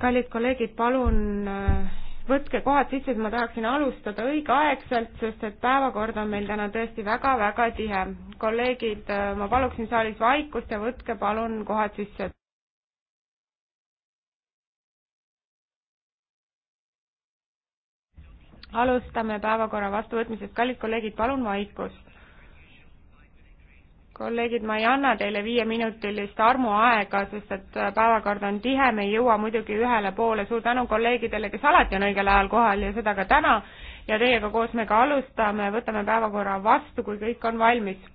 kallid kolleegid, palun äh, võtke kohad sisse, et ma tahaksin alustada õigeaegselt, sest et päevakord on meil täna tõesti väga-väga tihe. kolleegid, äh, ma paluksin saalis vaikust ja võtke palun kohad sisse. alustame päevakorra vastuvõtmisest. kallid kolleegid, palun vaikust kolleegid, ma ei anna teile viieminutilist armuaega, sest et päevakord on tihe, me ei jõua muidugi ühele poole, suur tänu kolleegidele, kes alati on õigel ajal kohal ja seda ka täna, ja teiega koos me ka alustame, võtame päevakorra vastu, kui kõik on valmis.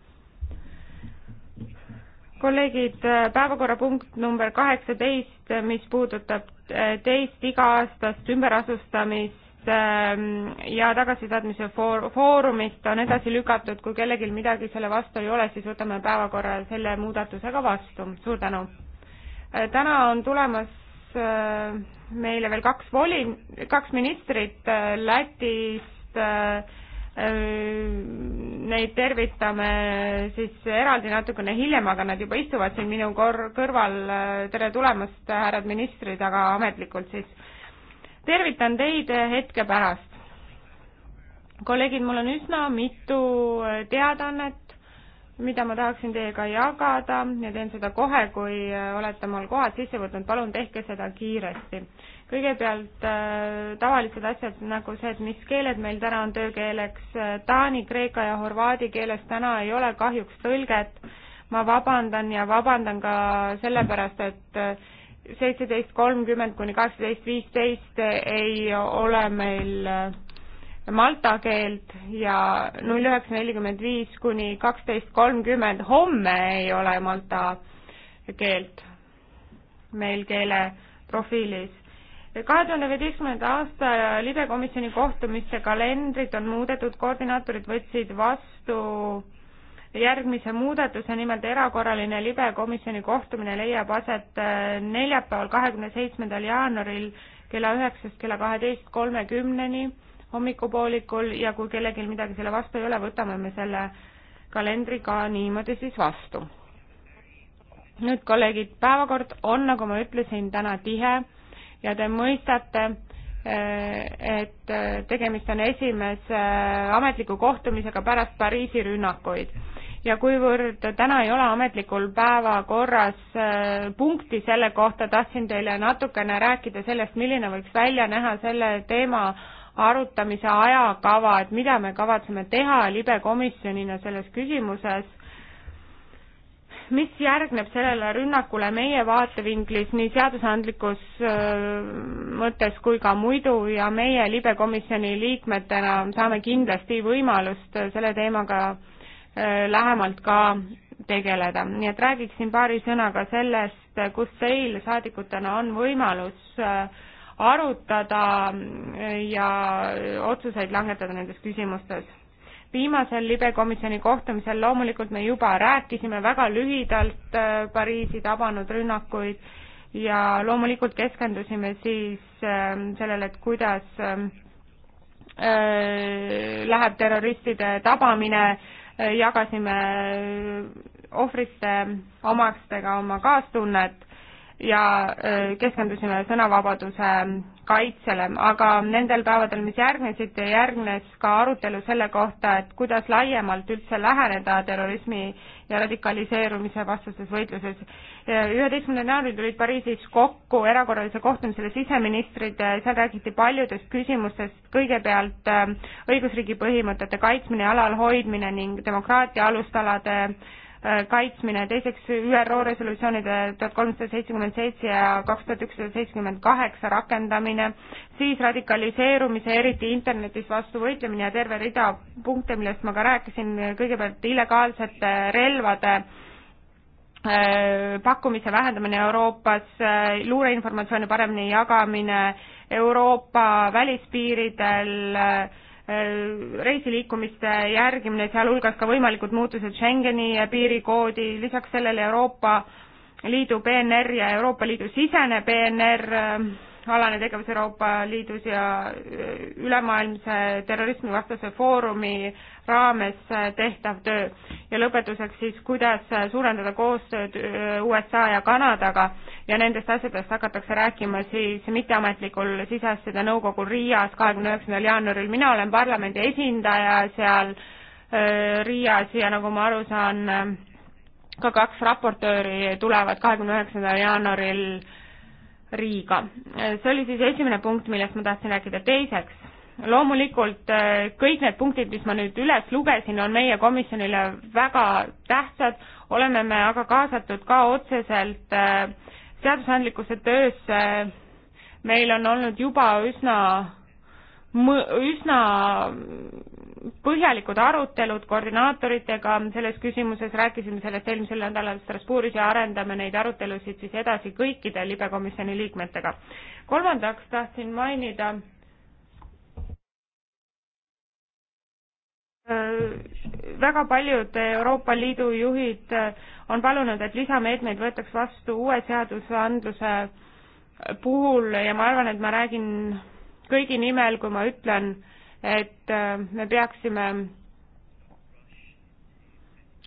kolleegid, päevakorrapunkt number kaheksateist, mis puudutab teist iga-aastast ümberasustamist, Ähm, ja tagasisaatmise foor-, foorumist on edasi lükatud, kui kellelgi midagi selle vastu ei ole, siis võtame päevakorra selle muudatusega vastu, suur tänu. Äh, täna on tulemas äh, meile veel kaks voli, kaks ministrit äh, Lätist, neid tervitame siis eraldi natukene hiljem, aga nad juba istuvad siin minu kor-, kõrval, tere tulemast, härrad ministrid, aga ametlikult siis tervitan teid hetke pärast. kolleegid, mul on üsna mitu äh, teadaannet, mida ma tahaksin teiega jagada ja teen seda kohe, kui äh, olete mul kohad sisse võtnud, palun tehke seda kiiresti. kõigepealt äh, tavalised asjad nagu see, et mis keeled meil täna on töökeeleks, taani, kreeka ja horvaadi keeles täna ei ole kahjuks tõlget, ma vabandan ja vabandan ka sellepärast, et seitseteist kolmkümmend kuni kaheksateist viisteist ei ole meil äh, malta keelt ja null üheksa nelikümmend viis kuni kaksteist kolmkümmend homme ei ole malta keelt meil keeleprofiilis. kahe tuhande viieteistkümnenda aasta libekomisjoni kohtumiste kalendrit on muudetud, koordinaatorid võtsid vastu järgmise muudatuse, nimelt erakorraline libe komisjoni kohtumine leiab aset äh, neljapäeval, kahekümne seitsmendal jaanuaril kella üheksast kella kaheteist kolmekümneni hommikupoolikul ja kui kellelgi midagi selle vastu ei ole, võtame me selle kalendri ka niimoodi siis vastu. nüüd, kolleegid, päevakord on, nagu ma ütlesin, täna tihe ja te mõistate, äh, et äh, tegemist on esimese ametliku kohtumisega pärast Pariisi rünnakuid ja kuivõrd täna ei ole ametlikul päevakorras äh, punkti selle kohta, tahtsin teile natukene rääkida sellest, milline võiks välja näha selle teema arutamise ajakava, et mida me kavatseme teha libekomisjonina selles küsimuses, mis järgneb sellele rünnakule meie vaatevinklis nii seadusandlikus äh, mõttes kui ka muidu ja meie libekomisjoni liikmetena saame kindlasti võimalust selle teemaga äh, Äh, lähemalt ka tegeleda, nii et räägiksin paari sõnaga sellest, kus teil saadikutena on võimalus äh, arutada äh, ja otsuseid langetada nendes küsimustes. viimasel libekomisjoni kohtumisel loomulikult me juba rääkisime väga lühidalt Pariisi tabanud rünnakuid ja loomulikult keskendusime siis ähm, sellele, et kuidas ähm, läheb terroristide tabamine jagasime ohvrite omastega oma kaastunnet ja äh, keskendusime sõnavabaduse kaitsele, aga nendel päevadel, mis järgnesid, järgnes ka arutelu selle kohta, et kuidas laiemalt üldse läheneda terrorismi ja radikaliseerumise vastases võitluses. üheteistkümnendal jaanuaril tulid Pariisis kokku erakorralise kohtumisele siseministrid, seal räägiti paljudest küsimustest, kõigepealt äh, õigusriigi põhimõtete kaitsmine ja alalhoidmine ning demokraatia alustalade Äh, kaitsmine, teiseks ÜRO resolutsioonide tuhat kolmsada seitsekümmend seitse ja kaks tuhat ükssada seitsekümmend kaheksa rakendamine, siis radikaliseerumise, eriti internetis vastu võitlemine ja terve rida punkte, millest ma ka rääkisin, kõigepealt illegaalsete relvade äh, pakkumise vähendamine Euroopas, äh, luureinformatsiooni paremini jagamine Euroopa välispiiridel, Äh, reisiliikumiste järgimine, sealhulgas ka võimalikud muutused Schengeni piirikoodi, lisaks sellele Euroopa Liidu PNR ja Euroopa Liidu sisene PNR, äh, alane tegevus Euroopa Liidus ja äh, ülemaailmse terrorismivastase foorumi raames tehtav töö. ja lõpetuseks siis, kuidas suurendada koostööd USA ja Kanadaga ja nendest asjadest hakatakse rääkima siis mitteametlikul siseasjade nõukogul Riias kahekümne üheksandal jaanuaril. mina olen parlamendi esindaja seal äh, Riias ja nagu ma aru saan, ka kaks raportööri tulevad kahekümne üheksandal jaanuaril Riiga. see oli siis esimene punkt, millest ma tahtsin rääkida. teiseks, loomulikult äh, kõik need punktid, mis ma nüüd üles lugesin, on meie komisjonile väga tähtsad, oleme me aga kaasatud ka otseselt äh, seadusandlikkuse töösse meil on olnud juba üsna, üsna põhjalikud arutelud koordinaatoritega selles küsimuses, rääkisime sellest eelmisel nädalal Strasbourgis ja arendame neid arutelusid siis edasi kõikide libekomisjoni liikmetega. kolmandaks tahtsin mainida Äh, väga paljud Euroopa Liidu juhid äh, on palunud, et lisameetmeid võetaks vastu uue seadusandluse puhul ja ma arvan, et ma räägin kõigi nimel, kui ma ütlen, et äh, me peaksime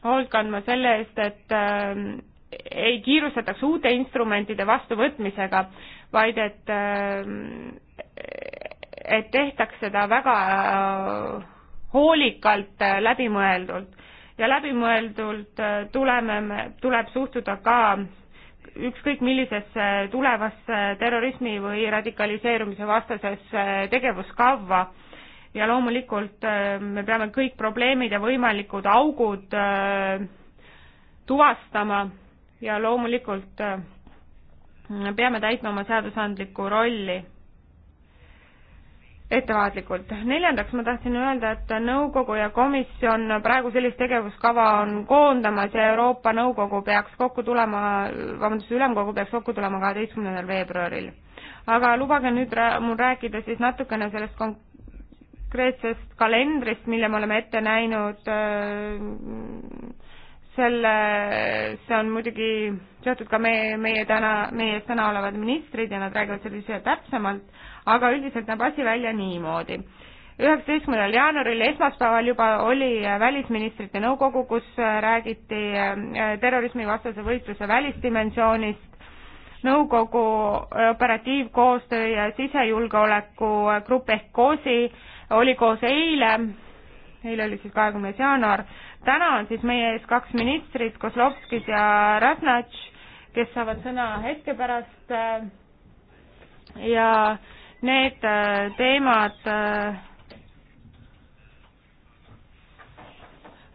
hoolt kandma selle eest, et ei kiirustataks uute instrumentide vastuvõtmisega, vaid et, et tehtaks seda väga hoolikalt, äh, läbimõeldult ja läbimõeldult äh, tuleme, tuleb suhtuda ka ükskõik millisesse äh, tulevasse terrorismi või radikaliseerumise vastasesse tegevuskavva ja loomulikult me peame kõik probleemid ja võimalikud augud tuvastama ja loomulikult peame täitma oma seadusandlikku rolli ettevaatlikult. neljandaks ma tahtsin öelda, et nõukogu ja komisjon praegu sellist tegevuskava on koondamas ja Euroopa Nõukogu peaks kokku tulema, vabandust, Ülemkogu peaks kokku tulema kaheteistkümnendal veebruaril. aga lubage nüüd rää mul rääkida siis natukene sellest konkreetsest kalendrist, mille me oleme ette näinud äh, selle, see on muidugi seotud ka meie, meie täna, meie ees täna olevad ministrid ja nad räägivad sellise täpsemalt aga üldiselt näeb asi välja niimoodi üheksateistkümnendal jaanuaril, esmaspäeval juba oli välisministrite nõukogu, kus äh, räägiti äh, terrorismivastase võitluse välisdimensioonist, nõukogu äh, operatiivkoostöö ja sisejulgeoleku grupp ehk COSI oli koos eile, eile oli siis kahekümnes jaanuar, täna on siis meie ees kaks ministrit, Kozlovskis ja Raznatš, kes saavad sõna hetke pärast ja äh, need äh, teemad äh,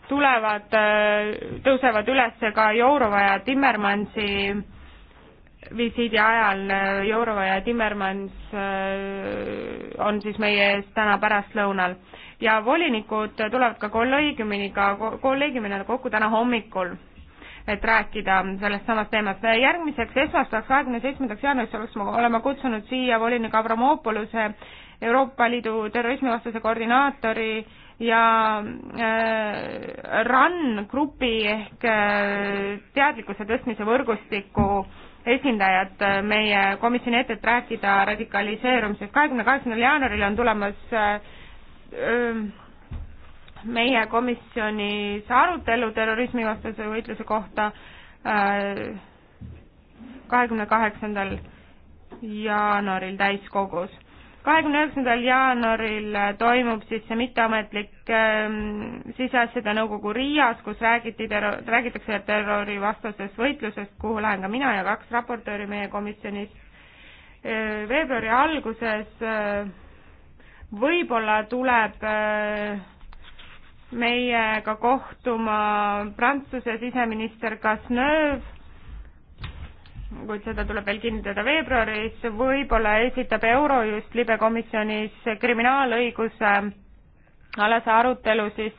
tulevad, äh, tõusevad üles ka Jourova ja Timmermansi visiidi ajal. Jourova ja Timmermans on siis meie ees täna pärastlõunal ja volinikud tulevad ka kolleegiumiga, kolleegiumina kokku täna hommikul et rääkida sellest samast teemast. järgmiseks esmaspäevaks, kahekümne seitsmendaks jaanuariks oleks, oleme kutsunud siia volinik Abramopoluse, Euroopa Liidu terrorismivastase koordinaatori ja äh, RAN grupi ehk äh, teadlikkuse tõstmise võrgustiku esindajad äh, meie komisjoni ette, et rääkida radikaliseerumisest. kahekümne kaheksandal jaanuaril on tulemas äh, äh meie komisjonis arutelu terrorismivastase võitluse kohta äh, kahekümne kaheksandal jaanuaril täiskogus. kahekümne üheksandal jaanuaril toimub siis see mitteametlik ähm, siseasjade nõukogu Riias, kus räägiti terro-, räägitakse terrorivastasest võitlusest, kuhu lähen ka mina ja kaks raportööri meie komisjonist. Äh, veebruari alguses äh, võib-olla tuleb meiega kohtuma Prantsuse siseminister Kasnööv, kuid seda tuleb veel kinnitada veebruaris, võib-olla esitab Eurojust libekomisjonis kriminaalõiguse alase arutelu siis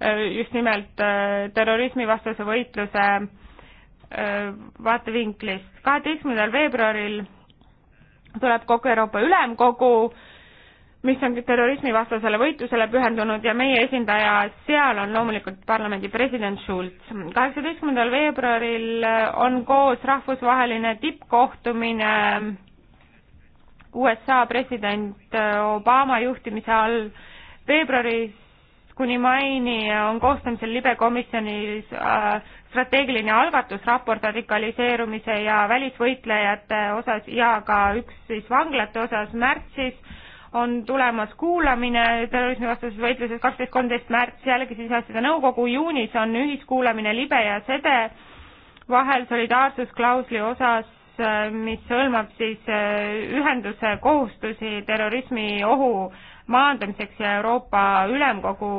äh, just nimelt äh, terrorismivastase võitluse äh, vaatevinklist. kaheteistkümnendal veebruaril tuleb kogu Euroopa Ülemkogu, mis on terrorismivastasele võitlusele pühendunud ja meie esindaja seal on loomulikult parlamendi president Schulz. kaheksateistkümnendal veebruaril on koos rahvusvaheline tippkohtumine USA president Obama juhtimise all veebruaris kuni maini on koostamisel libekomisjonis äh, strateegiline algatus raport radikaliseerumise ja välisvõitlejate osas ja ka üks siis vanglate osas märtsis on tulemas kuulamine terrorismivastases võitluses kaksteist, kolmteist märts, jällegi siis asjade nõukogu, juunis on ühiskuulamine libe ja sede vahel solidaarsusklausli osas, mis hõlmab siis äh, ühenduse kohustusi terrorismi ohu maandamiseks ja Euroopa Ülemkogu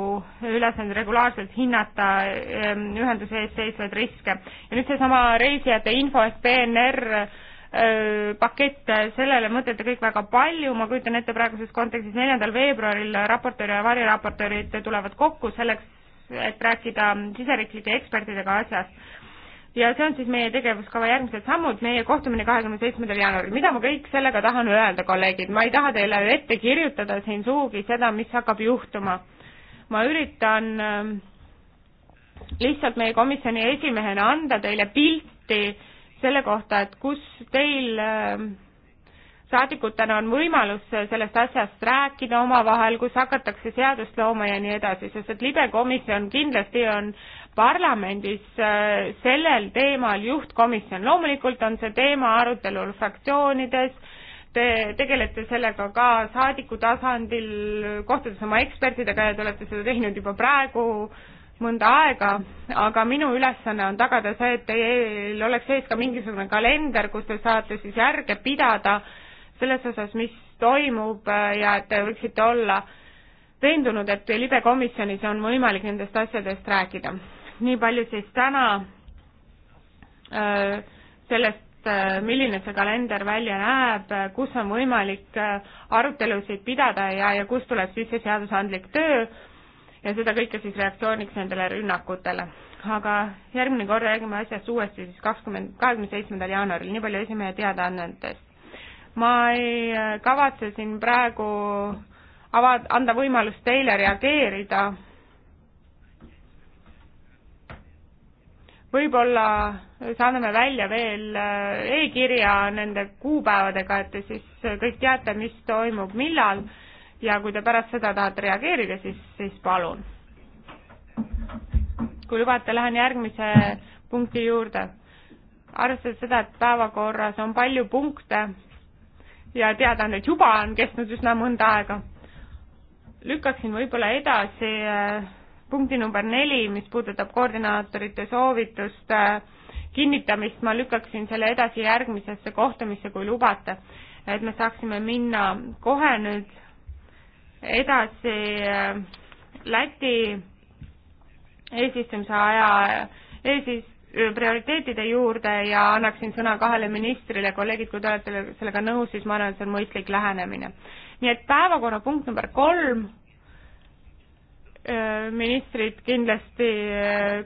ülesande regulaarselt hinnata ähm, ühenduse ees seisvaid riske. ja nüüd seesama reisijate info ehk PNR Äh, pakett, sellele mõtlete kõik väga palju, ma kujutan ette praeguses kontekstis, neljandal veebruaril raportöör ja variraportöörid tulevad kokku selleks, et rääkida siseriiklike ekspertidega asjast. ja see on siis meie tegevuskava järgmised sammud, meie kohtumine kahekümne seitsmendal jaanuaril. mida ma kõik sellega tahan öelda, kolleegid, ma ei taha teile ette kirjutada siin sugugi seda, mis hakkab juhtuma. ma üritan äh, lihtsalt meie komisjoni esimehena anda teile pilti, selle kohta, et kus teil äh, saadikutena on võimalus sellest asjast rääkida omavahel, kus hakatakse seadust looma ja nii edasi, sest et libekomisjon kindlasti on parlamendis äh, sellel teemal juhtkomisjon. loomulikult on see teema arutelul fraktsioonides, te tegelete sellega ka saadiku tasandil, kohtades oma ekspertidega ja te olete seda teinud juba praegu äh, mõnda aega, aga minu ülesanne on tagada see, et teil oleks ees ka mingisugune kalender, kus te saate siis järge pidada selles osas, mis toimub äh, ja et te võiksite olla veendunud, et libekomisjonis on võimalik nendest asjadest rääkida. nii palju siis täna äh, sellest, äh, milline see kalender välja näeb, kus on võimalik arutelusid pidada ja, ja kus tuleb sisse seadusandlik töö ja seda kõike siis reaktsiooniks nendele rünnakutele. aga järgmine kord räägime asjast uuesti siis kakskümmend, kahekümne seitsmendal jaanuaril, nii palju esimehe teadaannetest. ma ei äh, kavatse siin praegu ava-, anda võimalust teile reageerida, võib-olla saadame välja veel äh, e-kirja nende kuupäevadega, et te siis äh, kõik teate, mis toimub millal ja kui te pärast seda tahate reageerida, siis, siis palun. kui lubate, lähen järgmise punkti juurde. arvestades seda, et päevakorras on palju punkte ja teada on, et juba on kestnud üsna mõnda aega, lükkaksin võib-olla edasi äh, punkti number neli, mis puudutab koordinaatorite soovituste äh, kinnitamist, ma lükkaksin selle edasi järgmisesse kohtumisse, kui lubate, et me saaksime minna kohe nüüd edasi äh, Läti eesistumise aja eesist-, äh, prioriteetide juurde ja annaksin sõna kahele ministrile, kolleegid, kui te olete sellega nõus, siis ma arvan, et see on mõistlik lähenemine. nii et päevakorrapunkt number kolm, äh, ministrid kindlasti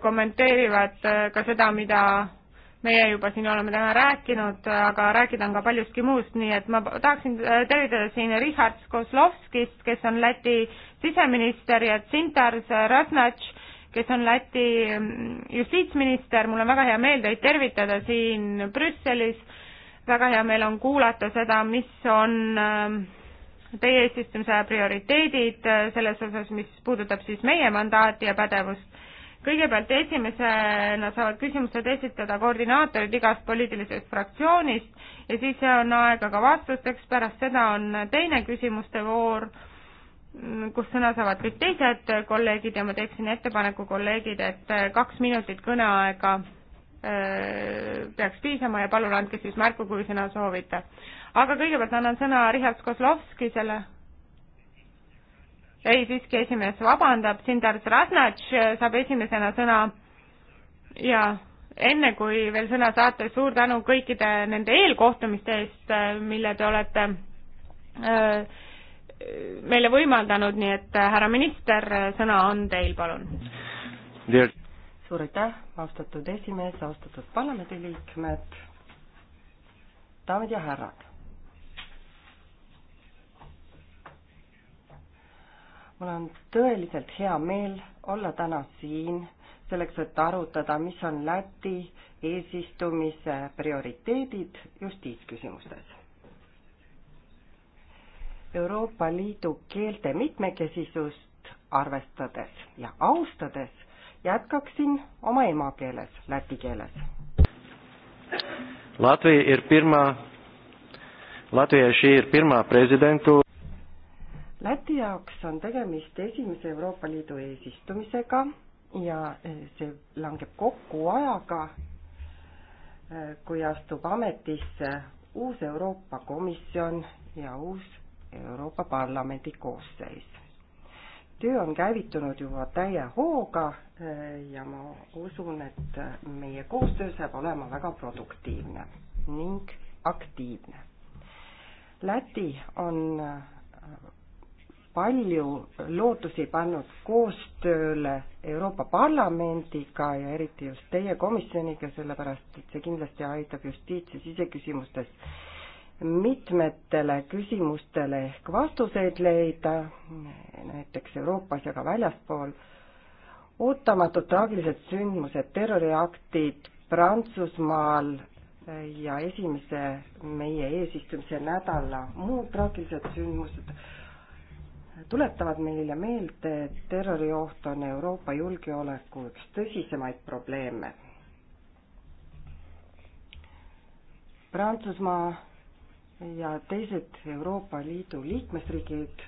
kommenteerivad ka seda, mida meie juba siin oleme täna rääkinud, aga rääkida on ka paljustki muust, nii et ma tahaksin äh, tervitada siin Richard Skoslovskist, kes on Läti siseminister ja Tsintars Rasnatš, kes on Läti mm, justiitsminister, mul on väga hea meel teid tervitada siin Brüsselis, väga hea meel on kuulata seda, mis on ähm, teie eesistumise prioriteedid äh, selles osas, mis puudutab siis meie mandaati ja pädevust kõigepealt esimesena saavad küsimused esitada koordinaatorid igast poliitilisest fraktsioonist ja siis on aega ka vastusteks, pärast seda on teine küsimuste voor, kus sõna saavad kõik teised kolleegid ja ma teeksin ettepaneku, kolleegid, et kaks minutit kõneaega äh, peaks piisama ja palun andke siis märku, kui sõna soovite. aga kõigepealt annan sõna Richard Kozlovskisele ei, siiski esimees vabandab, Sindar Trasnatš äh, saab esimesena sõna ja enne kui veel sõna saate, suur tänu kõikide nende eelkohtumiste eest, äh, mille te olete äh, meile võimaldanud, nii et härra minister, sõna on teil, palun. suur aitäh, austatud esimees, austatud parlamendiliikmed, daamid ja härrad mul on tõeliselt hea meel olla täna siin selleks, et arutada, mis on Läti eesistumise prioriteedid justiitsküsimustes. Euroopa Liidu keelte mitmekesisust arvestades ja austades jätkaksin oma emakeeles, läti keeles. Latvija ir pirma, Latvija šī ir pirma prezidentu. Läti jaoks on tegemist esimese Euroopa Liidu eesistumisega ja eh, see langeb kokku ajaga, eh, kui astub ametisse uus Euroopa Komisjon ja uus Euroopa Parlamendi koosseis. töö on käivitunud juba täie hooga eh, ja ma usun, et meie koostöö saab olema väga produktiivne ning aktiivne. Läti on palju lootusi pannud koostööle Euroopa Parlamendiga ja eriti just teie komisjoniga, sellepärast et see kindlasti aitab justiits- ja siseküsimustes mitmetele küsimustele ehk vastuseid leida, näiteks Euroopas ja ka väljaspool. ootamatud traagilised sündmused, terroriaktid Prantsusmaal ja esimese meie eesistumise nädala muud traagilised sündmused tuletavad meile meelde, et terrorioht on Euroopa julgeoleku üks tõsisemaid probleeme. Prantsusmaa ja teised Euroopa Liidu liikmesriigid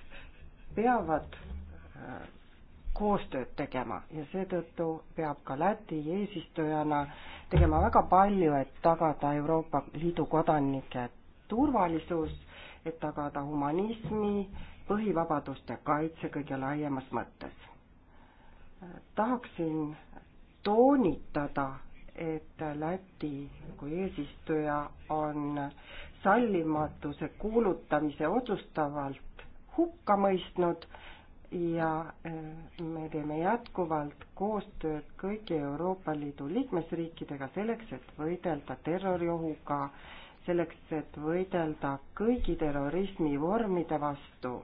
peavad äh, koostööd tegema ja seetõttu peab ka Läti eesistujana tegema väga palju, et tagada Euroopa Liidu kodanike turvalisus, et tagada humanismi äh, põhivabaduste kaitse kõige laiemas mõttes. tahaksin toonitada, et Läti kui eesistuja on sallimatuse kuulutamise otsustavalt hukka mõistnud ja eh, me teeme jätkuvalt koostööd kõigi Euroopa Liidu liikmesriikidega selleks, et võidelda terroriohuga, selleks, et võidelda kõigi terrorismi vormide vastu.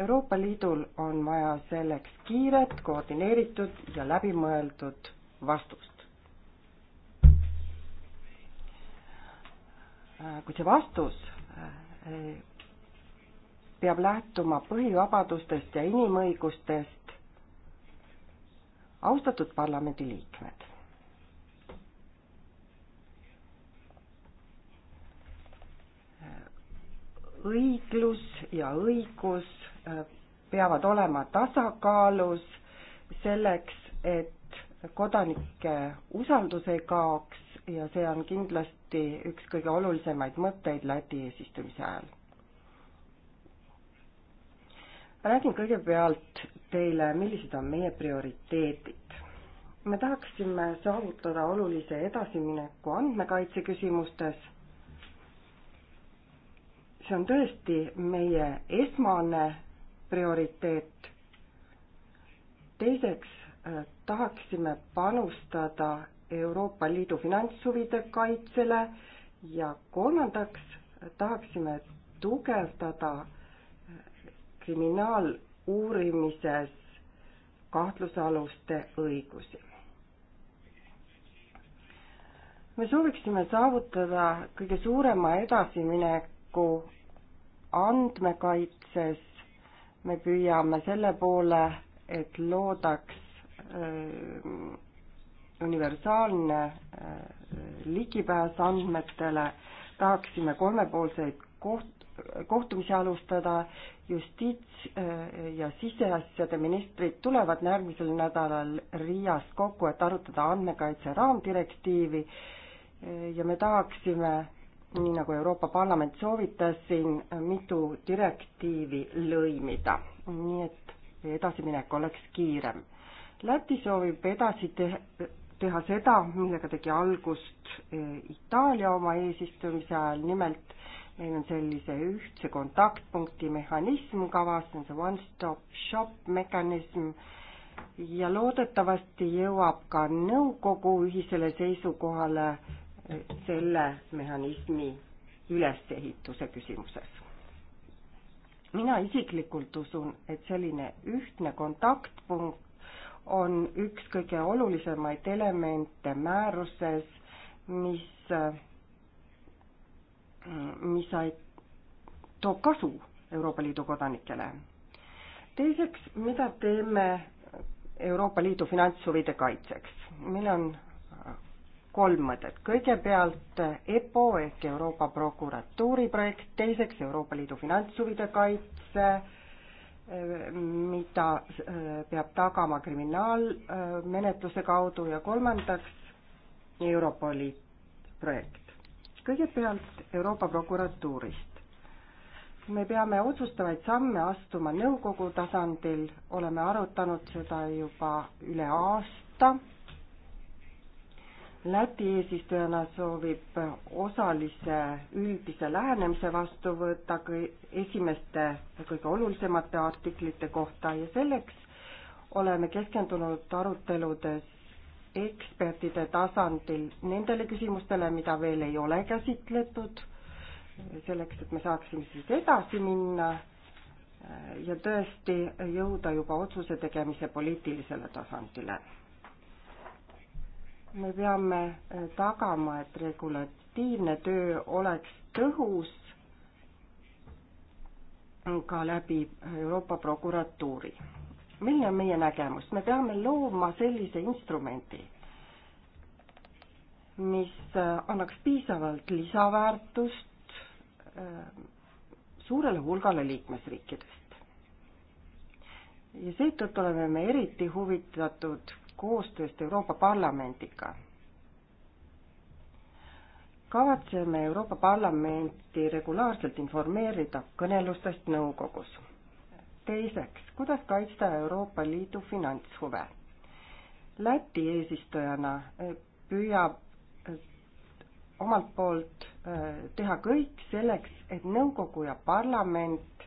Euroopa Liidul on vaja selleks kiiret, koordineeritud ja läbimõeldud vastust. kui see vastus eh, peab lähtuma põhivabadustest ja inimõigustest, austatud parlamendiliikmed, õiglus ja õigus äh, peavad olema tasakaalus selleks, et kodanike usaldus ei kaoks ja see on kindlasti üks kõige olulisemaid mõtteid Läti eesistumise ajal. räägin kõigepealt teile, millised on meie prioriteedid. me tahaksime saavutada olulise edasimineku andmekaitse küsimustes see on tõesti meie esmane prioriteet. teiseks äh, tahaksime panustada Euroopa Liidu finantshuvide kaitsele ja kolmandaks äh, tahaksime tugevdada äh, kriminaaluurimises kahtlusaluste õigusi. me sooviksime saavutada kõige suurema edasimineku andmekaitses me püüame selle poole, et loodaks öö, äh, universaalne öö, äh, ligipääs andmetele, tahaksime kolmepoolseid koht-, kohtumisi alustada, justiits- äh, ja siseasjade ministrid tulevad järgmisel nädalal Riias kokku, et arutada andmekaitse raamdirektiivi ja me tahaksime nii nagu Euroopa Parlament soovitas, siin mitu direktiivi lõimida, nii et edasiminek oleks kiirem. Läti soovib edasi te teha seda, millega tegi algust e, Itaalia oma eesistumise ajal, nimelt meil on sellise ühtse kontaktpunkti mehhanism kavas, see on see one stop shop mehhanism ja loodetavasti jõuab ka nõukogu ühisele seisukohale selle mehhanismi ülesehituse küsimuses. mina isiklikult usun, et selline ühtne kontaktpunkt on üks kõige olulisemaid elemente määruses, mis, mis toob kasu Euroopa Liidu kodanikele. teiseks, mida teeme Euroopa Liidu finantshuvide kaitseks? meil on kolm mõtet. kõigepealt EPO ehk Euroopa prokuratuuri projekt, teiseks Euroopa Liidu finantshuvide kaitse, mida äh, peab tagama kriminaalmenetluse kaudu ja kolmandaks Europoli projekt. kõigepealt Euroopa prokuratuurist. me peame otsustavaid samme astuma nõukogu tasandil, oleme arutanud seda juba üle aasta Läti eesistujana soovib osalise üldise lähenemise vastu võtta esimeste ja kõige olulisemate artiklite kohta ja selleks oleme keskendunud aruteludes ekspertide tasandil nendele küsimustele, mida veel ei ole käsitletud, selleks, et me saaksime siis edasi minna ja tõesti jõuda juba otsuse tegemise poliitilisele tasandile me peame äh, tagama, et regulatiivne töö oleks tõhus ka läbi äh, Euroopa prokuratuuri. milline on meie nägemus, me peame looma sellise instrumendi, mis äh, annaks piisavalt lisaväärtust suurele hulgale liikmesriikidest. ja seetõttu oleme me eriti huvitatud koostööst Euroopa Parlamendiga. kavatseme Euroopa Parlamenti regulaarselt informeerida kõnelustest nõukogus. teiseks, kuidas kaitsta Euroopa Liidu finantshuve? Läti eesistujana eh, püüab eh, omalt poolt eh, teha kõik selleks, et nõukogu ja parlament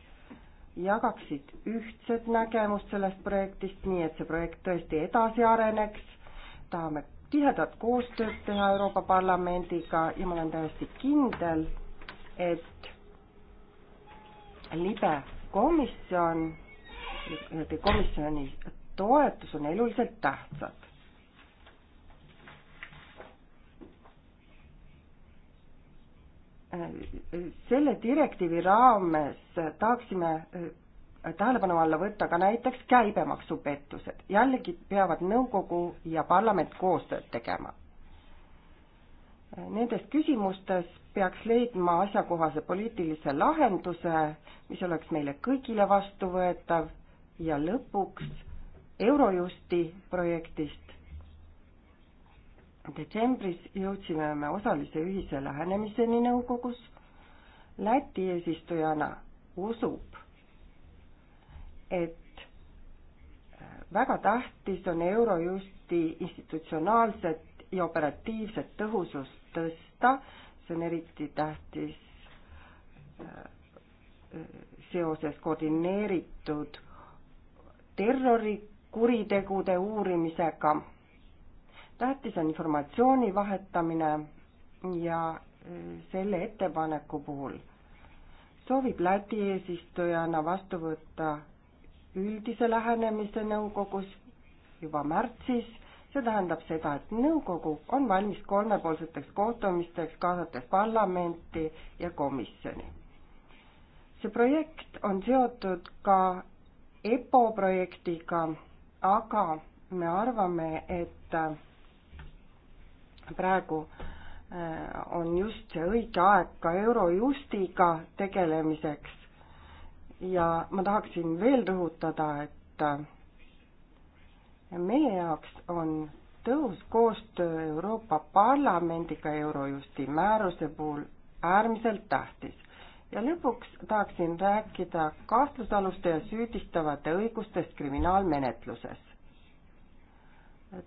jagaksid ühtset nägemust sellest projektist, nii et see projekt tõesti edasi areneks. tahame tihedat koostööd teha Euroopa Parlamendiga ja ma olen täiesti kindel, et libe komisjon, komisjoni toetus on eluliselt tähtsad Ehm, selle direktiivi raames tahaksime eh, tähelepanu alla võtta ka näiteks käibemaksupettused. jällegi peavad nõukogu ja parlament koostööd tegema. Nendes küsimustes peaks leidma asjakohase poliitilise lahenduse, mis oleks meile kõigile vastuvõetav ja lõpuks Eurojusti projektist detsembris jõudsime me osalise ühise lähenemiseni nõukogus. Läti eesistujana usub, et äh, väga tähtis on Eurojusti institutsionaalset ja operatiivset tõhusust tõsta, see on eriti tähtis äh, äh, seoses koordineeritud terrorikuritegude uurimisega tähtis on informatsiooni vahetamine ja e, selle ettepaneku puhul soovib Läti eesistujana vastu võtta üldise lähenemise nõukogus juba märtsis. see tähendab seda, et nõukogu on valmis kolmepoolseteks kohtumisteks, kaasates parlamenti ja komisjoni. see projekt on seotud ka EPO projektiga, aga me arvame, et praegu äh, on just see õige aeg ka Eurojustiga tegelemiseks. ja ma tahaksin veel rõhutada, et äh, meie jaoks on tõhus koostöö Euroopa Parlamendiga Eurojusti määruse puhul äärmiselt tähtis. ja lõpuks tahaksin rääkida kahtlusaluste ja süüdistavate õigustest kriminaalmenetluses.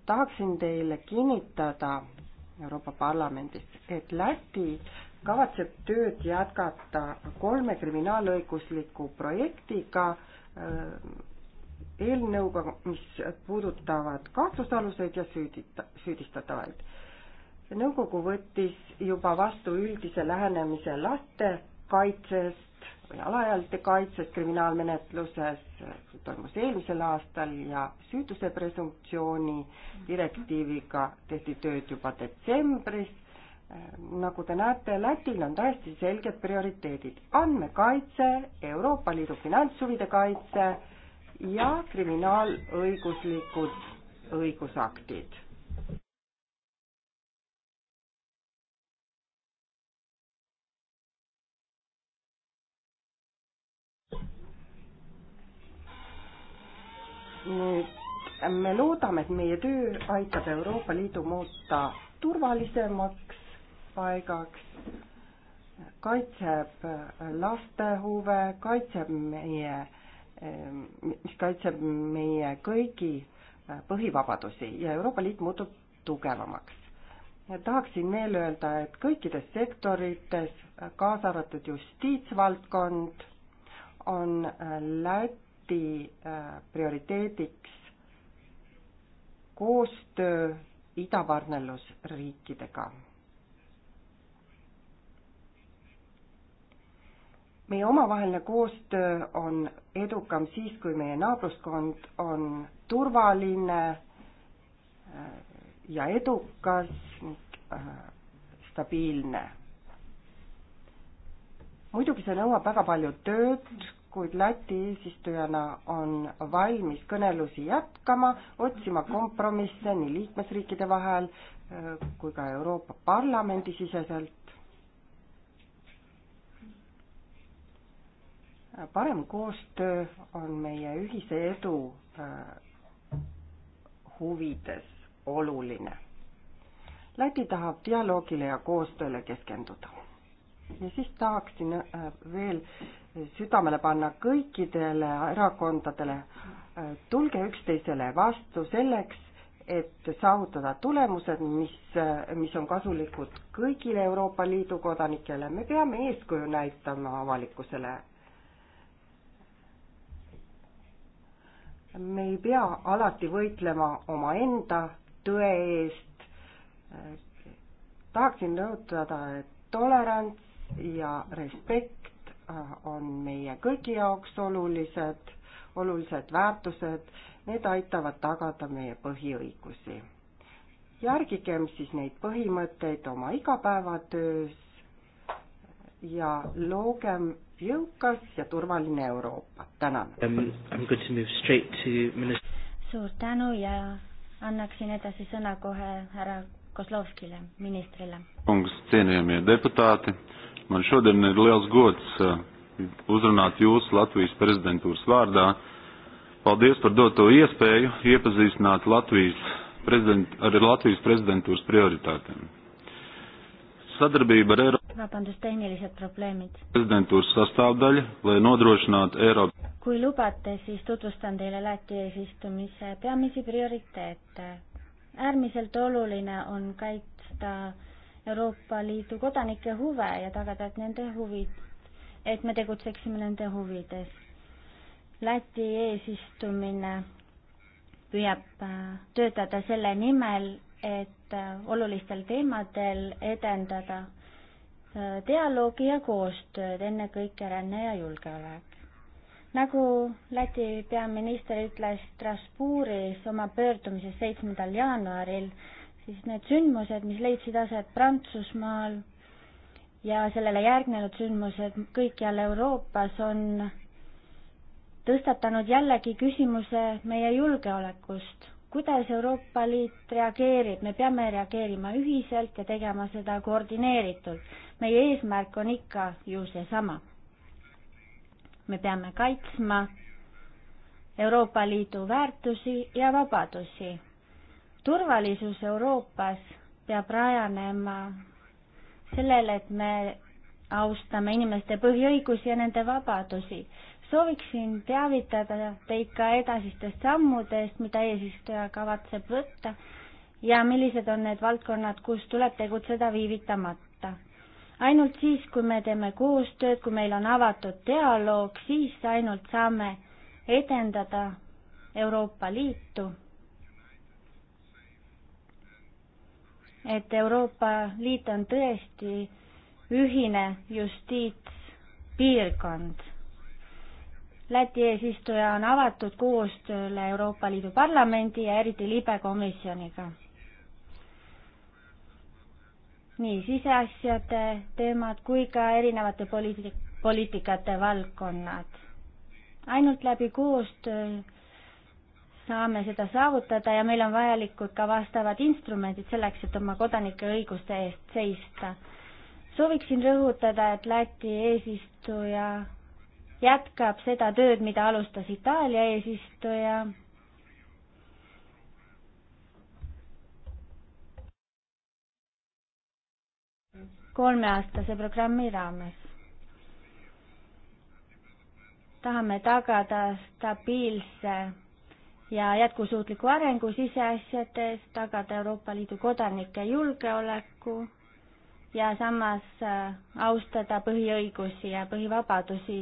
tahaksin teile kinnitada, Euroopa Parlamendist, et Läti kavatseb tööd jätkata kolme kriminaalõigusliku projektiga, äh, eelnõuga, mis puudutavad kahtlusaluseid ja süüdita-, süüdistatavaid. nõukogu võttis juba vastu üldise lähenemise laste kaitses või alaealiste kaitset kriminaalmenetluses, toimus eelmisel aastal ja süütuse presumptsiooni direktiiviga tehti tööd juba detsembris. nagu te näete, Lätil on täiesti selged prioriteedid, andmekaitse, Euroopa Liidu finantshuvide kaitse ja kriminaalõiguslikud õigusaktid nüüd me loodame, et meie töö aitab Euroopa Liidu muuta turvalisemaks paigaks, kaitseb laste huve, kaitseb meie, mis kaitseb meie kõigi põhivabadusi ja Euroopa Liit muutub tugevamaks. Ja tahaksin veel öelda, et kõikides sektorites, kaasa arvatud justiitsvaldkond, on Läti seati äh, prioriteediks koostöö idapartnerlusriikidega. meie omavaheline koostöö on edukam siis, kui meie naabruskond on turvaline äh, ja edukas ning äh, stabiilne. muidugi see nõuab väga palju tööd, kuid Läti eesistujana on valmis kõnelusi jätkama, otsima kompromisse nii liikmesriikide vahel äh, kui ka Euroopa Parlamendi siseselt. parem koostöö on meie ühise edu äh, huvides oluline. Läti tahab dialoogile ja koostööle keskenduda ja siis tahaksin äh, veel südamele panna kõikidele erakondadele, äh, tulge üksteisele vastu selleks, et saavutada tulemused, mis, äh, mis on kasulikud kõigile Euroopa Liidu kodanikele, me peame eeskuju näitama avalikkusele. me ei pea alati võitlema omaenda tõe eest. tahaksin rõhutada, et tolerants ja respekt äh, on meie kõigi jaoks olulised, olulised väärtused, need aitavad tagada meie põhiõigusi. järgigem siis neid põhimõtteid oma igapäevatöös ja loogem jõukas ja turvaline Euroopa. tänan um,. suur tänu ja annaksin edasi sõna kohe härra Kozlovskile, ministrile. Man šodien ir liels gods eh, uzrunāt jūs Latvijas prezidentūras vārdā. Paldies par doto iespēju iepazīstināt Latvijas prezident, ar Latvijas prezidentūras prioritātēm. Sadarbība ar Eiropas vabandust, tehnilised probleemid. prezidentūras sastāvdaļa, lai nodrošinātu Eiropas. kui lubate, siis tutvustan teile Läti eesistumise peamisi prioriteete. äärmiselt oluline on kaitsta Euroopa Liidu kodanike huve ja tagada, et nende huvid, et me tegutseksime nende huvides. Läti eesistumine püüab äh, töötada selle nimel, et äh, olulistel teemadel edendada äh, dialoogi ja koostööd, ennekõike ränne ja julgeolek. nagu Läti peaminister ütles Strasbourgis oma pöördumises seitsmendal jaanuaril, siis need sündmused, mis leidsid aset Prantsusmaal ja sellele järgnenud sündmused kõikjal Euroopas on tõstatanud jällegi küsimuse meie julgeolekust. kuidas Euroopa Liit reageerib, me peame reageerima ühiselt ja tegema seda koordineeritult. meie eesmärk on ikka ju seesama. me peame kaitsma Euroopa Liidu väärtusi ja vabadusi turvalisus Euroopas peab rajanema sellele, et me austame inimeste põhiõigusi ja nende vabadusi. sooviksin teavitada teid ka edasistest sammudest, mida eesistuja kavatseb võtta ja millised on need valdkonnad, kus tuleb tegutseda viivitamata. ainult siis, kui me teeme koostööd, kui meil on avatud dialoog, siis ainult saame edendada Euroopa Liitu et Euroopa Liit on tõesti ühine justiitspiirkond. Läti eesistuja on avatud koostööle Euroopa Liidu Parlamendi ja eriti libekomisjoniga. nii siseasjade teemad kui ka erinevate poliitik-, poliitikate valdkonnad. ainult läbi koostöö saame seda saavutada ja meil on vajalikud ka vastavad instrumendid selleks, et oma kodanike õiguste eest seista. sooviksin rõhutada, et Läti eesistuja jätkab seda tööd, mida alustas Itaalia eesistuja. kolmeaastase programmi raames tahame tagada stabiilse ja jätkusuutliku arengu siseasjades, tagada Euroopa Liidu kodanike julgeoleku ja samas äh, austada põhiõigusi ja põhivabadusi.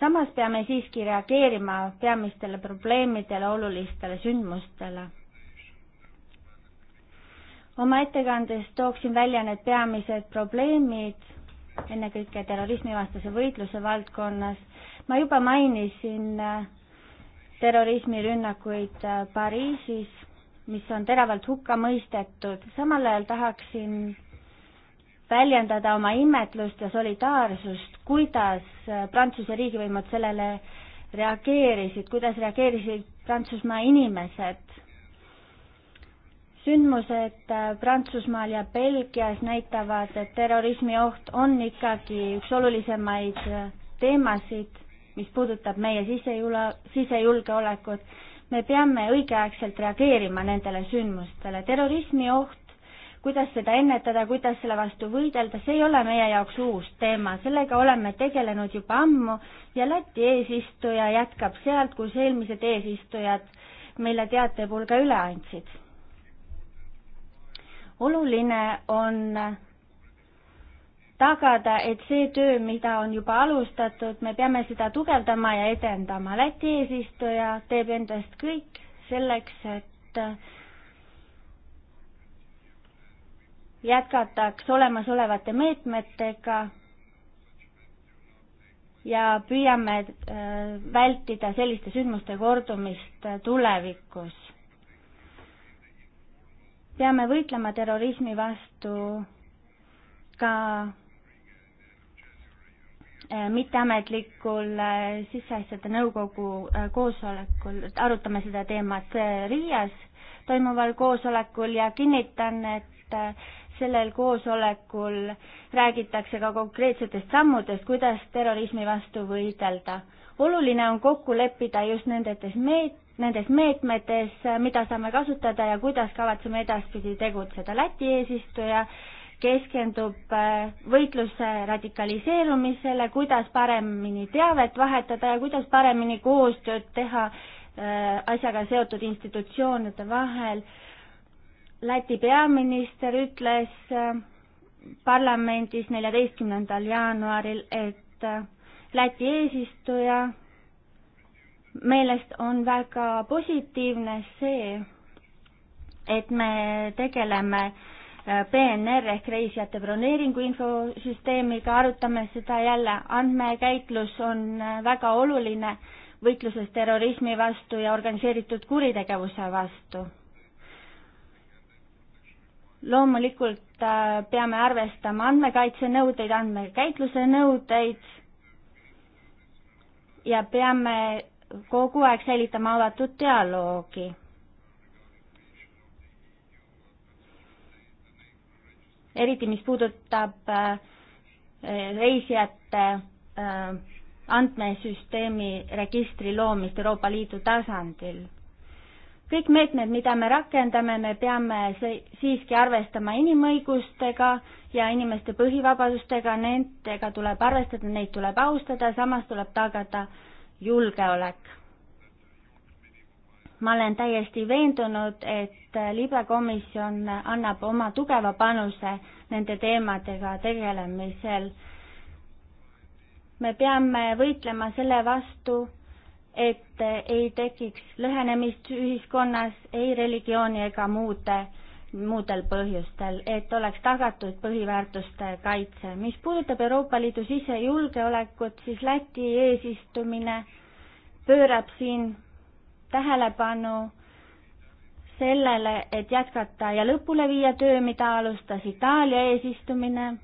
samas peame siiski reageerima peamistele probleemidele, olulistele sündmustele. oma ettekandes tooksin välja need peamised probleemid, ennekõike terrorismivastase võitluse valdkonnas. ma juba mainisin äh, terrorismirünnakuid äh, Pariisis, mis on teravalt hukka mõistetud. samal ajal tahaksin väljendada oma imetlust ja solidaarsust, kuidas äh, Prantsuse riigivõimud sellele reageerisid, kuidas reageerisid Prantsusmaa inimesed. sündmused äh, Prantsusmaal ja Belgias näitavad, et terrorismioht on ikkagi üks olulisemaid teemasid mis puudutab meie sisejula-, sisejulgeolekut. me peame õigeaegselt reageerima nendele sündmustele. terrorismi oht, kuidas seda ennetada, kuidas selle vastu võidelda, see ei ole meie jaoks uus teema, sellega oleme tegelenud juba ammu ja Läti eesistuja jätkab sealt, kus eelmised eesistujad meile teatepulga üle andsid. oluline on tagada, et see töö, mida on juba alustatud, me peame seda tugevdama ja edendama. Läti eesistuja teeb endast kõik selleks, et jätkataks olemasolevate meetmetega ja püüame äh, vältida selliste sündmuste kordumist tulevikus. peame võitlema terrorismi vastu ka Äh, mitteametlikul äh, Siseasjade Nõukogu äh, koosolekul arutame seda teemat Riias toimuval koosolekul ja kinnitan, et sellel koosolekul räägitakse ka konkreetsetest sammudest, kuidas terrorismi vastu võidelda. oluline on kokku leppida just nendes meet-, nendes meetmetes, mida saame kasutada ja kuidas kavatseme edaspidi tegutseda. Läti eesistuja äh, keskendub äh, võitluse radikaliseerumisele, kuidas paremini teavet vahetada ja kuidas paremini koostööd teha äh, asjaga seotud institutsioonide vahel. Läti peaminister ütles äh, parlamendis neljateistkümnendal jaanuaril, et Läti eesistuja meelest on väga positiivne see, et me tegeleme äh, PNR äh, ehk reisijate broneeringu infosüsteemiga, arutame seda jälle. andmekäitlus on äh, väga oluline võitluses terrorismi vastu ja organiseeritud kuritegevuse vastu. loomulikult äh, peame arvestama andmekaitsenõudeid, andmekäitluse nõudeid ja peame kogu aeg säilitama avatud dialoogi eriti mis puudutab äh, reisijate äh, andmesüsteemi registri loomist Euroopa Liidu tasandil. kõik meetmed, mida me rakendame, me peame siiski arvestama inimõigustega ja inimeste põhivabadustega, nendega tuleb arvestada, neid tuleb austada, samas tuleb tagada julgeolek ma olen täiesti veendunud, et libekomisjon annab oma tugeva panuse nende teemadega tegelemisel. me peame võitlema selle vastu, et ei tekiks lõhenemist ühiskonnas ei religiooni ega muude, muudel põhjustel, et oleks tagatud põhiväärtuste kaitse. mis puudutab Euroopa Liidu sisejulgeolekut, siis Läti eesistumine pöörab siin tähelepanu sellele, et jätkata ja lõpule viia töö, mida alustas Itaalia eesistumine,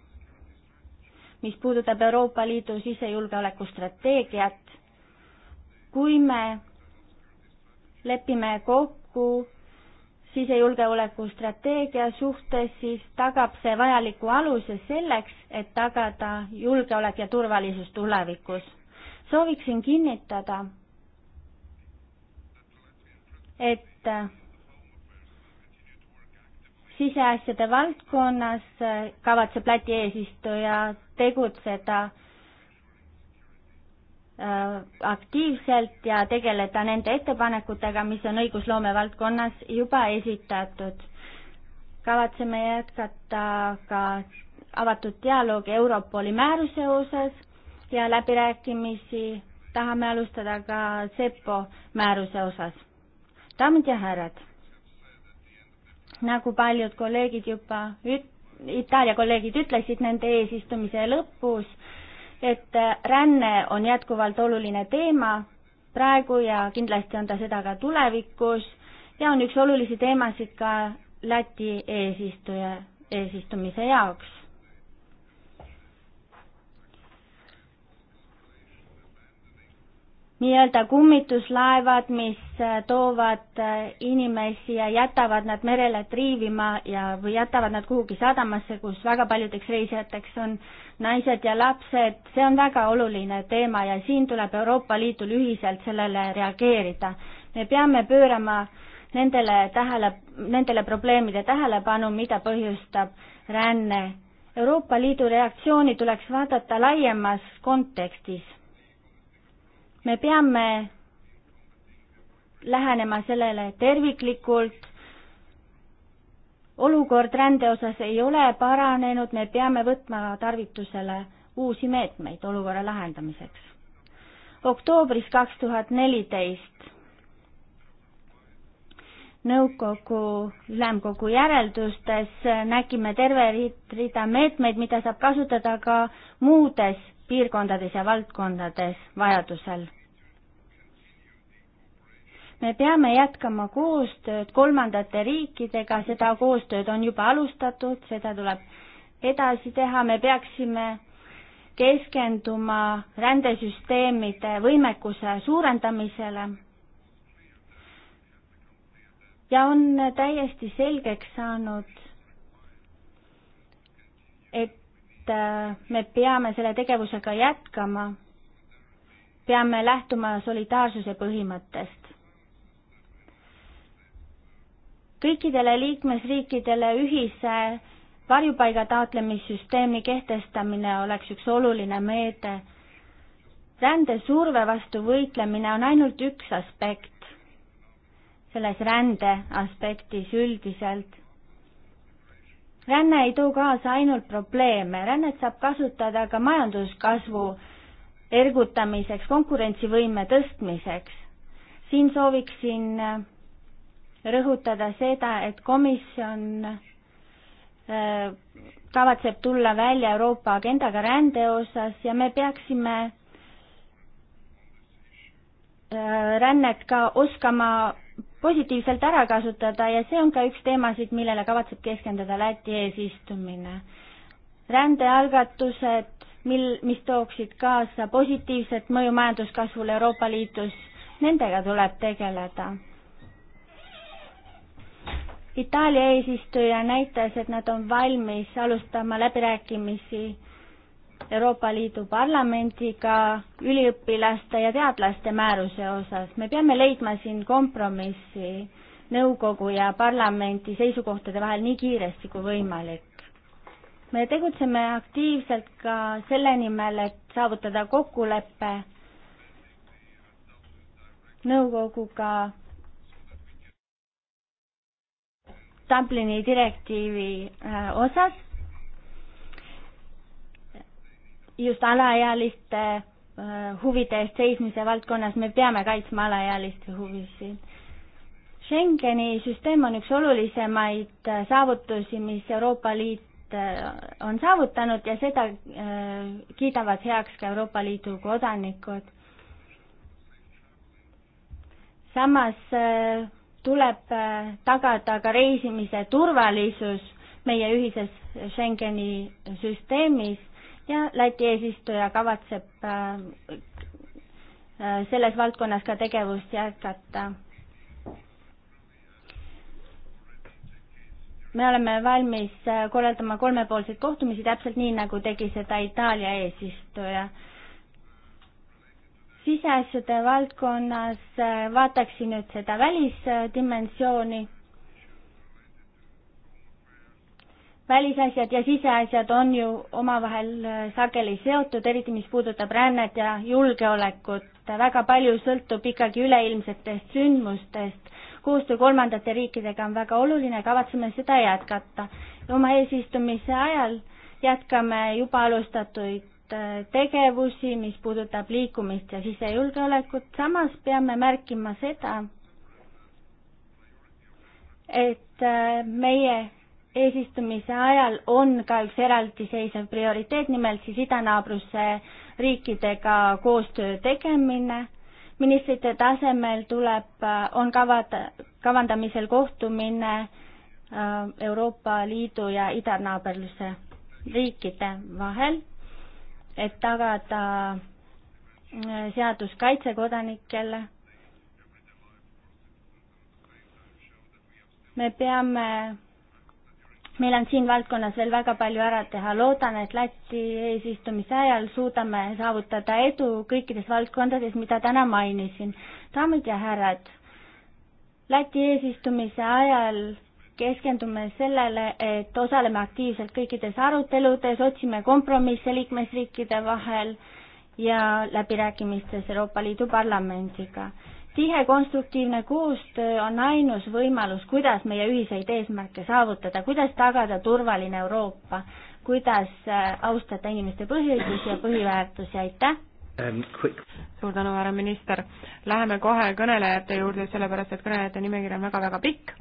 mis puudutab Euroopa Liidu sisejulgeoleku strateegiat. kui me lepime kokku sisejulgeoleku strateegia suhtes, siis tagab see vajaliku aluse selleks, et tagada julgeolek ja turvalisus tulevikus. sooviksin kinnitada et siseasjade valdkonnas kavatseb Läti eesistuja tegutseda äh, aktiivselt ja tegeleda nende ettepanekutega, mis on õigusloome valdkonnas juba esitatud. kavatseme jätkata ka avatud dialoogi Europoli määruse osas ja läbirääkimisi tahame alustada ka SEPO määruse osas daamid ja härrad, nagu paljud kolleegid juba üt-, Itaalia kolleegid ütlesid nende eesistumise lõpus, et ränne on jätkuvalt oluline teema praegu ja kindlasti on ta seda ka tulevikus ja on üks olulisi teemasid ka Läti eesistuja, eesistumise jaoks. nii-öelda kummituslaevad, mis äh, toovad äh, inimesi ja jätavad nad merele triivima ja, või jätavad nad kuhugi sadamasse, kus väga paljudeks reisijateks on naised ja lapsed, see on väga oluline teema ja siin tuleb Euroopa Liidul ühiselt sellele reageerida. me peame pöörama nendele tähele, nendele probleemide tähelepanu, mida põhjustab ränne. Euroopa Liidu reaktsiooni tuleks vaadata laiemas kontekstis me peame lähenema sellele terviklikult. olukord rände osas ei ole paranenud, me peame võtma tarvitusele uusi meetmeid olukorra lahendamiseks. oktoobris kaks tuhat neliteist nõukogu, ülemkogu järeldustes nägime terve rida meetmeid, mida saab kasutada ka muudes piirkondades ja valdkondades vajadusel. me peame jätkama koostööd kolmandate riikidega, seda koostööd on juba alustatud, seda tuleb edasi teha, me peaksime keskenduma rändesüsteemide võimekuse suurendamisele. ja on täiesti selgeks saanud, Äh, me peame selle tegevusega jätkama. peame lähtuma solidaarsuse põhimõttest. kõikidele liikmesriikidele ühise varjupaiga taotlemissüsteemi kehtestamine oleks üks oluline meede. rändesurve vastu võitlemine on ainult üks aspekt selles rände aspektis üldiselt ränne ei too kaasa ainult probleeme, rännet saab kasutada ka majanduskasvu ergutamiseks, konkurentsivõime tõstmiseks. siin sooviksin äh, rõhutada seda, et komisjon äh, kavatseb tulla välja Euroopa agendaga rände osas ja me peaksime äh, rännet ka oskama positiivselt ära kasutada ja see on ka üks teemasid, millele kavatseb keskenduda Läti eesistumine. rändealgatused, mil, mis tooksid kaasa positiivset mõju majanduskasvule Euroopa Liidus, nendega tuleb tegeleda. Itaalia eesistuja näitas, et nad on valmis alustama läbirääkimisi Euroopa Liidu Parlamendiga üliõpilaste ja teadlaste määruse osas. me peame leidma siin kompromissi nõukogu ja parlamendi seisukohtade vahel nii kiiresti kui võimalik. me tegutseme aktiivselt ka selle nimel, et saavutada kokkulepe nõukoguga Dublini direktiivi äh, osas just alaealiste äh, huvide eest seismise valdkonnas me peame kaitsma alaealiste huvisid. Schengeni süsteem on üks olulisemaid äh, saavutusi, mis Euroopa Liit äh, on saavutanud ja seda kiidavad heaks ka Euroopa Liidu kodanikud. samas tuleb tagada ka reisimise turvalisus meie ühises Schengeni süsteemis ja Läti eesistuja kavatseb äh, äh, selles valdkonnas ka tegevust jätkata. me oleme valmis äh, korraldama kolmepoolseid kohtumisi, täpselt nii, nagu tegi seda Itaalia eesistuja. siseasjade valdkonnas vaataksin nüüd seda välisdimensiooni välisasjad ja siseasjad on ju omavahel äh, sageli seotud, eriti mis puudutab rännet ja julgeolekut. väga palju sõltub ikkagi üleilmsetest sündmustest. koostöö kolmandate riikidega on väga oluline, kavatseme seda jätkata. oma eesistumise ajal jätkame juba alustatuid äh, tegevusi, mis puudutab liikumist ja sisejulgeolekut, samas peame märkima seda, et äh, meie eesistumise ajal on ka üks eraldiseisev prioriteet, nimelt siis idanaabruse riikidega koostöö tegemine. ministrite tasemel tuleb, äh, on kavad, kavandamisel kohtumine äh, Euroopa Liidu ja idanaaberluse riikide vahel, et tagada äh, seaduskaitse kodanikele. me peame meil on siin valdkonnas veel väga palju ära teha, loodan, et Läti eesistumise ajal suudame saavutada edu kõikides valdkondades, mida täna mainisin. daamid ja härrad, Läti eesistumise ajal keskendume sellele, et osaleme aktiivselt kõikides aruteludes, otsime kompromisse liikmesriikide vahel ja läbirääkimistes Euroopa Liidu Parlamendiga tihe konstruktiivne koostöö on ainus võimalus, kuidas meie ühiseid eesmärke saavutada, kuidas tagada turvaline Euroopa, kuidas äh, austada inimeste põhiõigusi ja põhiväärtusi, aitäh! Um, suur tänu, härra minister! Läheme kohe kõnelejate juurde, sellepärast et kõnelejate nimekiri on väga-väga pikk.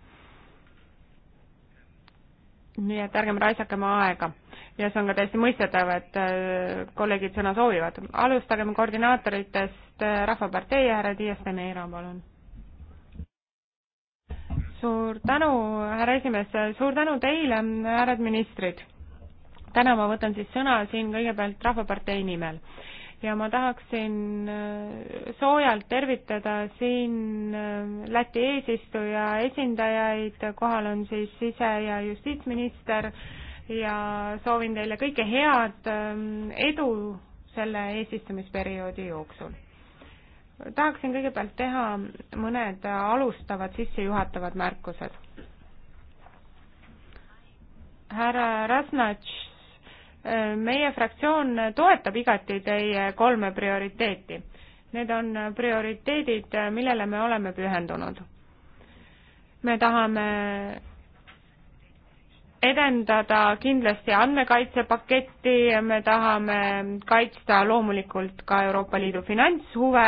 nii et ärgem raisakem aega ja see on ka täiesti mõistetav, et äh, kolleegid sõna soovivad. alustagem koordinaatoritest, äh, Rahvapartei härra Dias de Meira, palun. suur tänu, härra esimees, suur tänu teile, härrad ministrid. täna ma võtan siis sõna siin kõigepealt Rahvapartei nimel ja ma tahaksin äh, soojalt tervitada siin Läti eesistuja esindajaid, kohal on siis sise- ja justiitsminister ja soovin teile kõike head, ähm, edu selle eesistumisperioodi jooksul. tahaksin kõigepealt teha mõned alustavad sissejuhatavad märkused. härra Rasnatš, äh, meie fraktsioon toetab igati teie kolme prioriteeti. Need on prioriteedid, millele me oleme pühendunud. me tahame edendada kindlasti andmekaitsepaketti, me tahame kaitsta loomulikult ka Euroopa Liidu finantshuve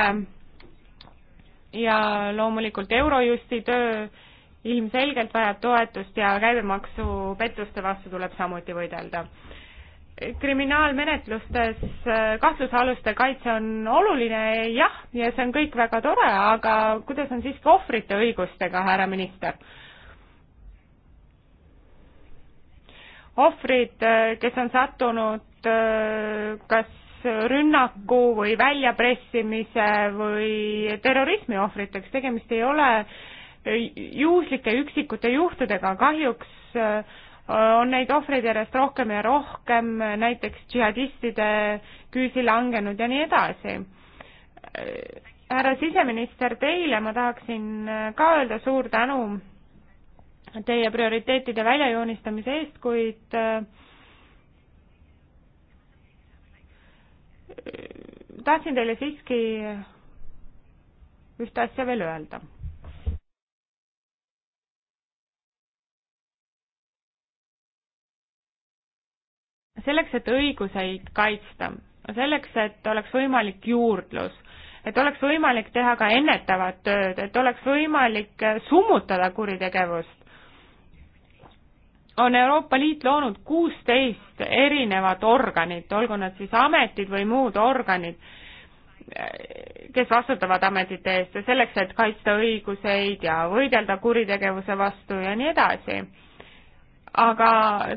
ja loomulikult Eurojusti töö ilmselgelt vajab toetust ja käibemaksupettuste vastu tuleb samuti võidelda. kriminaalmenetlustes äh, kahtlusaluste kaitse on oluline, jah, ja see on kõik väga tore, aga kuidas on siiski ohvrite õigustega, härra minister? ohvrid, äh, kes on sattunud äh, kas rünnaku või väljapressimise või terrorismi ohvriteks, tegemist ei ole äh, juhuslike üksikute juhtudega, kahjuks on neid ohvreid järjest rohkem ja rohkem, näiteks džihadistide küüsi langenud ja nii edasi. härra siseminister, teile ma tahaksin ka öelda suur tänu teie prioriteetide väljajoonistamise eest, kuid äh, tahtsin teile siiski ühte asja veel öelda. selleks, et õiguseid kaitsta, selleks, et oleks võimalik juurdlus, et oleks võimalik teha ka ennetavat tööd, et oleks võimalik summutada kuritegevust, on Euroopa Liit loonud kuusteist erinevat organit, olgu nad siis ametid või muud organid, kes vastutavad ametite eest ja selleks, et kaitsta õiguseid ja võidelda kuritegevuse vastu ja nii edasi. aga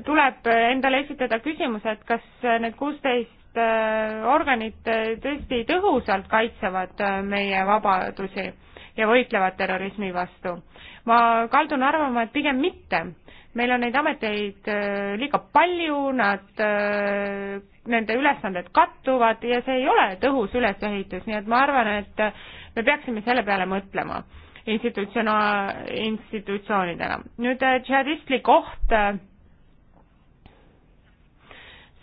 tuleb endale esitada küsimus, et kas need kuusteist äh, organit äh, tõesti tõhusalt kaitsevad äh, meie vabadusi ja võitlevad terrorismi vastu. ma kaldun arvama, et pigem mitte meil on neid ameteid äh, liiga palju, nad, äh, nende ülesanded kattuvad ja see ei ole tõhus ülesehitus, nii et ma arvan, et äh, me peaksime selle peale mõtlema institutsiona-, institutsioonidena. nüüd džihadistlik oht,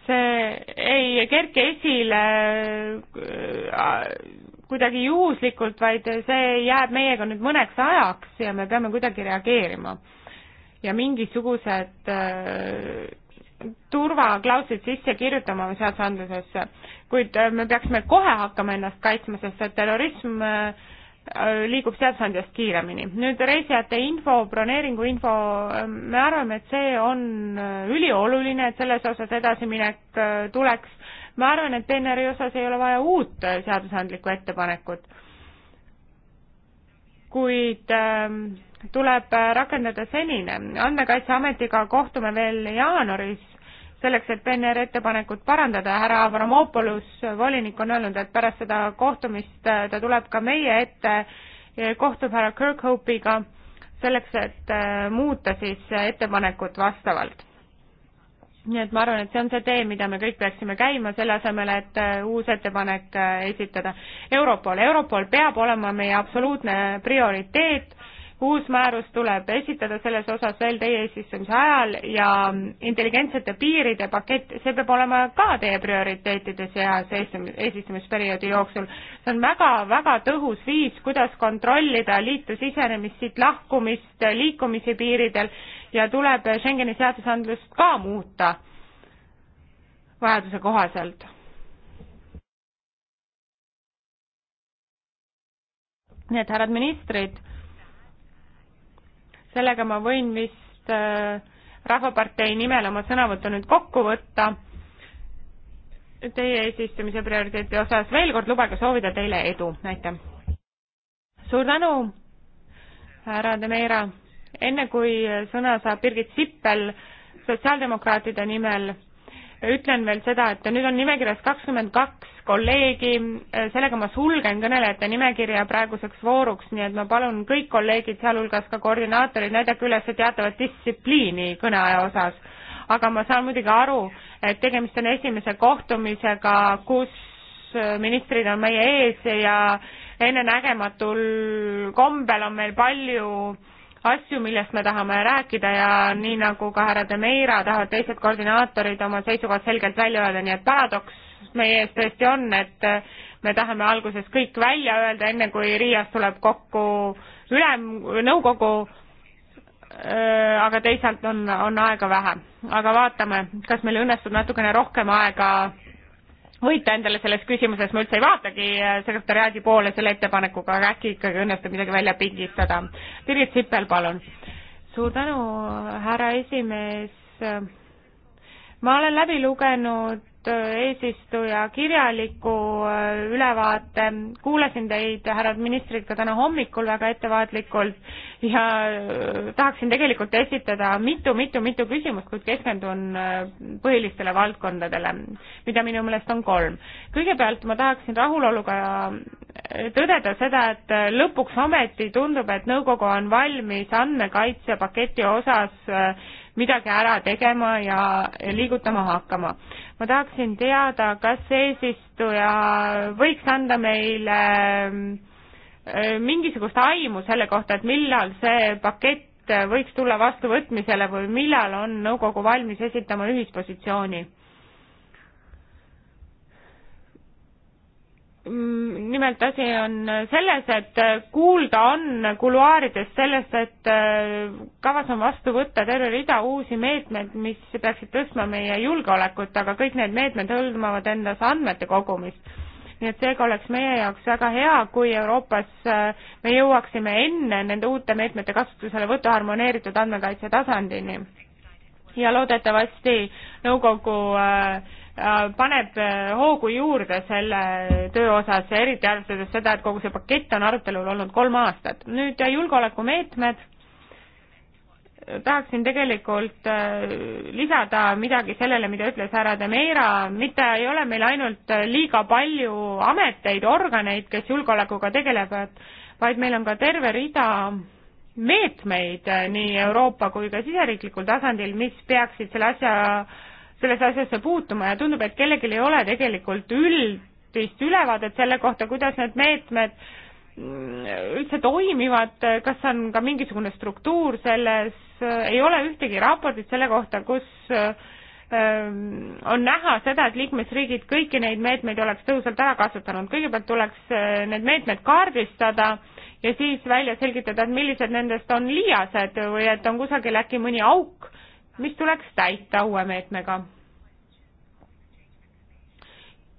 see ei kerke esile kuidagi juhuslikult, vaid see jääb meiega nüüd mõneks ajaks ja me peame kuidagi reageerima ja mingisugused äh, turvaklauslid sisse kirjutama seadusandlusesse, kuid äh, me peaksime kohe hakkama ennast kaitsma, sest et terrorism äh, liigub seadusandjast kiiremini. nüüd reisijate info, broneeringu info, me arvame, et see on ülioluline, et selles osas edasiminek tuleks. ma arvan, et PNR-i osas ei ole vaja uut seadusandlikku ettepanekut. kuid äh, tuleb äh, rakendada senine. andmekaitseametiga kohtume veel jaanuaris selleks, et PNR ettepanekut parandada, härra Avramopoulos, äh, volinik, on öelnud, et pärast seda kohtumist äh, ta tuleb ka meie ette, kohtub härra Kirkhope'iga selleks, et muuta siis ettepanekut vastavalt. nii et ma arvan, et see on see tee, mida me kõik peaksime käima, selle asemel, et uus ettepanek esitada. Europol, Europol peab olema meie absoluutne prioriteet uus määrus tuleb esitada selles osas veel teie eesistumise ajal ja intelligentsete piiride pakett, see peab olema ka teie prioriteetide seas eesistumisperioodi jooksul. see on väga-väga tõhus viis, kuidas kontrollida liitu sisenemist, siit lahkumist, liikumisi piiridel ja tuleb Schengeni seadusandlust ka muuta vajaduse kohaselt nii et härrad ministrid, sellega ma võin vist äh, Rahvapartei nimel oma sõnavõttu nüüd kokku võtta. Teie eesistumise prioriteeti osas veel kord lubage soovida teile edu, aitäh! suur tänu, härra Demeira! enne kui sõna saab Birgit Sippel sotsiaaldemokraatide nimel ütlen veel seda, et nüüd on nimekirjas kakskümmend kaks kolleegi, sellega ma sulgen kõnelejate nimekirja praeguseks vooruks, nii et ma palun kõik kolleegid, sealhulgas ka koordinaatorid, näidake üles teatavat distsipliini kõneaja osas. aga ma saan muidugi aru, et tegemist on esimese kohtumisega, kus ministrid on meie ees ja ennenägematul kombel on meil palju asju, millest me tahame rääkida ja nii nagu ka härra De Meira tahavad teised koordinaatorid oma seisukohad selgelt välja öelda, nii et paradoks meie ees tõesti on, et me tahame alguses kõik välja öelda, enne kui Riias tuleb kokku ülem, nõukogu, aga teisalt on, on aega vähe. aga vaatame, kas meil õnnestub natukene rohkem aega võita endale selles küsimuses, ma üldse ei vaatagi äh, sekretäriaadi poole selle ettepanekuga, aga äkki ikkagi õnnestub midagi välja pingistada. Pirit Sippel, palun. suur tänu, härra esimees. ma olen läbi lugenud Äh, eesistuja kirjaliku äh, ülevaate, kuulasin teid, härrad ministrid, ka täna hommikul väga ettevaatlikult ja äh, tahaksin tegelikult esitada mitu-mitu-mitu küsimust, kuid keskendun põhilistele valdkondadele, mida minu meelest on kolm. kõigepealt ma tahaksin rahuloluga tõdeda seda, et lõpuks ometi tundub, et nõukogu on valmis andmekaitsepaketi osas midagi ära tegema ja liigutama hakkama ma tahaksin teada, kas eesistuja võiks anda meile äh, mingisugust aimu selle kohta, et millal see pakett võiks tulla vastuvõtmisele või millal on nõukogu valmis esitama ühispositsiooni Mm, nimelt asi on selles, et kuulda on kuluaaridest sellest, et äh, kavas on vastu võtta terve rida uusi meetmeid, mis peaksid tõstma meie julgeolekut, aga kõik need meetmed hõlmavad endas andmete kogumist. nii et seega oleks meie jaoks väga hea, kui Euroopas äh, me jõuaksime enne nende uute meetmete kasutuselevõttu harmoneeritud andmekaitse tasandini. ja loodetavasti nõukogu äh, Äh, paneb äh, hoogu juurde selle töö osas ja eriti arvestades seda, et kogu see pakett on arutelul olnud kolm aastat. nüüd julgeolekumeetmed, tahaksin tegelikult äh, lisada midagi sellele, mida ütles härra Demeira, mitte ei ole meil ainult liiga palju ameteid, organeid, kes julgeolekuga tegelevad, vaid meil on ka terve rida meetmeid nii Euroopa kui ka siseriiklikul tasandil, mis peaksid selle asja sellesse asjasse puutuma ja tundub, et kellelgi ei ole tegelikult üldist ülevaadet selle kohta, kuidas need meetmed mm, üldse toimivad, kas on ka mingisugune struktuur selles, ei ole ühtegi raportit selle kohta, kus ähm, on näha seda, et liikmesriigid kõiki neid meetmeid oleks tõhusalt ära kasutanud. kõigepealt tuleks äh, need meetmed kaardistada ja siis välja selgitada, et millised nendest on liiased või et on kusagil äkki mõni auk mis tuleks täita uue meetmega.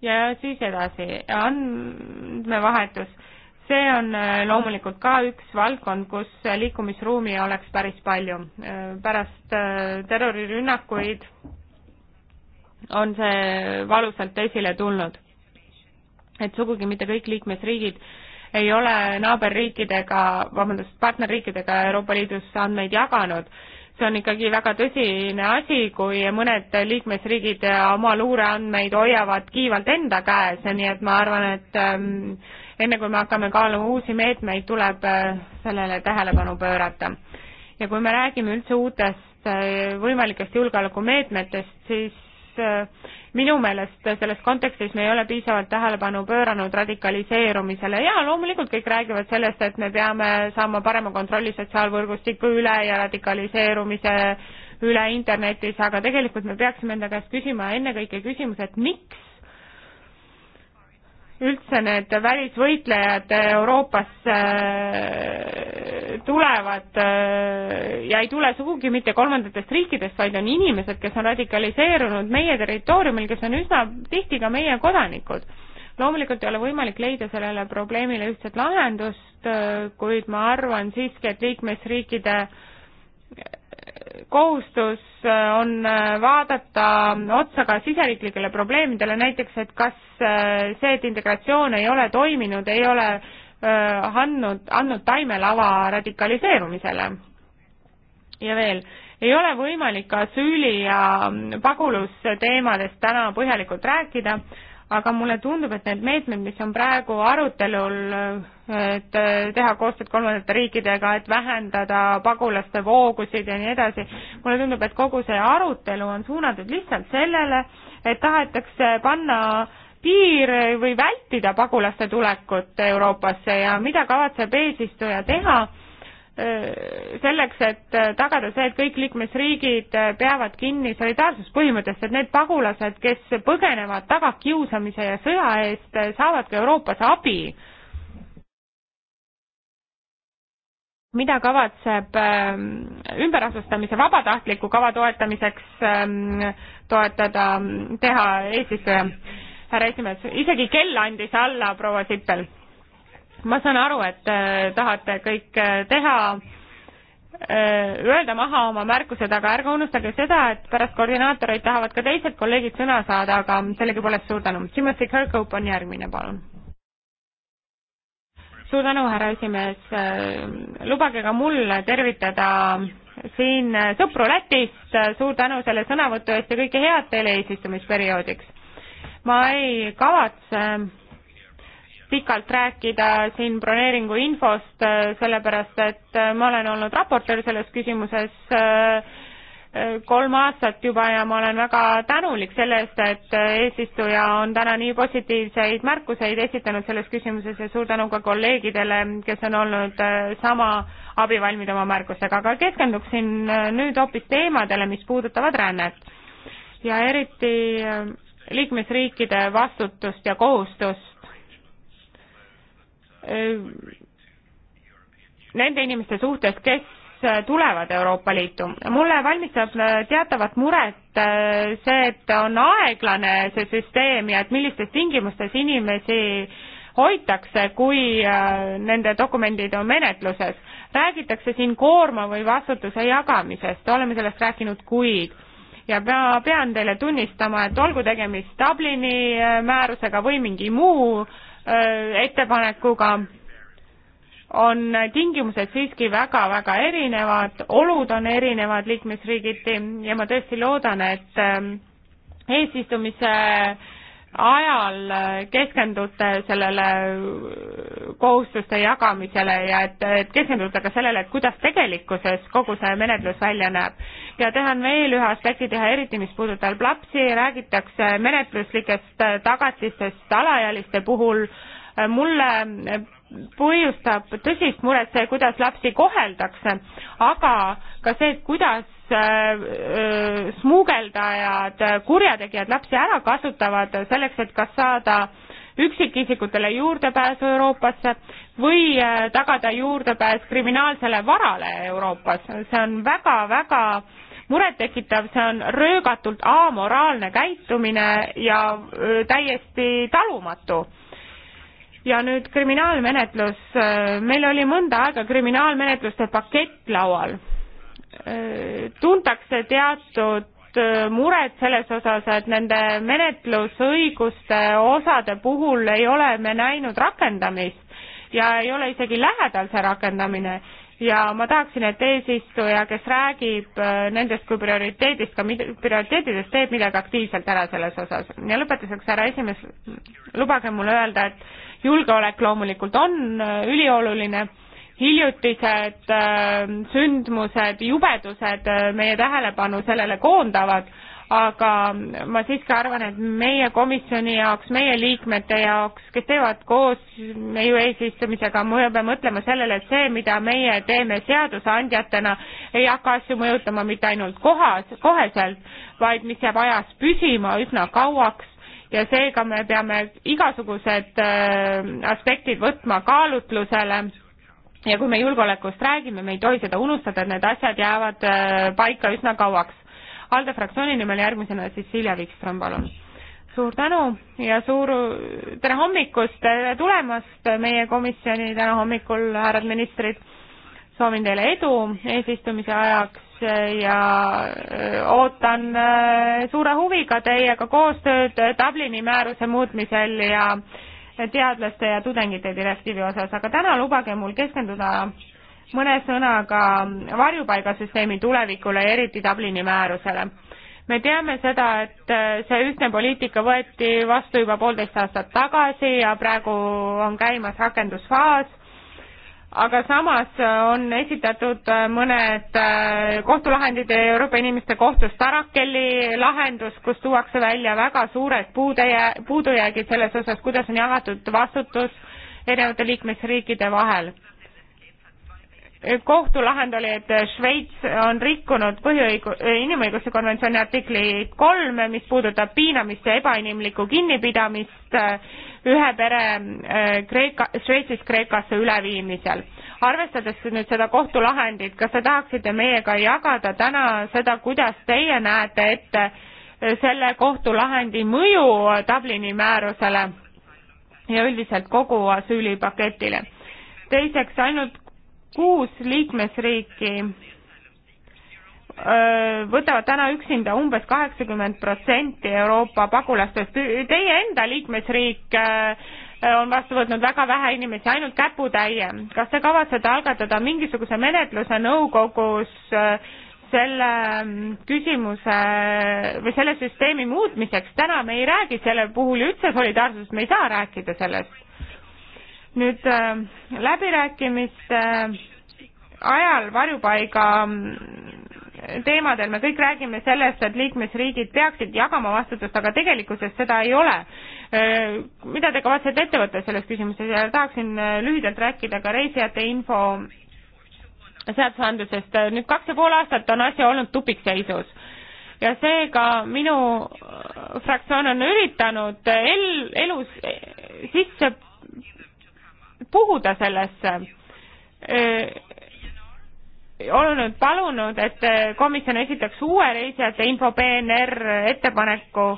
ja siis edasi, andmevahetus. see on äh, loomulikult ka üks valdkond, kus liikumisruumi oleks päris palju. Äh, pärast äh, terrorirünnakuid on see valusalt esile tulnud. et sugugi mitte kõik liikmesriigid ei ole naaberriikidega, vabandust, partnerriikidega Euroopa Liidus andmeid jaganud see on ikkagi väga tõsine asi, kui mõned liikmesriigid oma luureandmeid hoiavad kiivalt enda käes, nii et ma arvan, et ähm, enne kui me hakkame kaaluma uusi meetmeid, tuleb äh, sellele tähelepanu pöörata. ja kui me räägime üldse uutest äh, võimalikest julgeolekumeetmetest, siis Äh, minu meelest selles kontekstis me ei ole piisavalt tähelepanu pööranud radikaliseerumisele ja loomulikult kõik räägivad sellest, et me peame saama parema kontrolli sotsiaalvõrgustiku üle ja radikaliseerumise üle internetis, aga tegelikult me peaksime enda käest küsima ennekõike küsimuse, et miks üldse need välisvõitlejad Euroopasse äh, tulevad äh, ja ei tule sugugi mitte kolmandatest riikidest, vaid on inimesed, kes on radikaliseerunud meie territooriumil, kes on üsna tihti ka meie kodanikud. loomulikult ei ole võimalik leida sellele probleemile ühtset lahendust, äh, kuid ma arvan siiski, et liikmesriikide kohustus äh, on äh, vaadata otsa ka siseriiklikele probleemidele, näiteks et kas äh, see, et integratsioon ei ole toiminud, ei ole andnud, andnud taimelava radikaliseerumisele. ja veel, ei ole võimalik asüüli ja pagulusteemadest täna põhjalikult rääkida, aga mulle tundub, et need meetmed, mis on praegu arutelul, et eh, teha koostööd kolmandate riikidega, et vähendada pagulaste voogusid ja nii edasi, mulle tundub, et kogu see arutelu on suunatud lihtsalt sellele, et tahetakse panna piir või vältida pagulaste tulekut Euroopasse ja mida kavatseb eesistuja teha Äh, selleks, et äh, tagada see, et kõik liikmesriigid äh, peavad kinni solidaarsuspõhimõttest, et need pagulased, kes põgenevad tagakiusamise ja sõja eest, saavad ka Euroopas abi. mida kavatseb ähm, ümberasustamise vabatahtliku kava toetamiseks ähm, toetada, ähm, teha eesistuja? härra esimees, isegi kell andis alla proua Sippel ma saan aru, et äh, tahate kõik äh, teha, äh, öelda maha oma märkused, aga ärge unustage seda, et pärast koordinaatoreid tahavad ka teised kolleegid sõna saada, aga sellegipoolest suur tänu. Timothy Kirkhope on järgmine, palun. suur tänu, härra esimees. lubage ka mul tervitada siin sõpru Lätist, suur tänu selle sõnavõtu eest ja kõike head teile eesistumisperioodiks. ma ei kavatse pikalt rääkida siin broneeringu infost, sellepärast et ma olen olnud raportöör selles küsimuses äh, kolm aastat juba ja ma olen väga tänulik selle eest, et eesistuja on täna nii positiivseid märkuseid esitanud selles küsimuses ja suur tänu ka kolleegidele, kes on olnud äh, sama abivalmid oma märkustega, aga keskenduksin äh, nüüd hoopis teemadele, mis puudutavad rännet ja eriti liikmesriikide vastutust ja kohustust Äh, nende inimeste suhtes, kes äh, tulevad Euroopa Liitu. mulle valmistab äh, teatavat muret see, et on aeglane see süsteem ja et millistes tingimustes inimesi hoitakse, kui nende dokumendid on menetluses. räägitakse siin koorma või vastutuse jagamisest, oleme sellest rääkinud kuid ja ma pean teile tunnistama, et olgu tegemist Dublini määrusega või mingi muu ettepanekuga on tingimused siiski väga-väga erinevad, olud on erinevad liikmesriigiti ja ma tõesti loodan, et ähm, eesistumise äh, ajal keskendute sellele kohustuste jagamisele ja et, et keskendute ka sellele, et kuidas tegelikkuses kogu see menetlus välja näeb. ja tahan veel ühe aspekti teha, eriti mis puudutab lapsi, räägitakse menetluslikest tagatistest alaealiste puhul, mulle põhjustab tõsist muret see, kuidas lapsi koheldakse, aga ka see, et kuidas Äh, äh, smugeldajad, kurjategijad lapsi ära kasutavad selleks, et kas saada üksikisikutele juurdepääsu Euroopasse või äh, tagada juurdepääs kriminaalsele varale Euroopas. see on väga-väga murettekitav, see on röögatult amoraalne käitumine ja täiesti talumatu ja nüüd kriminaalmenetlus, meil oli mõnda aega kriminaalmenetluste pakett laual Äh, tuntakse teatud äh, mured selles osas, et nende menetlusõiguste osade puhul ei ole me näinud rakendamist ja ei ole isegi lähedal see rakendamine ja ma tahaksin, et eesistuja, kes räägib äh, nendest kui prioriteedist, ka prioriteedidest, teeb midagi aktiivselt ära selles osas. ja lõpetuseks, härra esimees, lubage mulle öelda, et julgeolek loomulikult on ülioluline hiljutised äh, sündmused, jubedused äh, meie tähelepanu sellele koondavad, aga ma siiski arvan, et meie komisjoni jaoks, meie liikmete jaoks, kes teevad koos meie eesistumisega, me peame mõtlema sellele, et see, mida meie teeme seadusandjatena, ei hakka asju mõjutama mitte ainult kohas, koheselt, vaid mis jääb ajas püsima üsna kauaks ja seega me peame igasugused äh, aspektid võtma kaalutlusele ja kui me julgeolekust räägime, me ei tohi seda unustada, et need asjad jäävad äh, paika üsna kauaks. ALDE fraktsiooni nimel järgmisena siis Silja Vikström, palun. suur tänu ja suur tere hommikust, tere tulemast meie komisjoni täna hommikul, härrad ministrid. soovin teile edu eesistumise ajaks ja äh, ootan äh, suure huviga teiega koostööd Dublini määruse muutmisel ja äh, teadlaste ja tudengite direktiivi osas, aga täna lubage mul keskenduda mõne sõnaga varjupaigasüsteemi tulevikule ja eriti Dublini määrusele. me teame seda, et äh, see ühtne poliitika võeti vastu juba poolteist aastat tagasi ja praegu on käimas rakendusfaas aga samas äh, on esitatud äh, mõned äh, kohtulahendid Euroopa Inimeste Kohtus, Tarakelli lahendus, kus tuuakse välja väga suured puudeja-, puudujäägid selles osas, kuidas on jagatud vastutus erinevate liikmesriikide vahel. kohtulahend oli, et Šveits on rikkunud põhiõigu-, inimõiguste konventsiooni artikli kolm, mis puudutab piinamist ja ebainimlikku kinnipidamist äh, ühe pere äh, Kreeka, Šveitsist Kreekasse üleviimisel. arvestades nüüd seda kohtulahendit, kas te tahaksite meiega jagada täna seda, kuidas teie näete ette äh, selle kohtulahendi mõju Dublini määrusele ja üldiselt kogu asüülipaketile? teiseks, ainult kuus liikmesriiki Äh, võtavad täna üksinda umbes kaheksakümmend protsenti Euroopa pagulastest. Teie enda liikmesriik äh, on vastu võtnud väga vähe inimesi, ainult käputäie. kas te kavatsete algatada mingisuguse menetluse nõukogus äh, selle mm, küsimuse või selle süsteemi muutmiseks? täna me ei räägi selle puhul üldse solidaarsusest, me ei saa rääkida sellest. nüüd läbirääkimiste ajal varjupaiga mm, teemadel me kõik räägime sellest, et liikmesriigid peaksid jagama vastutust, aga tegelikkuses seda ei ole. Äh, mida te kavatsete ette võtta selles küsimuses ja tahaksin äh, lühidalt rääkida ka reisijate info seadusandlusest, äh, nüüd kaks ja pool aastat on asi olnud tupikseisus ja seega minu fraktsioon on üritanud el-, elus sisse puhuda sellesse olnud palunud, et eh, komisjon esitaks uue reisijate info PNR ettepaneku,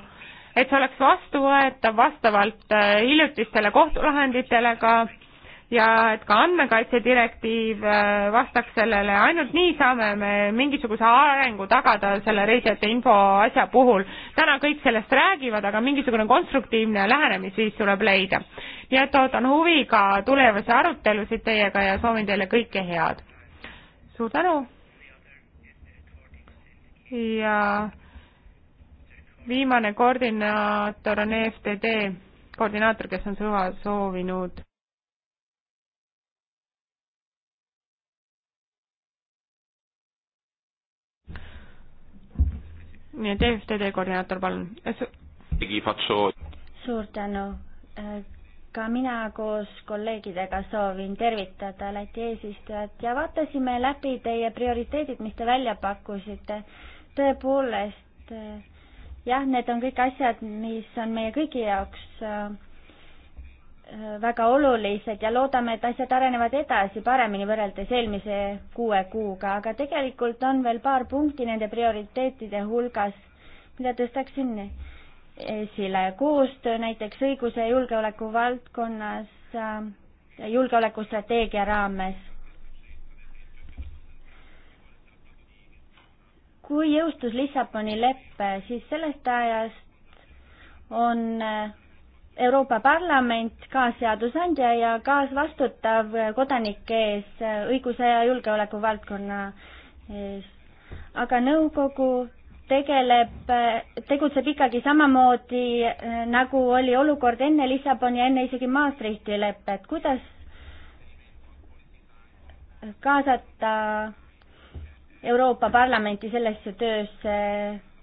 et see oleks vastuvõetav vastavalt eh, hiljutistele kohtulahenditele ka ja et ka andmekaitse direktiiv eh, vastaks sellele, ainult nii saame me mingisuguse arengu tagada selle reisijate info asja puhul. täna kõik sellest räägivad, aga mingisugune konstruktiivne lähenemisviis tuleb leida. nii et ootan huviga tulevasi arutelusid teiega ja soovin teile kõike head suur tänu ja viimane koordinaator on EFTD koordinaator, kes on suva soovinud nii et EFTD koordinaator, palun. suur tänu ka mina koos kolleegidega soovin tervitada Läti eesistujat ja vaatasime läbi teie prioriteedid, mis te välja pakkusite. tõepoolest, eh, jah, need on kõik asjad, mis on meie kõigi jaoks eh, väga olulised ja loodame, et asjad arenevad edasi paremini võrreldes eelmise kuue kuuga, aga tegelikult on veel paar punkti nende prioriteetide hulgas, mida tõstaksin esile koostöö näiteks õiguse ja julgeoleku valdkonnas äh, julgeolekustrateegia raames. kui jõustus Lissaboni leppe, siis sellest ajast on äh, Euroopa Parlament kaasseadusandja ja kaasvastutav kodanike ees õiguse ja julgeoleku valdkonna ees. aga nõukogu tegeleb, tegutseb ikkagi samamoodi, eh, nagu oli olukord enne Lissaboni ja enne isegi Maastrichti lepet, kuidas kaasata Euroopa Parlamenti sellesse töösse,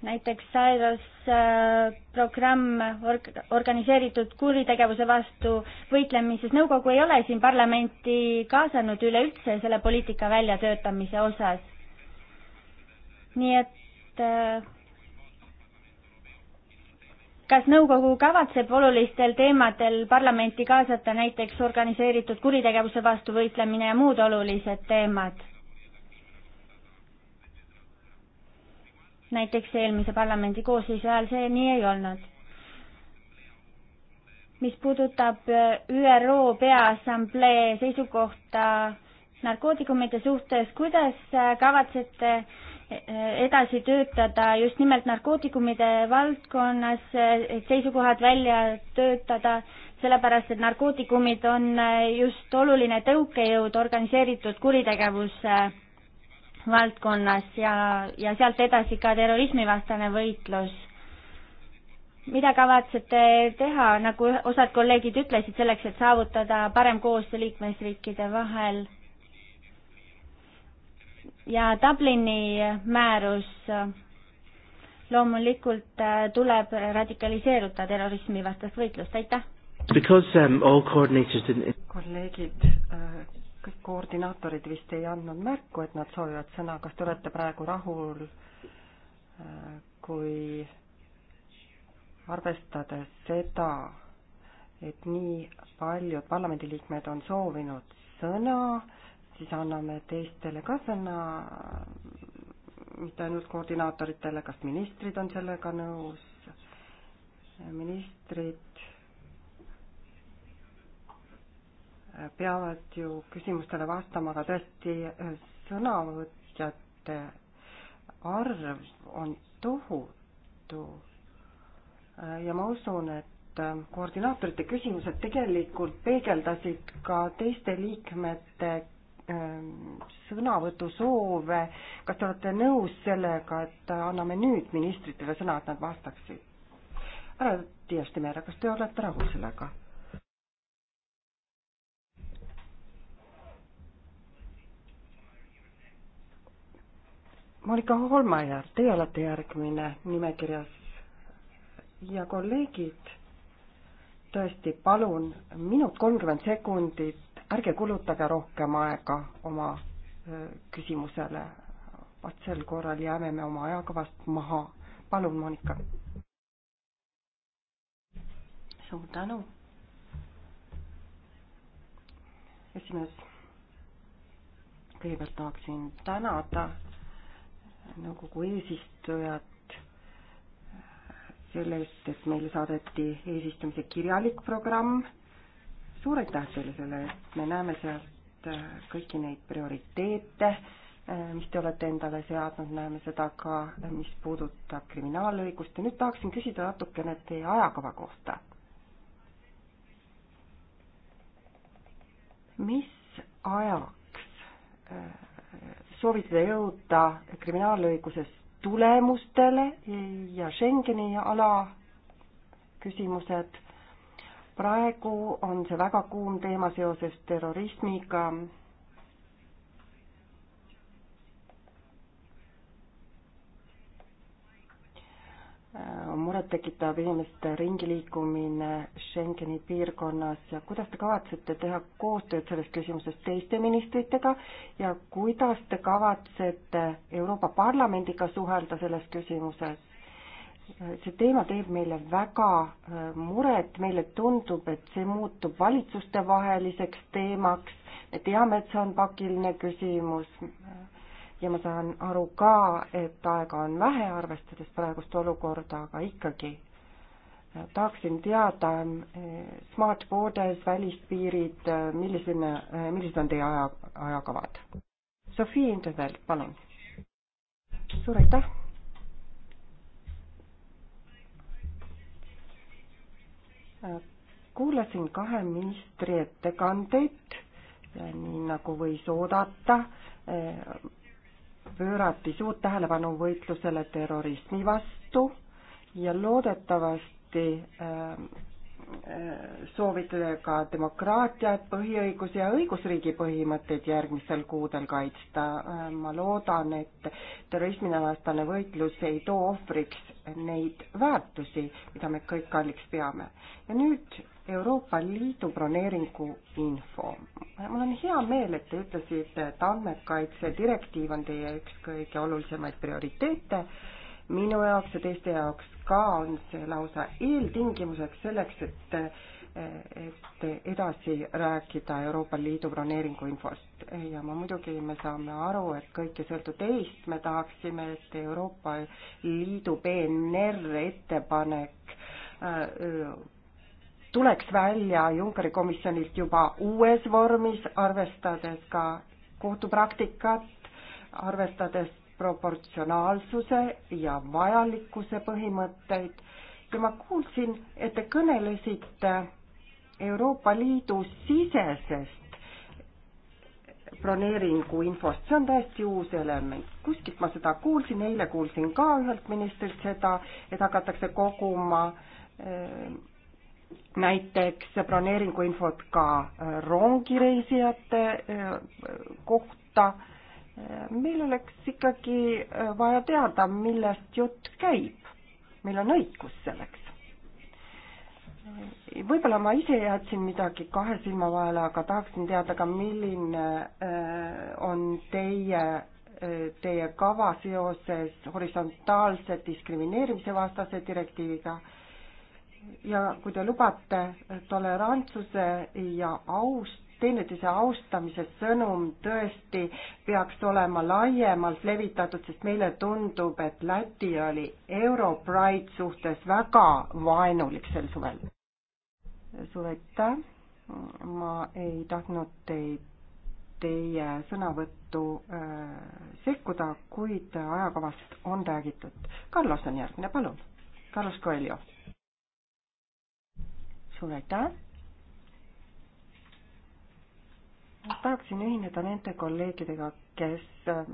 näiteks Cyrus eh, programm org-, organiseeritud kuritegevuse vastu võitlemises, nõukogu ei ole siin parlamenti kaasanud üleüldse selle poliitika väljatöötamise osas. nii et et äh, kas nõukogu kavatseb olulistel teemadel parlamenti kaasata, näiteks organiseeritud kuritegevuse vastu võitlemine ja muud olulised teemad? näiteks eelmise parlamendi koosseisu ajal see nii ei olnud. mis puudutab äh, ÜRO Peaassamblee seisukohta narkootikumide suhtes, kuidas äh, kavatsete äh, edasi töötada just nimelt narkootikumide valdkonnas, seisukohad välja töötada, sellepärast et narkootikumid on just oluline tõukejõud organiseeritud kuritegevuse valdkonnas ja, ja sealt edasi ka terrorismivastane võitlus. mida kavatsete teha, nagu osad kolleegid ütlesid, selleks, et saavutada parem koostöö liikmesriikide vahel? ja Dublini määrus äh, loomulikult äh, tuleb radikaliseeruda terrorismi vastast võitlust, aitäh! Because um, all coordinators didn't kolleegid, äh, kõik koordinaatorid vist ei andnud märku, et nad soovivad sõna, kas te olete praegu rahul, kui arvestades seda, et nii paljud parlamendiliikmed on soovinud sõna, siis anname teistele ka sõna, mitte ainult koordinaatoritele, kas ministrid on sellega nõus, ministrid peavad ju küsimustele vastama, aga tõesti sõnavõtjate arv on tohutu. ja ma usun, et koordinaatorite küsimused tegelikult peegeldasid ka teiste liikmete Ähm, sõnavõtusoove, kas te olete nõus sellega, et anname nüüd ministritele sõna, et nad vastaksid? härra Tiias Timera, kas te olete rahul sellega? Monika Holmajärv, teie olete järgmine nimekirjas ja kolleegid, tõesti, palun minut kolmkümmend sekundit ärge kulutage rohkem aega oma küsimusele, vaat sel korral jääme me oma ajakavast maha. palun, Monika. suur tänu. esimees, kõigepealt tahaksin tänada nõukogu eesistujat selle eest, et meile saadeti eesistumise kirjalik programm suur aitäh teile selle eest, me näeme sealt äh, kõiki neid prioriteete, äh, mis te olete endale seadnud, näeme seda ka, äh, mis puudutab kriminaalõigust ja nüüd tahaksin küsida natukene teie ajakava kohta. mis ajaks soovite jõuda kriminaalõiguses tulemustele ja Schengeni ala küsimused praegu on see väga kuum teema seoses terrorismiga. muret tekitab inimeste ringiliikumine Schengeni piirkonnas ja kuidas te kavatsete teha koostööd selles küsimuses teiste ministritega ja kuidas te kavatsete Euroopa Parlamendiga suhelda selles küsimuses? see teema teeb meile väga äh, muret, meile tundub, et see muutub valitsustevaheliseks teemaks, me teame, et see on pakiline küsimus ja ma saan aru ka, et aega on vähe, arvestades praegust olukorda, aga ikkagi äh, tahaksin teada äh, Smart Borders, välispiirid, millisena, millised on teie aja, ajakavad? Sofii Intervelt, palun. suur aitäh Äh, kuulasin kahe ministri ettekandeid ja äh, nii nagu võis oodata, äh, pöörati suurt tähelepanu võitlusele terrorismi vastu ja loodetavasti soovitada ka demokraatiat, põhiõigusi ja õigusriigi põhimõtteid järgmistel kuudel kaitsta. ma loodan, et terrorismialastane võitlus ei too ohvriks neid väärtusi, mida me kõik kalliks peame. ja nüüd Euroopa Liidu broneeringu info. mul on hea meel, et te ütlesite, et andmekaitse direktiiv on teie üks kõige olulisemaid prioriteete minu jaoks ja teiste jaoks ka on see lausa eeltingimuseks selleks, et et edasi rääkida Euroopa Liidu broneeringu infost ja ma muidugi, me saame aru, et kõike sõltub teist, me tahaksime, et Euroopa Liidu PNR ettepanek äh, tuleks välja Junckeri komisjonilt juba uues vormis, arvestades ka kohtupraktikat, arvestades proportsionaalsuse ja vajalikkuse põhimõtteid ja ma kuulsin, et te kõnelesite Euroopa Liidu sisesest broneeringu infost, see on täiesti uus element, kuskilt ma seda kuulsin, eile kuulsin ka ühelt ministrilt seda, et hakatakse koguma eh, näiteks broneeringu infot ka eh, rongireisijate eh, kohta meil oleks ikkagi äh, vaja teada, millest jutt käib. meil on õigus selleks. Äh, võib-olla ma ise jätsin midagi kahe silma vahele, aga tahaksin teada ka, milline äh, on teie, teie kava seoses horisontaalse diskrimineerimise vastase direktiiviga ja kui te lubate tolerantsuse ja aust-, teineteise austamise sõnum tõesti peaks olema laiemalt levitatud, sest meile tundub, et Läti oli Europride suhtes väga vaenulik sel suvel. suur aitäh, ma ei tahtnud teid teie sõnavõttu äh, sekkuda, kuid ajakavast on räägitud. Carlos on järgmine, palun. Carlos Coelho. suur aitäh tahaksin ühineda nende kolleegidega, kes ähm,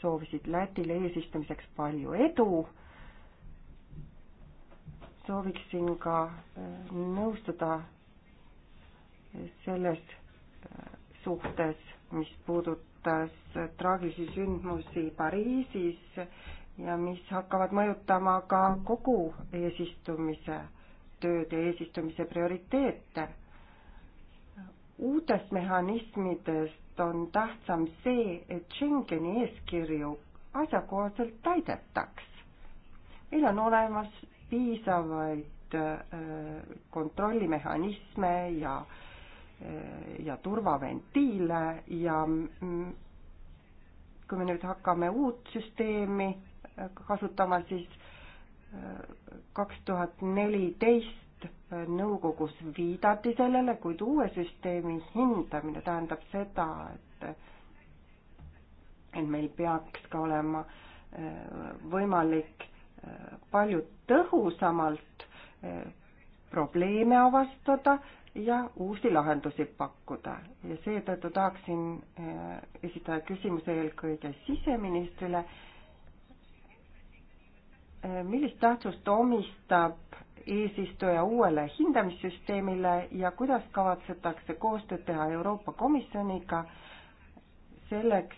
soovisid Lätile eesistumiseks palju edu. sooviksin ka äh, nõustuda selles äh, suhtes, mis puudutas traagilisi sündmusi Pariisis ja mis hakkavad mõjutama ka kogu eesistumise tööd ja eesistumise prioriteete uutest mehhanismidest on tähtsam see, et Schengeni eeskirju asjakohaselt täidetaks. meil on olemas piisavaid äh, kontrollimehhanisme ja, äh, ja turvaventiile ja kui me nüüd hakkame uut süsteemi äh, kasutama, siis kaks tuhat neliteist Äh, nõukogus viidati sellele, kuid uue süsteemi hindamine tähendab seda, et et meil peaks ka olema äh, võimalik äh, palju tõhusamalt probleeme avastada ja uusi lahendusi pakkuda ja seetõttu tahaksin esitada küsimuse eelkõige siseministrile millist tähtsust omistab eesistuja uuele hindamissüsteemile ja kuidas kavatsetakse koostööd teha Euroopa Komisjoniga selleks,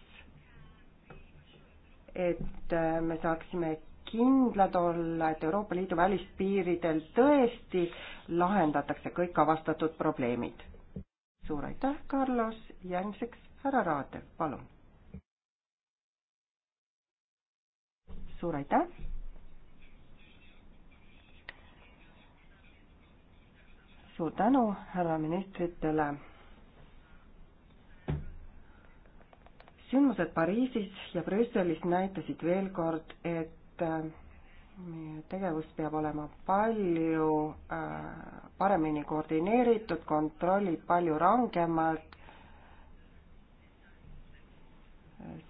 et äh, me saaksime kindlad olla, et Euroopa Liidu välispiiridel tõesti lahendatakse kõik avastatud probleemid. suur aitäh, Carlos, järgmiseks härra Raadev, palun. suur aitäh suur tänu härra ministritele. sündmused Pariisis ja Brüsselis näitasid veel kord, et äh, meie tegevus peab olema palju äh, paremini koordineeritud, kontrollid palju rangemalt,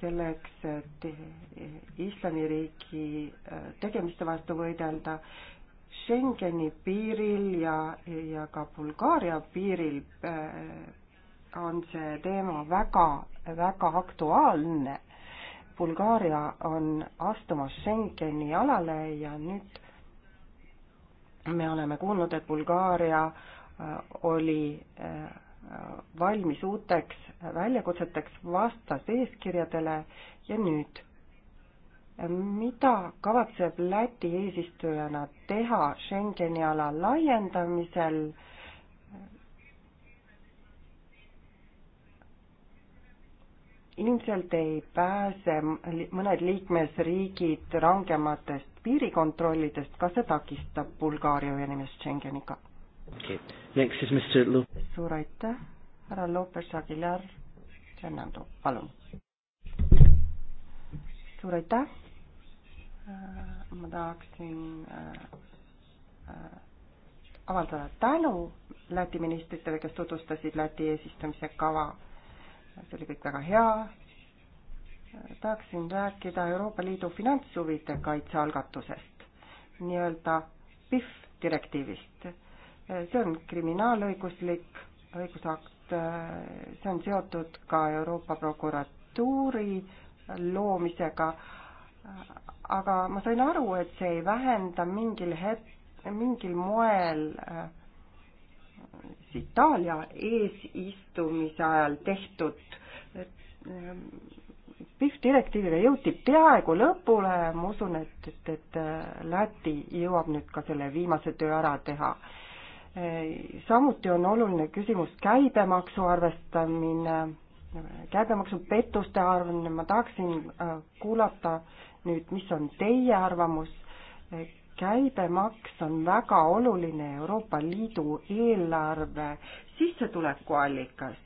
selleks, et äh, islamiriigi tegemiste vastu võidelda Schengeni piiril ja, ja ka Bulgaaria piiril äh, on see teema väga, väga aktuaalne. Bulgaaria on astumas Schengeni alale ja nüüd me oleme kuulnud, et Bulgaaria äh, oli äh, valmis uuteks väljakutseteks, vastas eeskirjadele ja nüüd mida kavatseb Läti eesistujana teha Schengeni ala laiendamisel? ilmselt ei pääse mõned liikmesriigid rangematest piirikontrollidest, kas see takistab Bulgaaria ühinemist Schengeniga okay.? suur aitäh, härra Lopez Aguilar, Fernando, palun. suur aitäh Äh, ma tahaksin äh, äh, avaldada tänu Läti ministritele, kes tutvustasid Läti eesistumise kava. see oli kõik väga hea. tahaksin rääkida Euroopa Liidu finantshuvide kaitse algatusest, nii-öelda PIF direktiivist. see on kriminaalõiguslik õigusakt, see on seotud ka Euroopa prokuratuuri loomisega aga ma sain aru, et see ei vähenda mingil het-, mingil moel siis äh, Itaalia eesistumise ajal tehtud äh, PIF direktiiviga jõuti peaaegu lõpule, ma usun, et, et, et äh, Läti jõuab nüüd ka selle viimase töö ära teha. samuti on oluline küsimus käibemaksu arvestamine, käibemaksupettuste arvamine, ma tahaksin kuulata nüüd, mis on teie arvamus? käibemaks on väga oluline Euroopa Liidu eelarve sissetulekuallikas.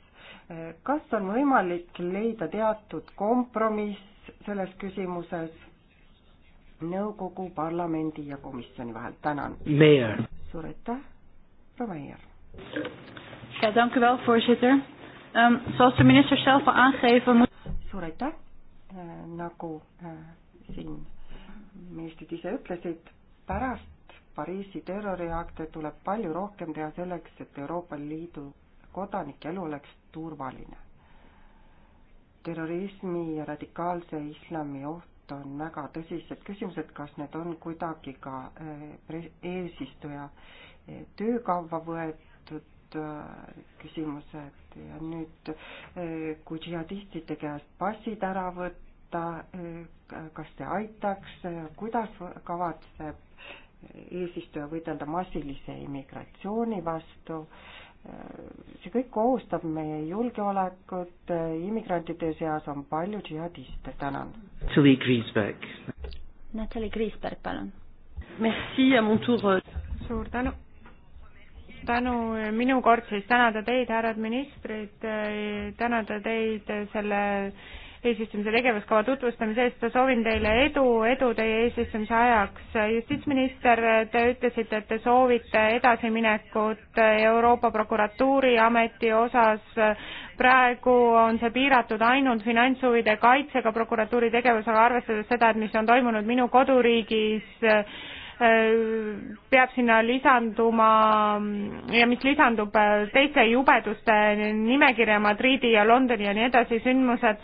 kas on võimalik leida teatud kompromiss selles küsimuses nõukogu, parlamendi ja komisjoni vahel? tänan. suur aitäh, proua Meier. Ja, dank u wel, voorzitter. Um, zoals de minister zelf al aangegeven... Moet... Suur aitäh. Uh, nagu uh, siin ministrid ise ütlesid, pärast Pariisi terroriakte tuleb palju rohkem teha selleks, et Euroopa Liidu kodanike elu oleks turvaline. terrorismi ja radikaalse islami oht on väga tõsised küsimused, kas need on kuidagi ka eh, eesistuja eh, töökavva võetud eh, küsimused ja nüüd, kui džihadistide käest passid ära võtta, kohta, eh, kas see aitaks, kuidas kavatseb eesistuja võidelda massilise immigratsiooni vastu, eh, see kõik ohustab meie julgeolekut, immigrantide seas on palju džihadiste, tänan. Natalie Kriisberg. Natalie Kriisberg, palun. Merci ja mon tour. suur tänu tänu minu kord siis tänada teid, härrad ministrid, eh, tänada teid selle eesistumise tegevuskava tutvustamise eest. soovin teile edu, edu teie eesistumise ajaks. justiitsminister, te ütlesite, et te soovite edasiminekut Euroopa Prokuratuuri ameti osas. praegu on see piiratud ainult finantshuvide kaitsega prokuratuuri tegevus, aga arvestades seda, et mis on toimunud minu koduriigis, peab sinna lisanduma ja mis lisandub teiste jubeduste nimekirja Madridi ja Londoni ja nii edasi sündmused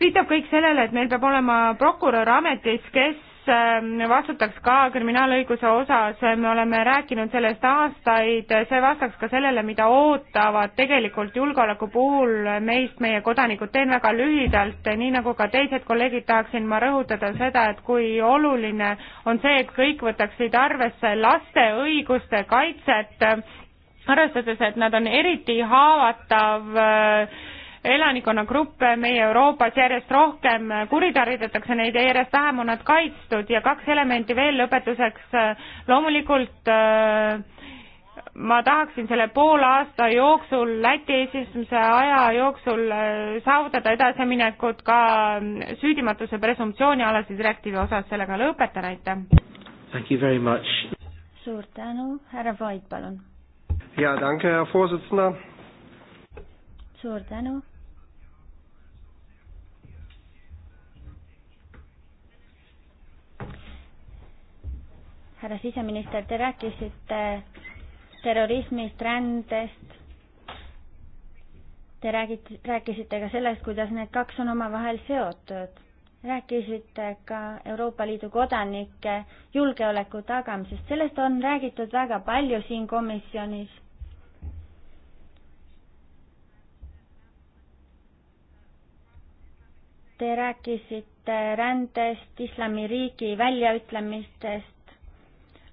viitab kõik sellele, et meil peab olema prokurör ametis, kes ähm, vastutaks ka kriminaalõiguse osas, me oleme rääkinud sellest aastaid, see vastaks ka sellele, mida ootavad tegelikult julgeoleku puhul meist meie kodanikud. teen väga lühidalt, nii nagu ka teised kolleegid, tahaksin ma rõhutada seda, et kui oluline on see, et kõik võtaksid arvesse laste õiguste kaitset, arvestades, et nad on eriti haavatav äh, elanikkonnagruppe meie Euroopas järjest rohkem kuritarvitatakse neid ja järjest vähem on nad kaitstud ja kaks elementi veel lõpetuseks. loomulikult äh, ma tahaksin selle poole aasta jooksul, Läti eesistumise aja jooksul äh, saavutada edasiminekut ka äh, süüdimatuse presumptsiooni alase direktiivi osas, sellega lõpetan, aitäh. suur tänu, härra Void, palun. ja tänke, hea juhataja suur tänu. härra siseminister, te rääkisite terrorismist, rändest. Te räägite, rääkisite ka sellest, kuidas need kaks on omavahel seotud. rääkisite ka Euroopa Liidu kodanike julgeoleku tagamisest, sellest on räägitud väga palju siin komisjonis Te rääkisite rändest, islamiriigi väljaütlemistest,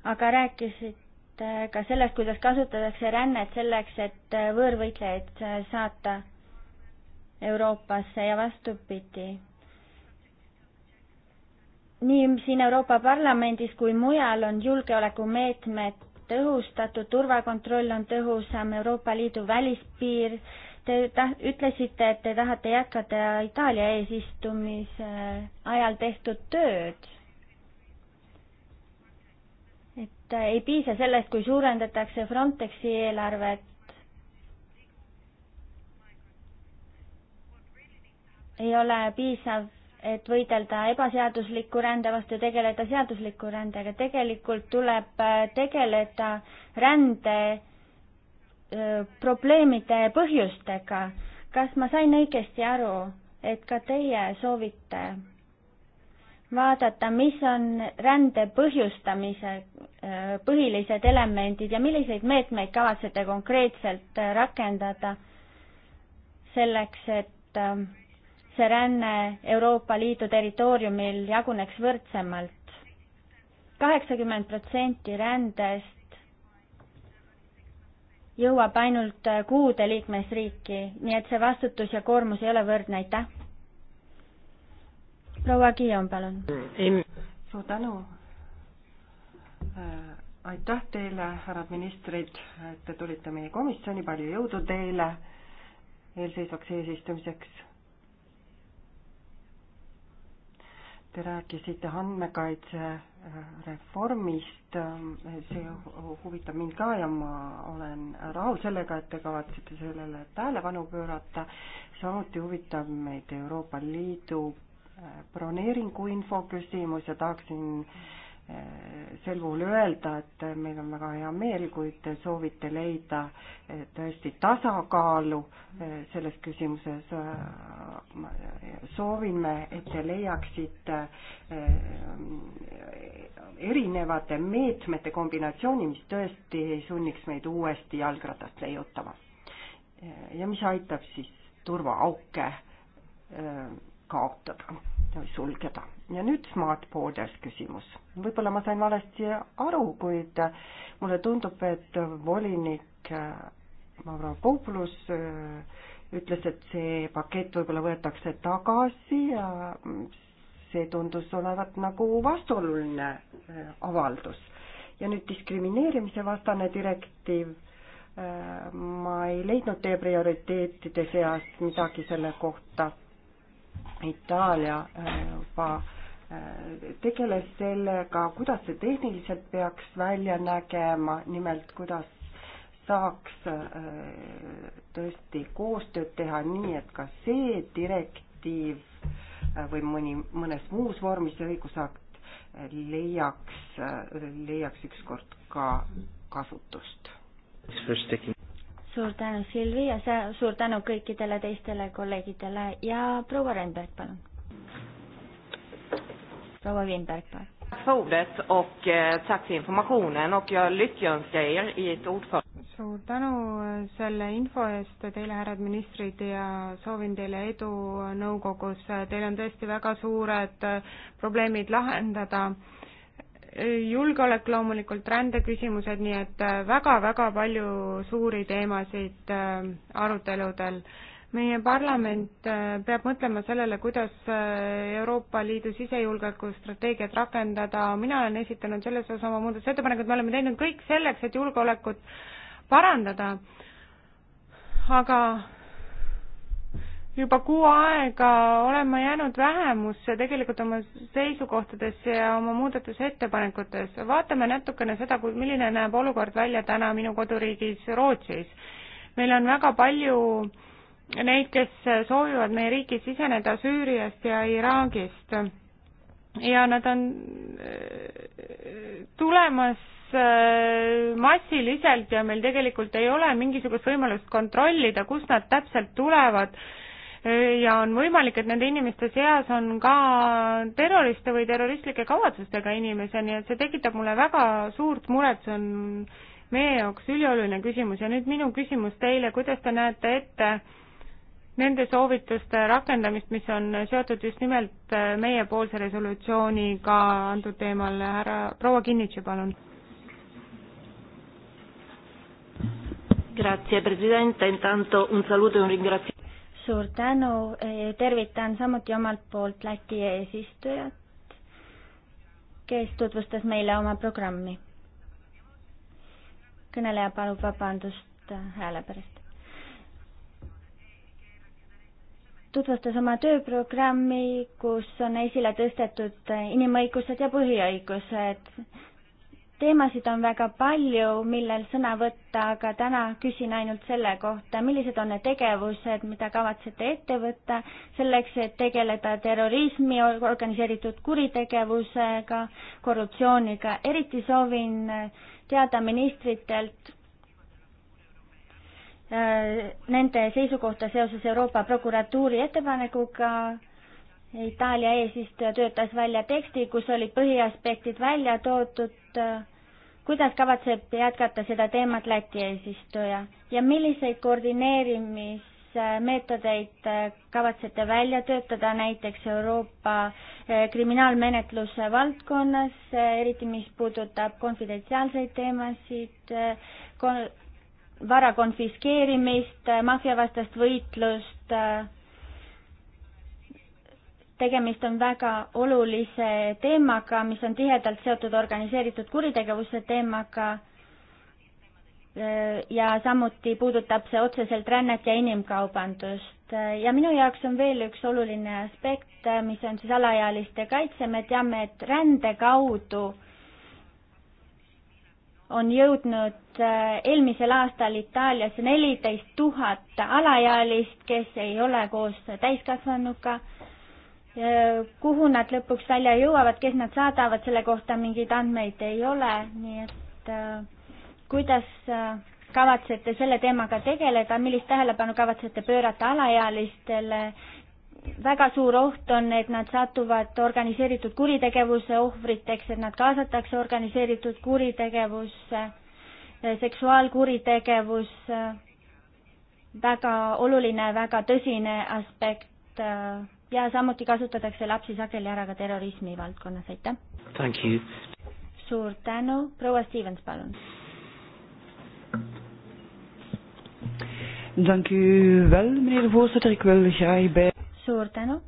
aga rääkisite ka sellest, kuidas kasutatakse rännet selleks, et võõrvõitlejaid saata Euroopasse ja vastupidi. nii siin Euroopa Parlamendis kui mujal on julgeolekumeetmed tõhustatud, turvakontroll on tõhusam, Euroopa Liidu välispiir, te ta-, ütlesite, et te tahate jätkata Itaalia eesistumise ajal tehtud tööd ei piisa sellest, kui suurendatakse Frontexi eelarvet. ei ole piisav, et võidelda ebaseadusliku rände vastu ja tegeleda seadusliku rändega. tegelikult tuleb äh, tegeleda rände äh, probleemide põhjustega. kas ma sain õigesti aru, et ka teie soovite vaadata, mis on rände põhjustamise äh, põhilised elemendid ja milliseid meetmeid kavatsete konkreetselt äh, rakendada selleks, et äh, see ränne Euroopa Liidu territooriumil jaguneks võrdsemalt. kaheksakümmend protsenti rändest jõuab ainult kuude liikmesriiki, nii et see vastutus ja koormus ei ole võrdne, aitäh! proua Kiion, palun. suur tänu. Äh, aitäh teile, härrad ministrid, et te tulite meie komisjoni, palju jõudu teile eelseisvaks eesistumiseks. Te rääkisite andmekaitsereformist, äh, äh, see huvitab mind ka ja ma olen rahul sellega, et te kavatsete sellele tähelepanu pöörata. samuti huvitab meid Euroopa Liidu broneeringu info küsimus ja tahaksin eh, sel puhul öelda, et meil on väga hea meel, kui te soovite leida eh, tõesti tasakaalu eh, selles küsimuses. soovime, et te leiaksite erinevate meetmete kombinatsiooni, mis tõesti ei sunniks meid uuesti jalgratast leiutama ja mis aitab siis turvaauke kaotada või sulgeda. ja nüüd smart borders küsimus. võib-olla ma sain valesti aru, kuid mulle tundub, et volinik äh, Mavropoulos äh, ütles, et see pakett võib-olla võetakse tagasi ja see tundus olevat nagu vastuoluline äh, avaldus. ja nüüd diskrimineerimise vastane direktiiv, ma ei leidnud teie prioriteetide seas midagi selle kohta Itaalia äh, juba äh, tegeles sellega, kuidas see tehniliselt peaks välja nägema, nimelt kuidas saaks äh, tõesti koostööd teha nii, et ka see direktiiv või mõni, mõnes muus vormis õigusakt leiaks, leiaks ükskord ka kasutust suur tänu, Silvi, ja sa, suur tänu kõikidele teistele kolleegidele ja proua Rennberg, palun. proua Vinberg, palun. Tack för ordet och eh, tack för informationen och jag lyckönskar er i ett ordförande. Suur tänu eh, selle info eest teile, härrad ministrid, ja soovin teile edu nõukogus. Teil on tõesti väga suured eh, probleemid lahendada julgeolek loomulikult, rändeküsimused, nii et väga-väga äh, palju suuri teemasid äh, aruteludel. meie parlament äh, peab mõtlema sellele, kuidas Euroopa Liidu sisejulgeolekustrateegiat rakendada, mina olen esitanud selles osas oma muudatusettepanekud, me oleme teinud kõik selleks, et julgeolekut parandada, aga juba kuu aega olen ma jäänud vähemusse tegelikult oma seisukohtades ja oma muudatusettepanekutes. vaatame natukene seda, kui, milline näeb olukord välja täna minu koduriigis Rootsis. meil on väga palju neid, kes soovivad meie riiki siseneda Süüriast ja Iraagist ja nad on äh, tulemas äh, massiliselt ja meil tegelikult ei ole mingisugust võimalust kontrollida, kust nad täpselt tulevad ja on võimalik, et nende inimeste seas on ka terroriste või terroristlike kavatsustega inimesi, nii et see tekitab mulle väga suurt muret, see on meie jaoks ülioluline küsimus ja nüüd minu küsimus teile, kuidas te näete ette nende soovituste rakendamist, mis on seotud just nimelt meiepoolse resolutsiooniga antud teemal, härra proua Kinnitši, palun. Grazie Presidente, intanto un saluto e un ringraziamento suur tänu, eh, tervitan samuti omalt poolt Läti eesistujat, kes tutvustas meile oma programmi. kõneleja palub vabandust eh, hääle pärast. tutvustas oma tööprogrammi, kus on esile tõstetud eh, inimõigused ja põhiõigused teemasid on väga palju, millel sõna võtta, aga täna küsin ainult selle kohta, millised on need tegevused, mida kavatsete ette võtta selleks, et tegeleda terrorismi, organiseeritud kuritegevusega, korruptsiooniga. eriti soovin äh, teada ministritelt äh, nende seisukohta seoses Euroopa prokuratuuri ettepanekuga Itaalia eesistuja töötas välja teksti, kus olid põhiaspektid välja toodud. kuidas kavatseb jätkata seda teemat Läti eesistuja ja milliseid koordineerimismeetodeid kavatsete välja töötada näiteks Euroopa eh, kriminaalmenetluse valdkonnas, eriti mis puudutab konfidentsiaalseid teemasid eh, kon, vara konfiskeerimist, eh, maffiavastast võitlust tegemist on väga olulise teemaga, mis on tihedalt seotud organiseeritud kuritegevuse teemaga äh, ja samuti puudutab see otseselt rännet ja inimkaubandust. Äh, ja minu jaoks on veel üks oluline aspekt, äh, mis on siis alaealiste kaitse, me teame, et rände kaudu on jõudnud eelmisel aastal Itaaliasse neliteist tuhat alaealist, kes ei ole koos täiskasvanuga kuhu nad lõpuks välja jõuavad, kes nad saadavad, selle kohta mingeid andmeid ei ole, nii et äh, kuidas äh, kavatsete selle teemaga tegeleda, millist tähelepanu kavatsete pöörata alaealistele? väga suur oht on, et nad satuvad organiseeritud kuritegevuse ohvriteks, et nad kaasatakse organiseeritud kuritegevusse, äh, seksuaalkuritegevus, väga oluline, väga tõsine aspekt ja samuti kasutatakse lapsi sageli ära ka terrorismi valdkonnas, aitäh! suur tänu, proua Stevens, palun! Dank u wel, meneer de voorzitter. Ik wil graag bij. Suur tänu.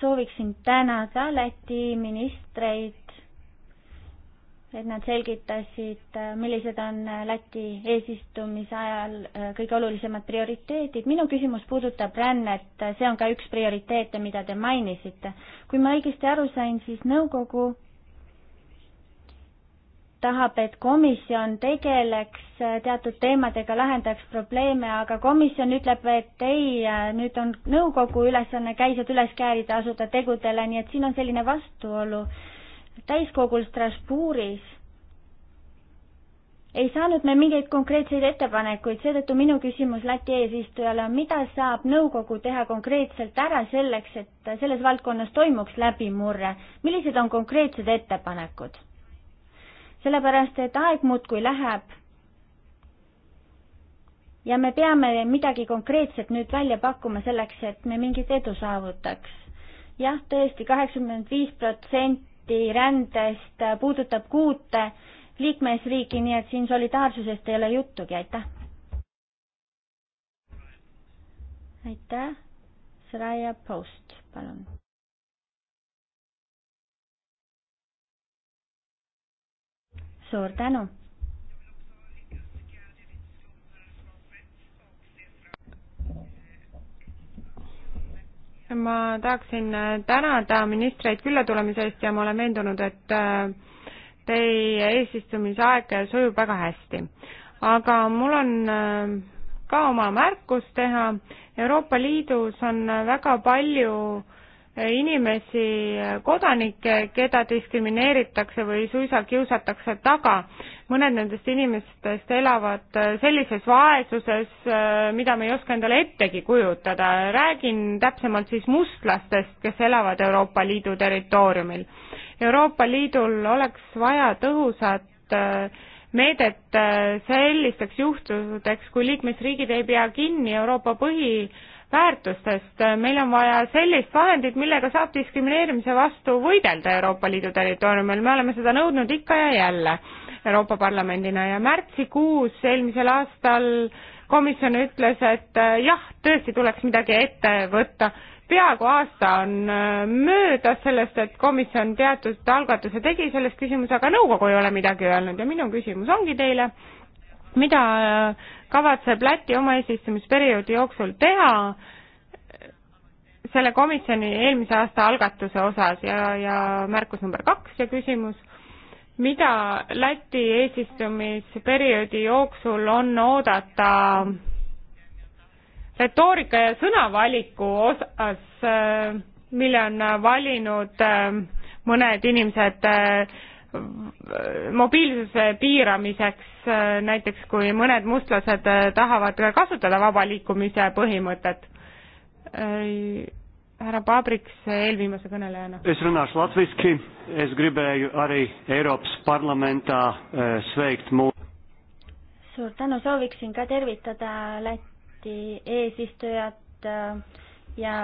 sooviksin tänada Läti ministreid et nad selgitasid, äh, millised on äh, Läti eesistumise ajal äh, kõige olulisemad prioriteedid. minu küsimus puudutab rännet, see on ka üks prioriteete, mida te mainisite. kui ma õigesti aru sain, siis nõukogu tahab, et komisjon tegeleks teatud teemadega, lahendaks probleeme, aga komisjon ütleb, et ei, nüüd on nõukogu ülesanne käised üles käärida, asuda tegudele, nii et siin on selline vastuolu täiskogul Strasbourgis ei saanud me mingeid konkreetseid ettepanekuid, seetõttu minu küsimus Läti eesistujale on, mida saab nõukogu teha konkreetselt ära selleks, et selles valdkonnas toimuks läbimurre, millised on konkreetsed ettepanekud? sellepärast, et aeg muudkui läheb ja me peame midagi konkreetset nüüd välja pakkuma selleks, et me mingit edu saavutaks. jah tõesti, tõesti, kaheksakümmend viis protsenti protsenti rändest puudutab kuute liikmesriiki, nii et siin solidaarsusest ei ole juttugi, aitäh. aitäh, Soraya Post, palun. suur tänu ma tahaksin äh, tänada ministreid külla tulemise eest ja ma olen veendunud, et äh, teie eesistumisaeg äh, sujub väga hästi. aga mul on ka oma märkus teha. Euroopa Liidus on väga palju inimesi, kodanikke, keda diskrimineeritakse või suisa kiusatakse taga. mõned nendest inimestest elavad äh, sellises vaesuses, äh, mida me ei oska endale ettegi kujutada. räägin täpsemalt siis mustlastest, kes elavad Euroopa Liidu territooriumil. Euroopa Liidul oleks vaja tõhusat äh, meedet sellisteks juhtudeks, kui liikmesriigid ei pea kinni Euroopa põhi väärtustest. meil on vaja sellist vahendit, millega saab diskrimineerimise vastu võidelda Euroopa Liidu territooriumil, me oleme seda nõudnud ikka ja jälle Euroopa Parlamendina ja märtsikuus eelmisel aastal komisjon ütles, et äh, jah, tõesti tuleks midagi ette võtta. peaaegu aasta on äh, möödas sellest, et komisjon teatud algatuse tegi selles küsimuses, aga nõukogu ei ole midagi öelnud ja minu küsimus ongi teile, mida äh, kavatseb Läti oma eesistumisperioodi jooksul teha selle komisjoni eelmise aasta algatuse osas ja, ja märkus number kaks ja küsimus, mida Läti eesistumisperioodi jooksul on oodata retoorika ja sõnavaliku osas, äh, mille on valinud äh, mõned inimesed äh, mobiilsuse piiramiseks, äh, näiteks kui mõned mustlased äh, tahavad kasutada vaba liikumise põhimõtet. Äh, härra Pabriks eelviimase kõnelejana. Es runāš latviski, es gribēju arī Euroopas parlamentā sveikt mu-. suur tänu, sooviksin ka tervitada Läti eesistujat ja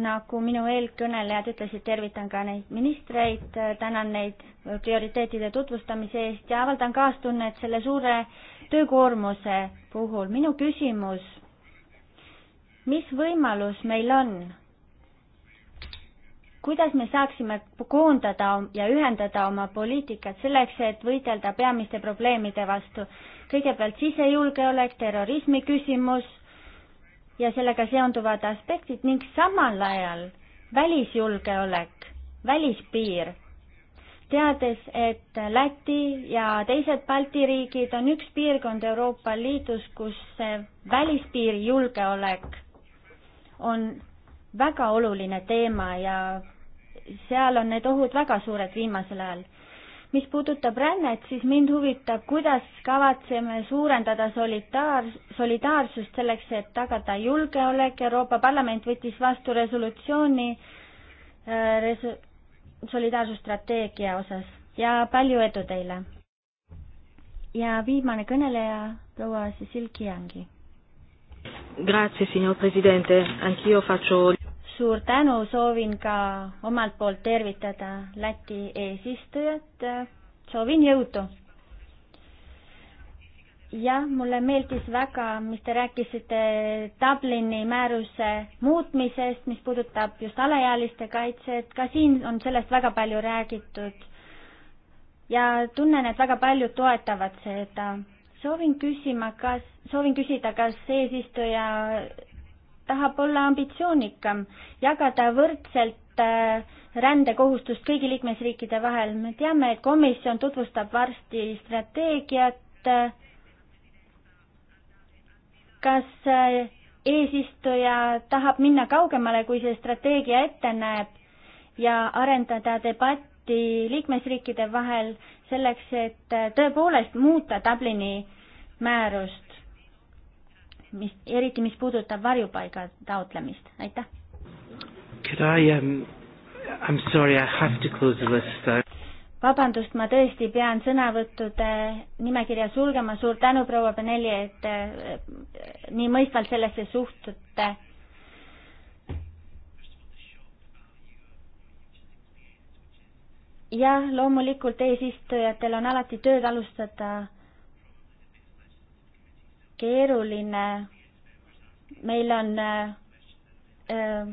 nagu minu eelkõnelejad ütlesid, tervitan ka neid ministreid, tänan neid prioriteetide tutvustamise eest ja avaldan kaastunnet selle suure töökoormuse puhul. minu küsimus, mis võimalus meil on? kuidas me saaksime koondada ja ühendada oma poliitikat selleks, et võidelda peamiste probleemide vastu? kõigepealt sisejulgeolek, terrorismi küsimus ja sellega seonduvad aspektid ning samal ajal välisjulgeolek, välispiir, teades, et Läti ja teised Balti riigid on üks piirkond Euroopa Liidus, kus välispiiri julgeolek on väga oluline teema ja seal on need ohud väga suured viimasel ajal mis puudutab rännet, siis mind huvitab, kuidas kavatseme suurendada solidaar-, solidaarsust selleks, et tagada julgeolek, Euroopa Parlament võttis vastu resolutsiooni äh, resu-, solidaarsusstrateegia osas ja palju edu teile! ja viimane kõneleja, proua Cecil Chiangi. Grazie, signor presidente, anch'io faccio suur tänu, soovin ka omalt poolt tervitada Läti eesistujat, soovin jõudu! jah, mulle meeldis väga, mis te rääkisite Dublini määruse muutmisest, mis puudutab just alaealiste kaitset, ka siin on sellest väga palju räägitud. ja tunnen, et väga paljud toetavad seda. soovin küsima, kas, soovin küsida, kas eesistuja tahab olla ambitsioonikam, jagada võrdselt äh, rändekohustust kõigi liikmesriikide vahel. me teame, et komisjon tutvustab varsti strateegiat. Äh, kas äh, eesistuja tahab minna kaugemale, kui see strateegia ette näeb ja arendada debatti liikmesriikide vahel selleks, et tõepoolest muuta Dublini määrust? mis, eriti mis puudutab varjupaiga taotlemist, aitäh. Could I um,, I m sorry, I have to close the list uh.... vabandust, ma tõesti pean sõnavõttude nimekirja sulgema, suur tänu, proua Benelli, et äh, nii mõistvalt sellesse suhtute. jah, loomulikult eesistujatel on alati tööd alustada keeruline. meil on äh, äh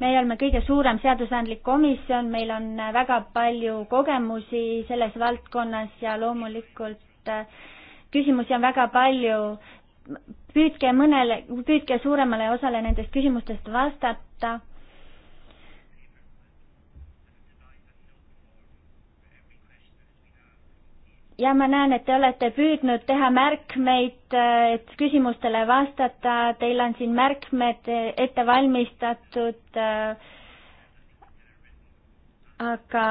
me oleme kõige suurem seadusandlik komisjon, meil on äh, väga palju kogemusi selles valdkonnas ja loomulikult äh, küsimusi on väga palju. püüdke mõnele, püüdke suuremale osale nendest küsimustest vastata. ja ma näen, et te olete püüdnud teha märkmeid, äh, et küsimustele vastata, teil on siin märkmed ette valmistatud. Äh, aga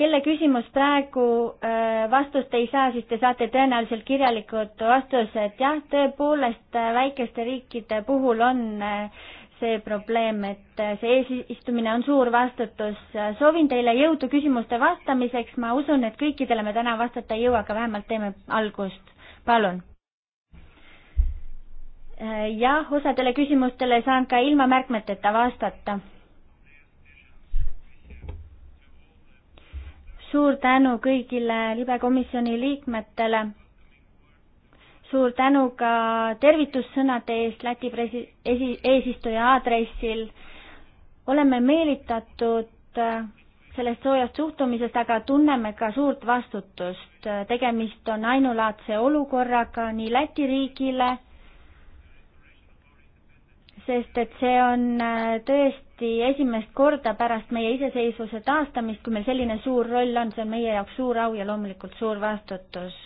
kelle küsimus praegu äh, vastust ei saa, siis te saate tõenäoliselt kirjalikud vastused. jah, tõepoolest väikeste riikide puhul on äh, see probleem, et see eesistumine on suur vastutus. soovin teile jõudu küsimuste vastamiseks, ma usun, et kõikidele me täna vastata ei jõua, aga vähemalt teeme algust. palun. jah, osadele küsimustele saan ka ilma märkmeteta vastata. suur tänu kõigile libekomisjoni liikmetele suur tänu ka tervitussõnade eest Läti presi-, esi-, eesistuja aadressil. oleme meelitatud äh, sellest soojast suhtumisest, aga tunneme ka suurt vastutust. tegemist on ainulaadse olukorraga nii Läti riigile, sest et see on äh, tõesti esimest korda pärast meie iseseisvuse taastamist, kui meil selline suur roll on, see on meie jaoks suur au ja loomulikult suur vastutus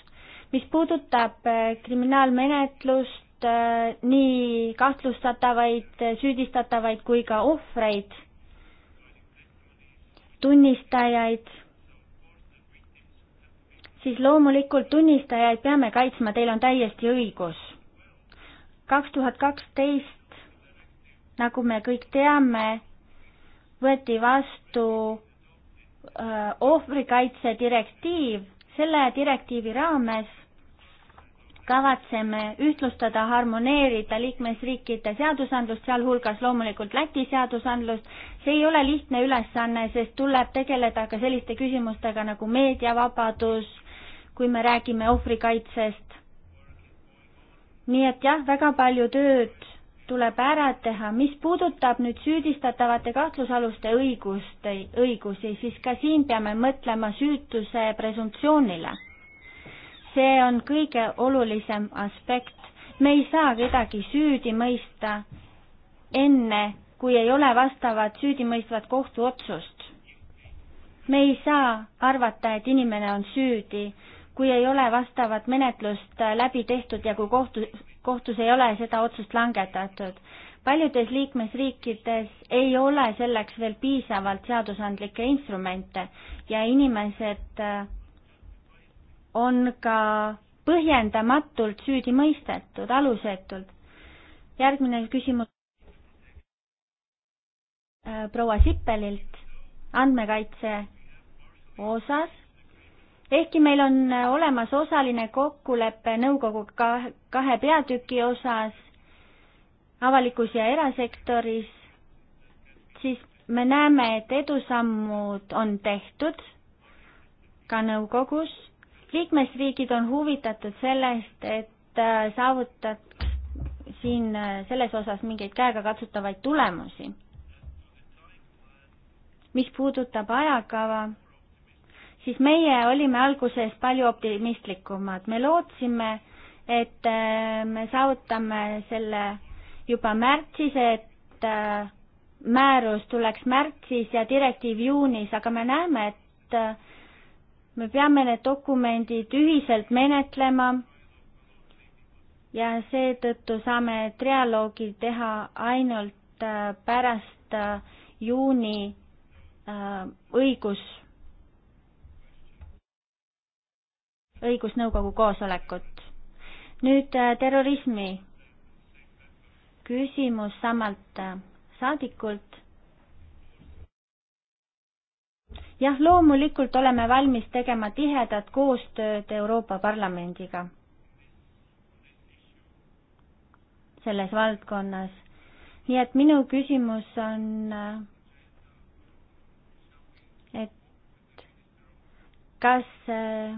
mis puudutab äh, kriminaalmenetlust, äh, nii kahtlustatavaid, äh, süüdistatavaid kui ka ohvreid, tunnistajaid, siis loomulikult tunnistajaid peame kaitsma, teil on täiesti õigus. kaks tuhat kaksteist, nagu me kõik teame, võeti vastu ohvrikaitse direktiiv, selle direktiivi raames kavatseme ühtlustada, harmoneerida liikmesriikide seadusandlust, sealhulgas loomulikult Läti seadusandlust. see ei ole lihtne ülesanne, sest tuleb tegeleda ka selliste küsimustega nagu meediavabadus, kui me räägime ohvrikaitsest. nii et jah, väga palju tööd tuleb ära teha. mis puudutab nüüd süüdistatavate kahtlusaluste õigust, õigusi, siis ka siin peame mõtlema süütuse presumptsioonile see on kõige olulisem aspekt. me ei saa kedagi süüdi mõista enne, kui ei ole vastavat süüdimõistvat kohtuotsust. me ei saa arvata, et inimene on süüdi, kui ei ole vastavat menetlust äh, läbi tehtud ja kui kohtu, kohtus ei ole seda otsust langetatud. paljudes liikmesriikides ei ole selleks veel piisavalt seadusandlikke instrumente ja inimesed äh, on ka põhjendamatult süüdi mõistetud, alusetult. järgmine küsimus äh, proua Sippelilt andmekaitse osas. ehkki meil on äh, olemas osaline kokkulepe nõukoguga kahe peatüki osas avalikus ja erasektoris, siis me näeme, et edusammud on tehtud ka nõukogus liikmesriigid on huvitatud sellest, et äh, saavutaks siin äh, selles osas mingeid käegakatsutavaid tulemusi. mis puudutab ajakava, siis meie olime alguses palju optimistlikumad, me lootsime, et äh, me saavutame selle juba märtsis, et määrus tuleks märtsis ja direktiiv juunis, aga me näeme, et me peame need dokumendid ühiselt menetlema ja seetõttu saame trialoogi teha ainult äh, pärast äh, juuni äh, õigus, õigusnõukogu koosolekut. nüüd terrorismi küsimus samalt saadikult jah, loomulikult oleme valmis tegema tihedat koostööd Euroopa Parlamendiga selles valdkonnas. nii et minu küsimus on, et kas eh,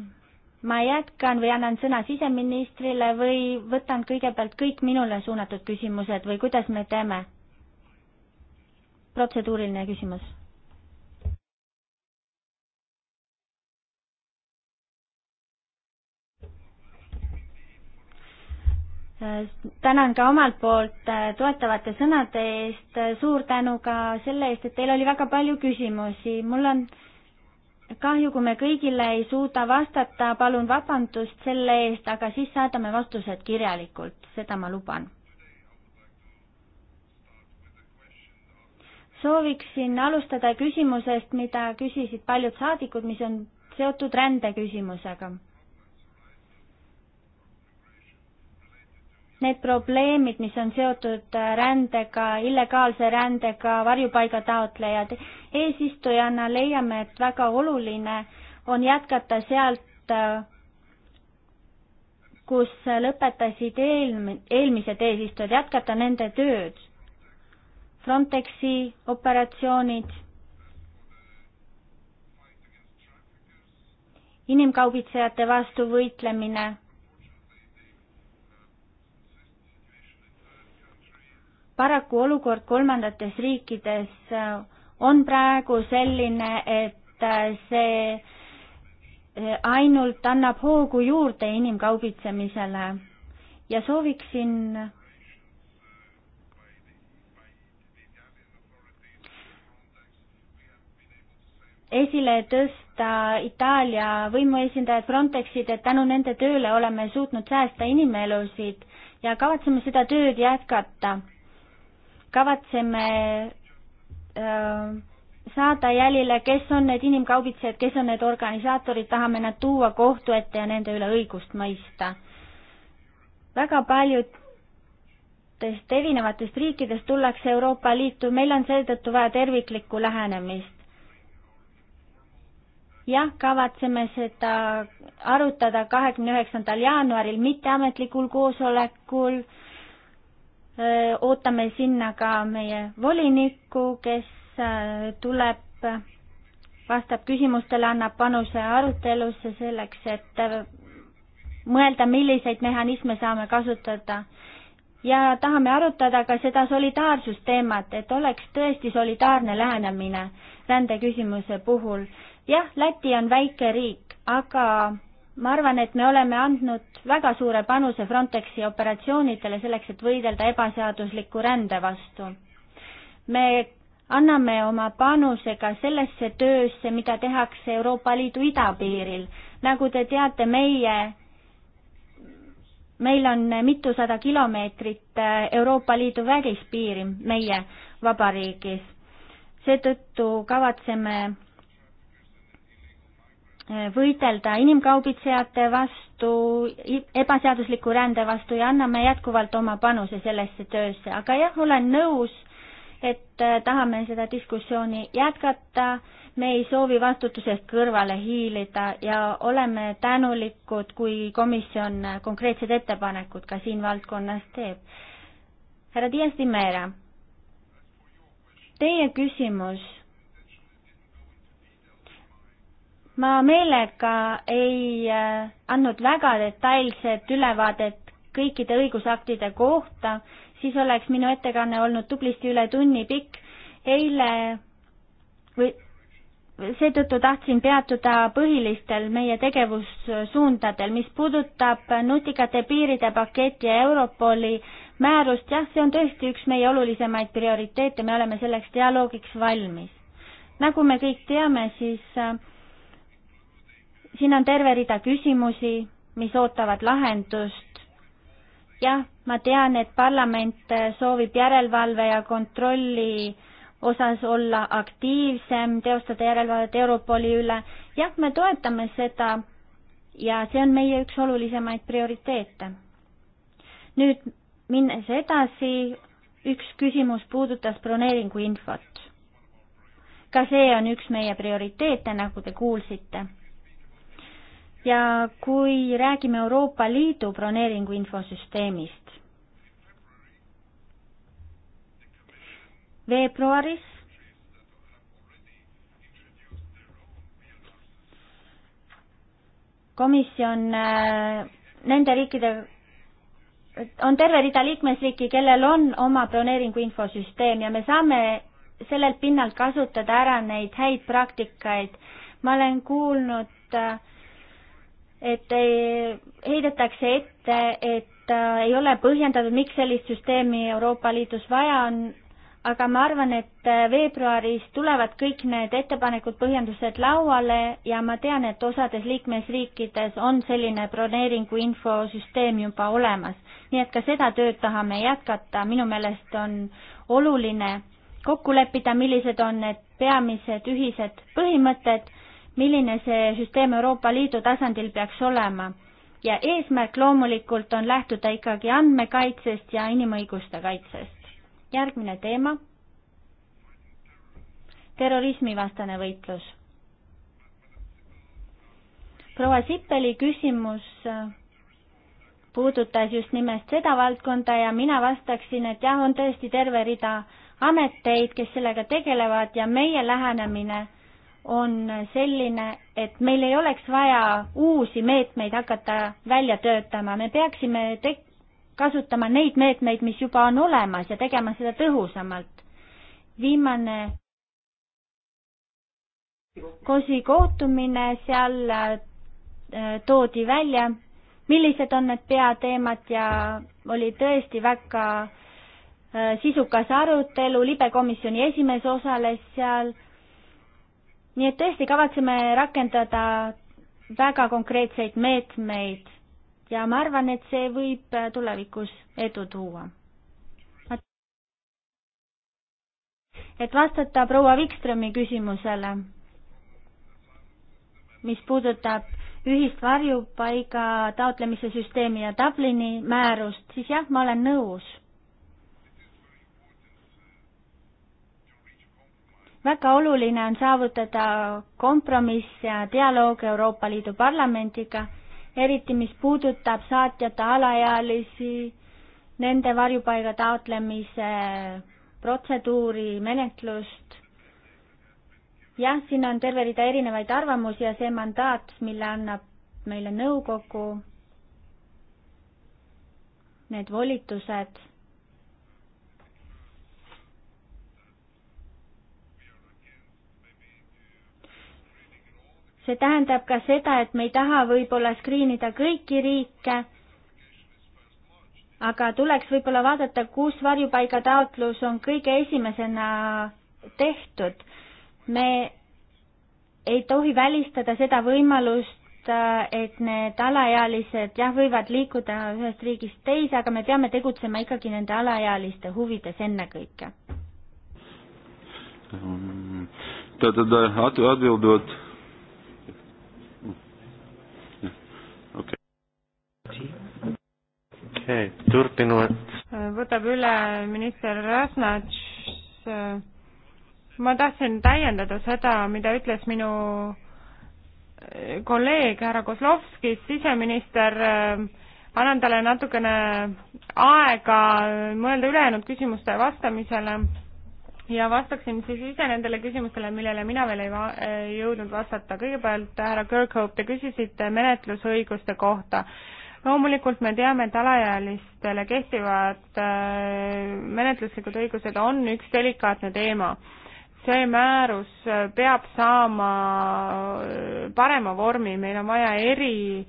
ma jätkan või annan sõna siseministrile või võtan kõigepealt kõik minule suunatud küsimused või kuidas me teeme? protseduuriline küsimus tänan ka omalt poolt äh, toetavate sõnade eest, suur tänu ka selle eest, et teil oli väga palju küsimusi, mul on kahju, kui me kõigile ei suuda vastata, palun vabandust selle eest, aga siis saadame vastused kirjalikult, seda ma luban. sooviksin alustada küsimusest, mida küsisid paljud saadikud, mis on seotud rändeküsimusega Need probleemid, mis on seotud rändega, illegaalse rändega, varjupaigataotlejad, eesistujana leiame, et väga oluline on jätkata sealt, kus lõpetasid eelm-, eelmised eesistujad, jätkata nende tööd. Frontexi operatsioonid inimkaubitsejate vastu võitlemine. paraku olukord kolmandates riikides äh, on praegu selline, et äh, see äh, ainult annab hoogu juurde inimkaubitsemisele ja sooviksin esile tõsta Itaalia võimuesindajad Frontexid, et tänu nende tööle oleme suutnud säästa inimelusid ja kavatseme seda tööd jätkata kavatseme öö, saada jälile, kes on need inimkaubitsejad, kes on need organisaatorid, tahame nad tuua kohtu ette ja nende üle õigust mõista. väga paljudest erinevatest riikidest tullakse Euroopa Liitu, meil on seetõttu vaja terviklikku lähenemist. jah, kavatseme seda arutada kahekümne üheksandal jaanuaril mitteametlikul koosolekul äh, ootame sinna ka meie volinikku, kes tuleb, vastab küsimustele, annab panuse arutelusse selleks, et mõelda, milliseid mehhanisme saame kasutada. ja tahame arutada ka seda solidaarsusteemat, et oleks tõesti solidaarne lähenemine rändeküsimuse puhul. jah, Läti on väike riik, aga ma arvan, et me oleme andnud väga suure panuse Frontexi operatsioonidele selleks, et võidelda ebaseadusliku rände vastu. me anname oma panuse ka sellesse töösse, mida tehakse Euroopa Liidu idapiiril. nagu te teate, meie, meil on mitusada kilomeetrit äh, Euroopa Liidu välispiiri meie vabariigis. seetõttu kavatseme võidelda inimkaubitsejate vastu, ebaseadusliku rände vastu ja anname jätkuvalt oma panuse sellesse töösse, aga jah, olen nõus, et äh, tahame seda diskussiooni jätkata, me ei soovi vastutusest kõrvale hiilida ja oleme tänulikud, kui komisjon äh, konkreetsed ettepanekud ka siin valdkonnas teeb. härra Dias-Dimera, teie küsimus ma meelega ei äh, andnud väga detailset ülevaadet kõikide õigusaktide kohta, siis oleks minu ettekanne olnud tublisti üle tunni pikk. eile või seetõttu tahtsin peatuda põhilistel meie tegevussuundadel, mis puudutab nutikate piiride paketti ja Europoli määrust, jah, see on tõesti üks meie olulisemaid prioriteete, me oleme selleks dialoogiks valmis. nagu me kõik teame, siis äh, siin on terve rida küsimusi, mis ootavad lahendust. jah, ma tean, et parlament soovib järelevalve ja kontrolli osas olla aktiivsem, teostada järelevalvet Europoli üle. jah, me toetame seda ja see on meie üks olulisemaid prioriteete. nüüd minnes edasi, üks küsimus puudutas broneeringu infot. ka see on üks meie prioriteete, nagu te kuulsite ja kui räägime Euroopa Liidu broneeringu infosüsteemist, veebruaris komisjon äh, nende riikide, on terve rida liikmesriiki, kellel on oma broneeringu infosüsteem ja me saame sellelt pinnalt kasutada ära neid häid praktikaid. ma olen kuulnud äh, et heidetakse ette, et äh, ei ole põhjendatud, miks sellist süsteemi Euroopa Liidus vaja on, aga ma arvan, et äh, veebruaris tulevad kõik need ettepanekud, põhjendused lauale ja ma tean, et osades liikmesriikides on selline broneeringu infosüsteem juba olemas. nii et ka seda tööd tahame jätkata, minu meelest on oluline kokku leppida, millised on need peamised ühised põhimõtted milline see süsteem Euroopa Liidu tasandil peaks olema. ja eesmärk loomulikult on lähtuda ikkagi andmekaitsest ja inimõiguste kaitsest. järgmine teema. terrorismivastane võitlus. proua Sippeli küsimus äh, puudutas just nimelt seda valdkonda ja mina vastaksin, et jah, on tõesti terve rida ameteid, kes sellega tegelevad ja meie lähenemine on selline, et meil ei oleks vaja uusi meetmeid hakata välja töötama, me peaksime te-, kasutama neid meetmeid, mis juba on olemas ja tegema seda tõhusamalt. viimane KOS-i kohtumine, seal äh, toodi välja, millised on need peateemad ja oli tõesti väga äh, sisukas arutelu, libekomisjoni esimees osales seal nii et tõesti kavatseme rakendada väga konkreetseid meetmeid ja ma arvan, et see võib tulevikus edu tuua. et vastata proua Vikströmi küsimusele, mis puudutab ühist varjupaiga taotlemise süsteemi ja Dublini määrust, siis jah, ma olen nõus väga oluline on saavutada kompromiss ja dialoog Euroopa Liidu Parlamendiga, eriti mis puudutab saatjate alaealisi, nende varjupaiga taotlemise protseduuri, menetlust. jah, siin on terve rida erinevaid arvamusi ja see mandaat, mille annab meile nõukogu, need volitused see tähendab ka seda, et me ei taha võib-olla screen ida kõiki riike, aga tuleks võib-olla vaadata, kus varjupaigataotlus on kõige esimesena tehtud. me ei tohi välistada seda võimalust, et need alaealised jah, võivad liikuda ühest riigist teise, aga me peame tegutsema ikkagi nende alaealiste huvides ennekõike. Tātad atbildot okei okay., Turbinuet. võtab üle minister Rasnats. ma tahtsin täiendada seda, mida ütles minu eh, kolleeg härra Kozlovski, siseminister, annan talle natukene aega mõelda ülejäänud küsimuste vastamisele ja vastaksin siis ise nendele küsimustele, millele mina veel ei va-, jõudnud vastata. kõigepealt, härra Kirkhope, te küsisite menetlusõiguste kohta loomulikult me teame, et alaealistele kehtivad äh, menetluslikud õigused on üks delikaatne teema. see määrus äh, peab saama äh, parema vormi, meil on vaja eri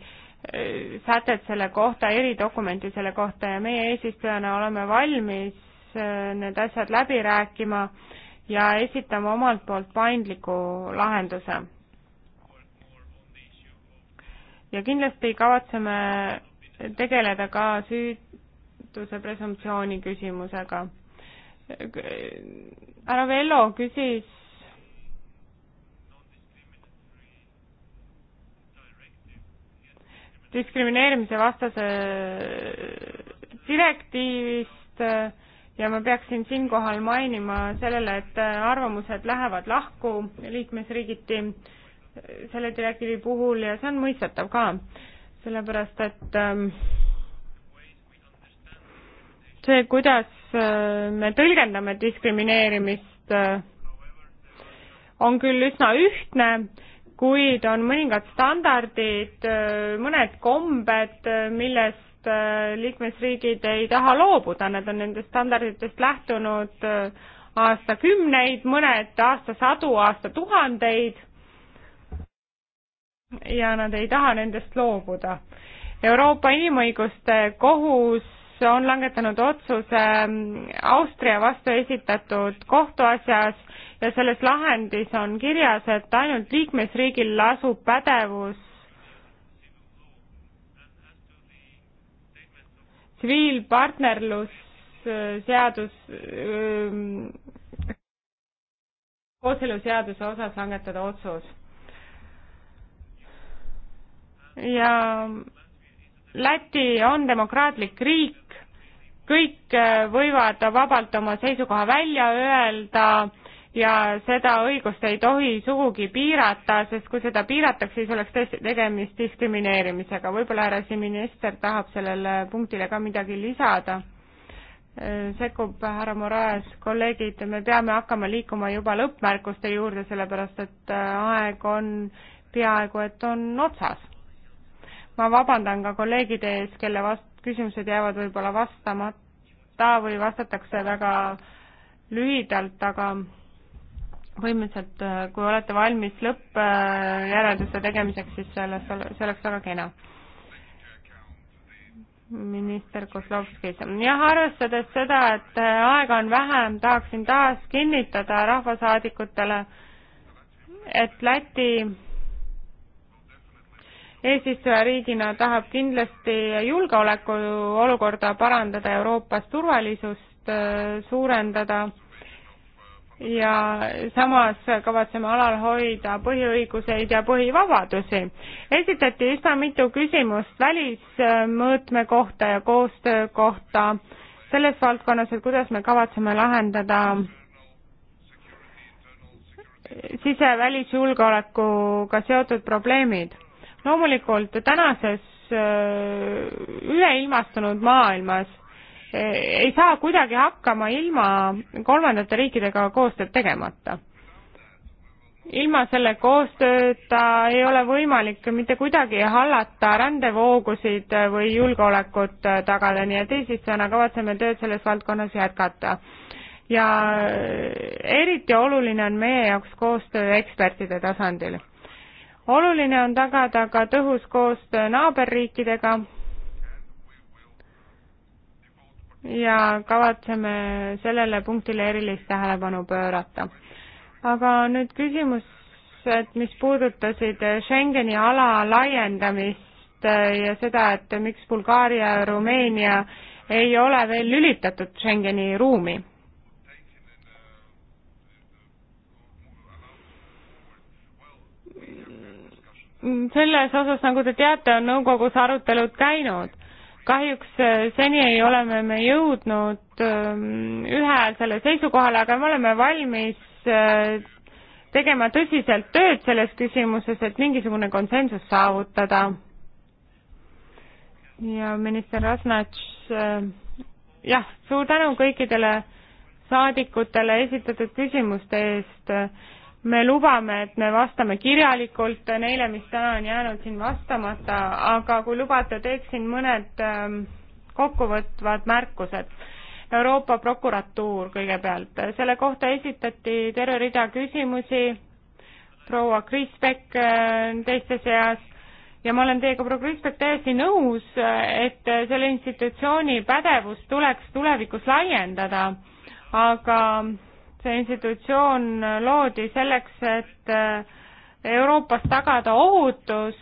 sätet selle kohta, eridokumenti selle kohta ja meie eesistujana oleme valmis need asjad läbi rääkima ja esitame omalt poolt paindliku lahenduse ja kindlasti kavatseme tegeleda ka süütuse presumptsiooni küsimusega. härra Vello küsis diskrimineerimise vastase direktiivist ja ma peaksin siinkohal mainima sellele, et arvamused lähevad lahku liikmesriigiti selle direktiivi puhul ja see on mõistetav ka, sellepärast et ähm, see, kuidas äh, me tõlgendame diskrimineerimist, äh, on küll üsna ühtne, kuid on mõningad standardid, äh, mõned kombed, millest liikmesriigid ei taha loobuda, nad on nendest standarditest lähtunud aastakümneid, mõned aastasadu, aastatuhandeid ja nad ei taha nendest loobuda. Euroopa Inimõiguste Kohus on langetanud otsuse Austria vastu esitatud kohtuasjas ja selles lahendis on kirjas, et ainult liikmesriigil lasub pädevus tsiviilpartnerlusseadus, kooseluseaduse osas langetada otsus ja Läti on demokraatlik riik, kõik äh, võivad vabalt oma seisukoha välja öelda ja seda õigust ei tohi sugugi piirata, sest kui seda piiratakse, siis oleks tõesti tegemist diskrimineerimisega. võib-olla härra siseminister tahab sellele punktile ka midagi lisada? Äh, sekkub härra Moraes, kolleegid, me peame hakkama liikuma juba lõppmärkuste juurde, sellepärast et äh, aeg on peaaegu et on otsas ma vabandan ka kolleegide ees, kelle vast-, küsimused jäävad võib-olla vastamata või vastatakse väga lühidalt, aga põhimõtteliselt, äh, kui olete valmis lõppjärelduste tegemiseks, siis selles, see oleks väga kena. minister Kozlovski, jah, arvestades seda, et äh, aega on vähem, tahaksin taas kinnitada rahvasaadikutele, et Läti eesistujariigina tahab kindlasti julgeolekuolukorda parandada Euroopas, turvalisust äh, suurendada ja samas kavatseme alal hoida põhiõiguseid ja põhivabadusi. esitati üsna mitu küsimust välismõõtme kohta ja koostöö kohta selles valdkonnas, et kuidas me kavatseme lahendada sise-välisjulgeolekuga seotud probleemid loomulikult tänases äh, üleilmastunud maailmas äh, ei saa kuidagi hakkama ilma kolmandate riikidega koostööd tegemata. ilma selle koostööta ei ole võimalik mitte kuidagi hallata rändevoogusid või julgeolekut tagada, nii et eesistujana kavatseme tööd selles valdkonnas jätkata. ja äh, eriti oluline on meie jaoks koostöö ekspertide tasandil oluline on tagada ka tõhus koostöö naaberriikidega ja kavatseme sellele punktile erilist tähelepanu pöörata. aga nüüd küsimused, mis puudutasid Schengeni ala laiendamist ja seda, et miks Bulgaaria ja Rumeenia ei ole veel lülitatud Schengeni ruumi selles osas, nagu te teate, on nõukogus arutelud käinud. kahjuks äh, seni ei ole me, me jõudnud ähm, ühesele seisukohale, aga me oleme valmis äh, tegema tõsiselt tööd selles küsimuses, et mingisugune konsensus saavutada. ja minister Rasnats, äh, jah, suur tänu kõikidele saadikutele esitatud küsimuste eest me lubame, et me vastame kirjalikult neile, mis täna on jäänud siin vastamata, aga kui lubate, teeksin mõned ähm, kokkuvõtvad märkused. Euroopa prokuratuur kõigepealt, selle kohta esitati terve rida küsimusi, proua Kris Beck äh, teiste seas, ja ma olen teiega, proua Kris Beck, täiesti nõus, et selle institutsiooni pädevust tuleks tulevikus laiendada, aga see institutsioon loodi selleks, et äh, Euroopas tagada ohutus,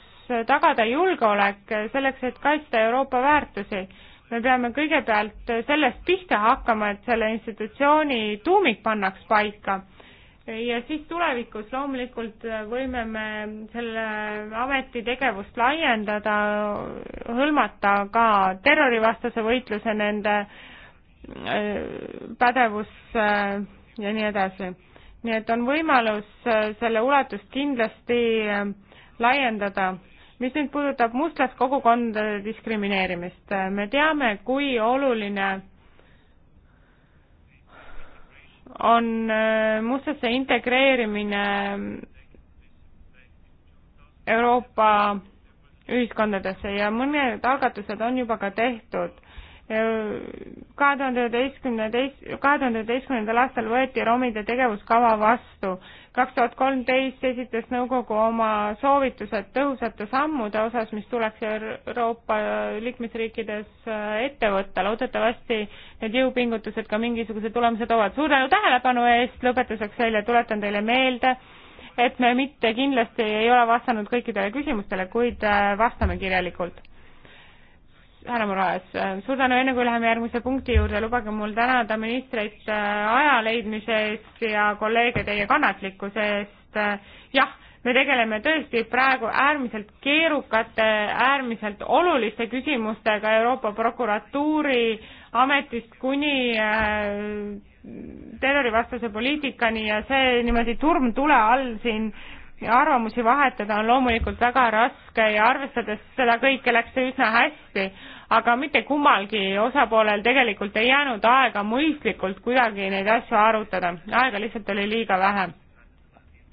tagada julgeolek, selleks, et kaitsta Euroopa väärtusi. me peame kõigepealt sellest pihta hakkama, et selle institutsiooni tuumik pannaks paika ja siis tulevikus loomulikult võime me selle ameti tegevust laiendada, hõlmata ka terrorivastase võitluse nende äh, pädevus äh, ja nii edasi. nii et on võimalus äh, selle ulatust kindlasti äh, laiendada. mis nüüd puudutab mustlast kogukondade diskrimineerimist, äh, me teame, kui oluline on mustlaste integreerimine Euroopa ühiskondadesse ja mõned algatused on juba ka tehtud kahe tuhande üheteistkümne teis-, kahe tuhande üheteistkümnendal aastal võeti romide tegevuskava vastu. kaks tuhat kolmteist esitas nõukogu oma soovitused tõhusate sammude osas, mis tuleks Euroopa liikmesriikides äh, ette võtta. loodetavasti need jõupingutused ka mingisuguse tulemuse toovad. suur tänu tähelepanu eest, lõpetuseks välja tuletan teile meelde, et me mitte kindlasti ei ole vastanud kõikidele küsimustele, kuid äh, vastame kirjalikult härra Morales, äh, suur tänu, enne kui läheme järgmise punkti juurde, lubage mul tänada ministreid äh, aja leidmise eest ja kolleege teie kannatlikkuse eest. Äh, jah, me tegeleme tõesti praegu äärmiselt keerukate, äärmiselt oluliste küsimustega Euroopa prokuratuuri ametist kuni terrorivastase poliitikani ja see niimoodi turm tule all siin arvamusi vahetada on loomulikult väga raske ja arvestades seda kõike läks see üsna hästi, aga mitte kummalgi osapoolel tegelikult ei jäänud aega mõistlikult kuidagi neid asju arutada, aega lihtsalt oli liiga vähe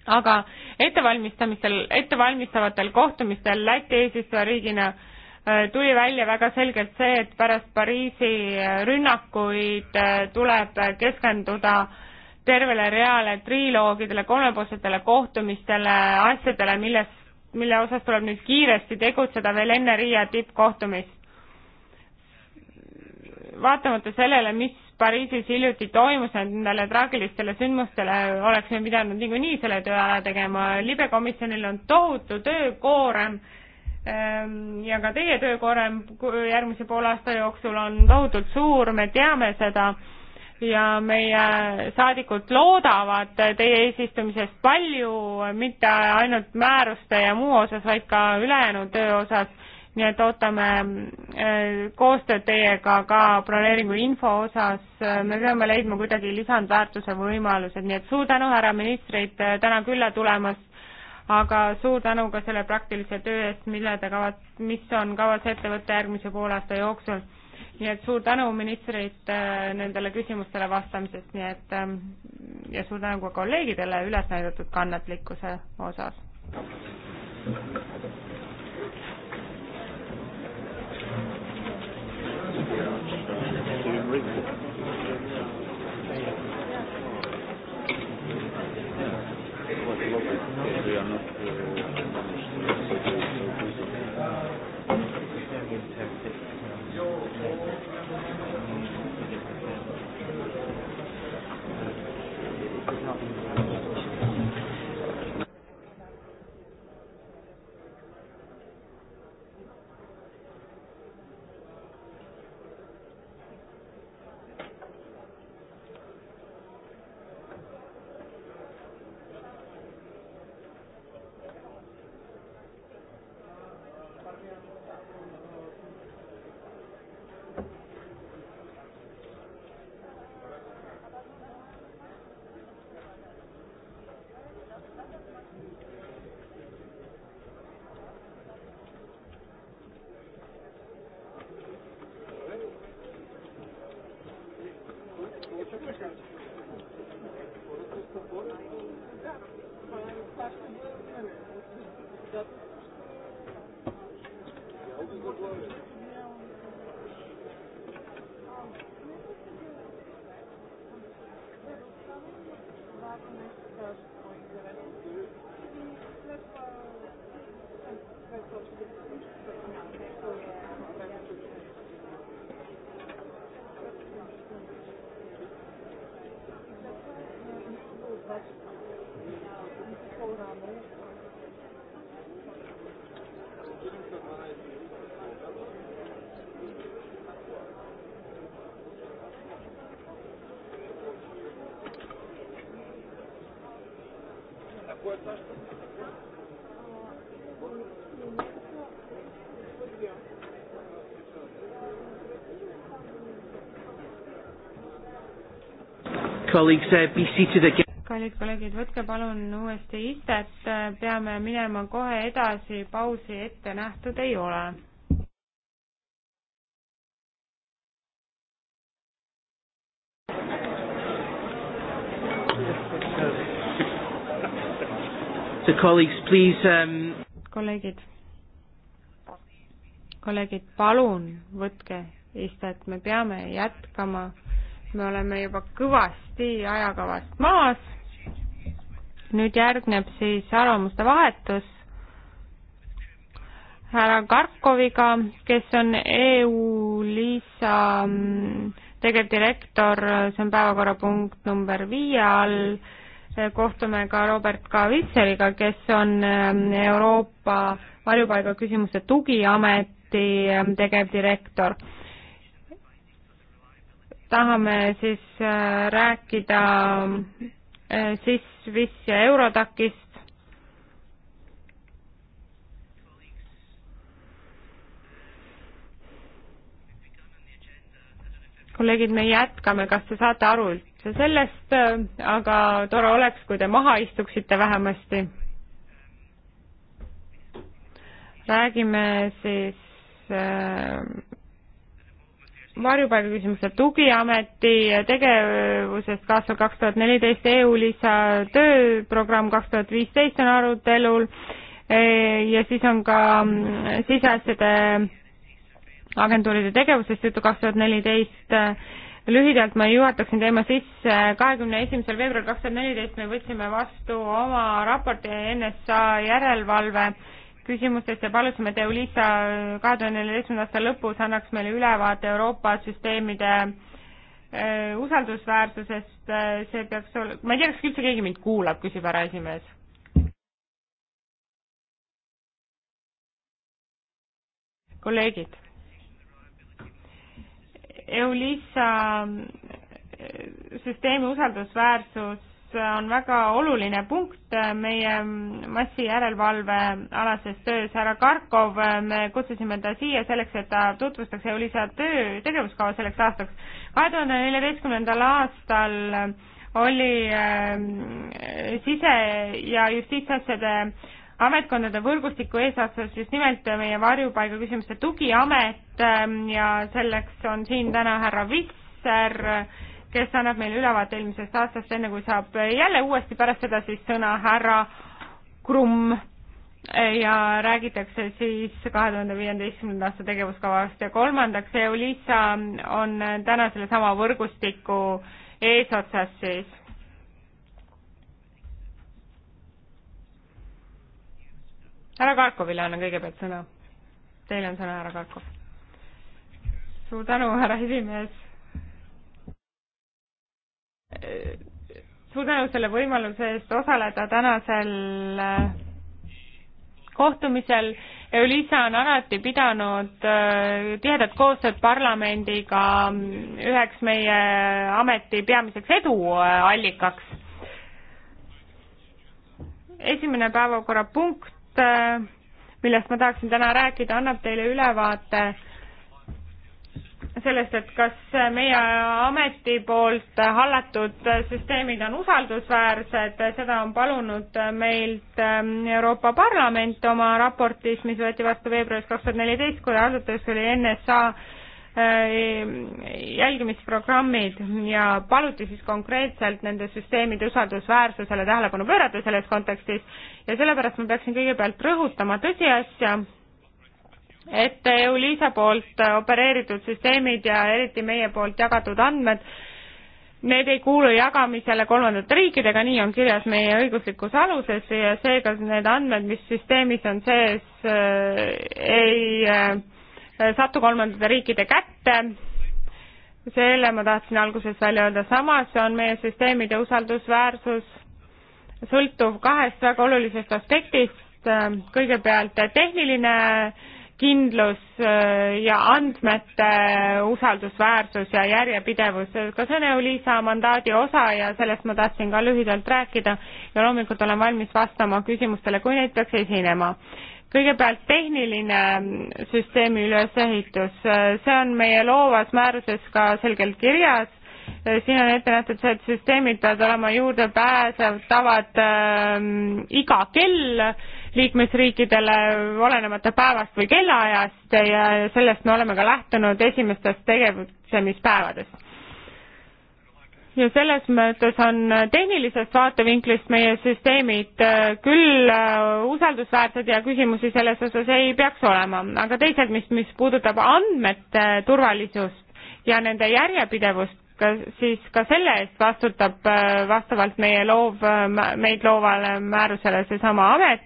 aga ettevalmistamistel, ettevalmistavatel kohtumistel Läti eesistujariigina äh, tuli välja väga selgelt see, et pärast Pariisi äh, rünnakuid äh, tuleb keskenduda äh, tervele reale triloogidele, kolmepoolsetele kohtumistele, asjadele, milles, mille osas tuleb nüüd kiiresti tegutseda veel enne Riia tippkohtumist. vaatamata sellele, mis Pariisis hiljuti toimus, nendele traagilistele sündmustele oleksime pidanud niikuinii selle töö ära tegema, libekomisjonil on tohutu töökoorem ehm, ja ka teie töökoorem järgmise poole aasta jooksul on tohutult suur, me teame seda ja meie saadikud loodavad teie eesistumisest palju, mitte ainult määruste ja muu osas, vaid ka ülejäänud töö osas. nii et ootame äh, koostööd teiega ka broneeringu info osas. me peame leidma kuidagi lisandväärtuse võimalused, nii et suur tänu, härra ministrid, äh, täna külla tulemast aga suur tänu ka selle praktilise töö eest, mille te kavat-, mis on kavas ette võtta järgmise poolaasta jooksul nii et suur tänu ministrit äh, nendele küsimustele vastamisest, nii et ähm, ja suur tänu ka kolleegidele üles näidatud kannatlikkuse osas. Thank you. Uh, kallid kolleegid, võtke palun uuesti istet, peame minema kohe edasi, pausi ette nähtud ei ole So colleagues, please, um... kolleegid, kolleegid, palun võtke istet, me peame jätkama me oleme juba kõvasti ajakavast maas. nüüd järgneb siis arvamuste vahetus härra Karkoviga, kes on EU-LISA mm, tegevdirektor, see on päevakorrapunkt number viie all. kohtume ka Robert Kavitseriga, kes on mm, Euroopa varjupaiga küsimuste tugiameti mm, tegevdirektor tahame siis äh, rääkida äh, siis Swiss ja Eurodacist. kolleegid, me jätkame, kas te saate aru üldse sellest, äh, aga tore oleks, kui te maha istuksite vähemasti. räägime siis äh, varjupaigaküsimuste tugiameti tegevusest kaasal kaks tuhat neliteist EU-lisa tööprogramm kaks tuhat viisteist on arutelul e, ja siis on ka mm, siseasjade agentuuride tegevusest juttu kaks tuhat neliteist. lühidalt ma juhataksin teema sisse, kahekümne esimesel veebruaril kaks tuhat neliteist me võtsime vastu oma raporti NSA järelevalve äh, küsimustest ja palusime, et Eulisa kahe tuhande neljateistkümnenda aasta lõpus annaks meile ülevaate Euroopa süsteemide äh, usaldusväärsusest, äh, see peaks ol-, ma ei tea, kas üldse keegi mind kuulab, küsib härra esimees. kolleegid. Eulisa äh, süsteemi usaldusväärsus on väga oluline punkt äh, meie massijärelevalve alases töös. härra Karkov, äh, me kutsusime ta siia selleks, et ta tutvustaks EULISA töö tegevuskava selleks aastaks. kahe tuhande neljateistkümnendal aastal äh, oli sise- ja justiitsasjade ametkondade võrgustiku eesotsas just nimelt meie varjupaiga küsimuste tugiamet ähm, ja selleks on siin täna härra Visser kes annab meile ülevaate eelmisest aastast, enne kui saab jälle uuesti pärast seda siis sõna härra Krumm ja räägitakse siis kahe tuhande viieteistkümnenda aasta tegevuskavast ja kolmandaks, Eulisa on täna sellesama võrgustiku eesotsas siis. härra Karkovile annan kõigepealt sõna. Teil on sõna, härra Karkov. suur tänu, härra esimees suur tänu selle võimaluse eest osaleda tänasel äh, kohtumisel. Ulisa on alati pidanud äh, tihedat koostööd parlamendiga mm, üheks meie ameti peamiseks eduallikaks. Äh, esimene päevakorrapunkt, millest ma tahaksin täna rääkida, annab teile ülevaate sellest, et kas meie ameti poolt hallatud süsteemid on usaldusväärsed, seda on palunud meilt ähm, Euroopa Parlament oma raportis, mis võeti vastu veebruaris kaks tuhat neliteist, kui asutus oli NSA äh, jälgimisprogrammid ja paluti siis konkreetselt nende süsteemide usaldusväärsusele tähelepanu pöörata selles kontekstis ja sellepärast ma peaksin kõigepealt rõhutama tõsiasja, et EULISA poolt opereeritud süsteemid ja eriti meie poolt jagatud andmed, need ei kuulu jagamisele kolmandate riikidega, nii on kirjas meie õiguslikus aluses ja seega need andmed, mis süsteemis on sees, ei äh, satu kolmandate riikide kätte. selle ma tahtsin alguses välja öelda, samas on meie süsteemide usaldusväärsus sõltuv kahest väga olulisest aspektist, kõigepealt tehniline äh, kindlus äh, ja andmete usaldusväärsus ja järjepidevus, ka see on EULISA mandaadi osa ja sellest ma tahtsin ka lühidalt rääkida ja loomulikult olen valmis vastama küsimustele, kui neid peaks esinema. kõigepealt tehniline süsteemi ülesehitus, see on meie loovas määruses ka selgelt kirjas, siin on ette nähtud see, et süsteemid peavad olema juurdepääsetavad äh, iga kell äh,, liikmesriikidele olenemata päevast või kellaajast ja sellest me oleme ka lähtunud esimestest tegevussemispäevadest. ja selles mõttes on tehnilisest vaatevinklist meie süsteemid äh, küll äh, usaldusväärsed ja küsimusi selles osas ei peaks olema, aga teisalt, mis, mis puudutab andmete turvalisust ja nende järjepidevust, ka siis ka selle eest vastutab äh, vastavalt meie loov, meid loovale määrusele seesama amet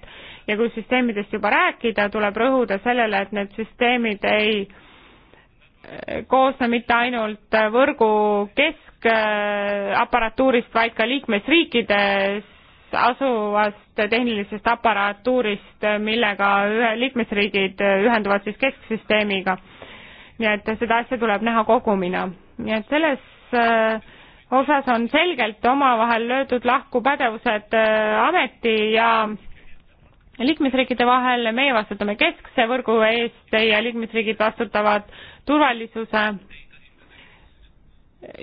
ja kui süsteemidest juba rääkida, tuleb rõhuda sellele, et need süsteemid ei eh, koosne mitte ainult võrgu keskaparatuurist, vaid ka liikmesriikides asuvast tehnilisest aparatuurist, millega ühe, liikmesriigid ühenduvad siis kesksüsteemiga. nii et seda asja tuleb näha kogumina. nii et selles eh, osas on selgelt omavahel löödud lahku pädevused eh, ameti ja liikmesriikide vahel, meie vastutame keskse võrgu eest ja liikmesriigid vastutavad turvalisuse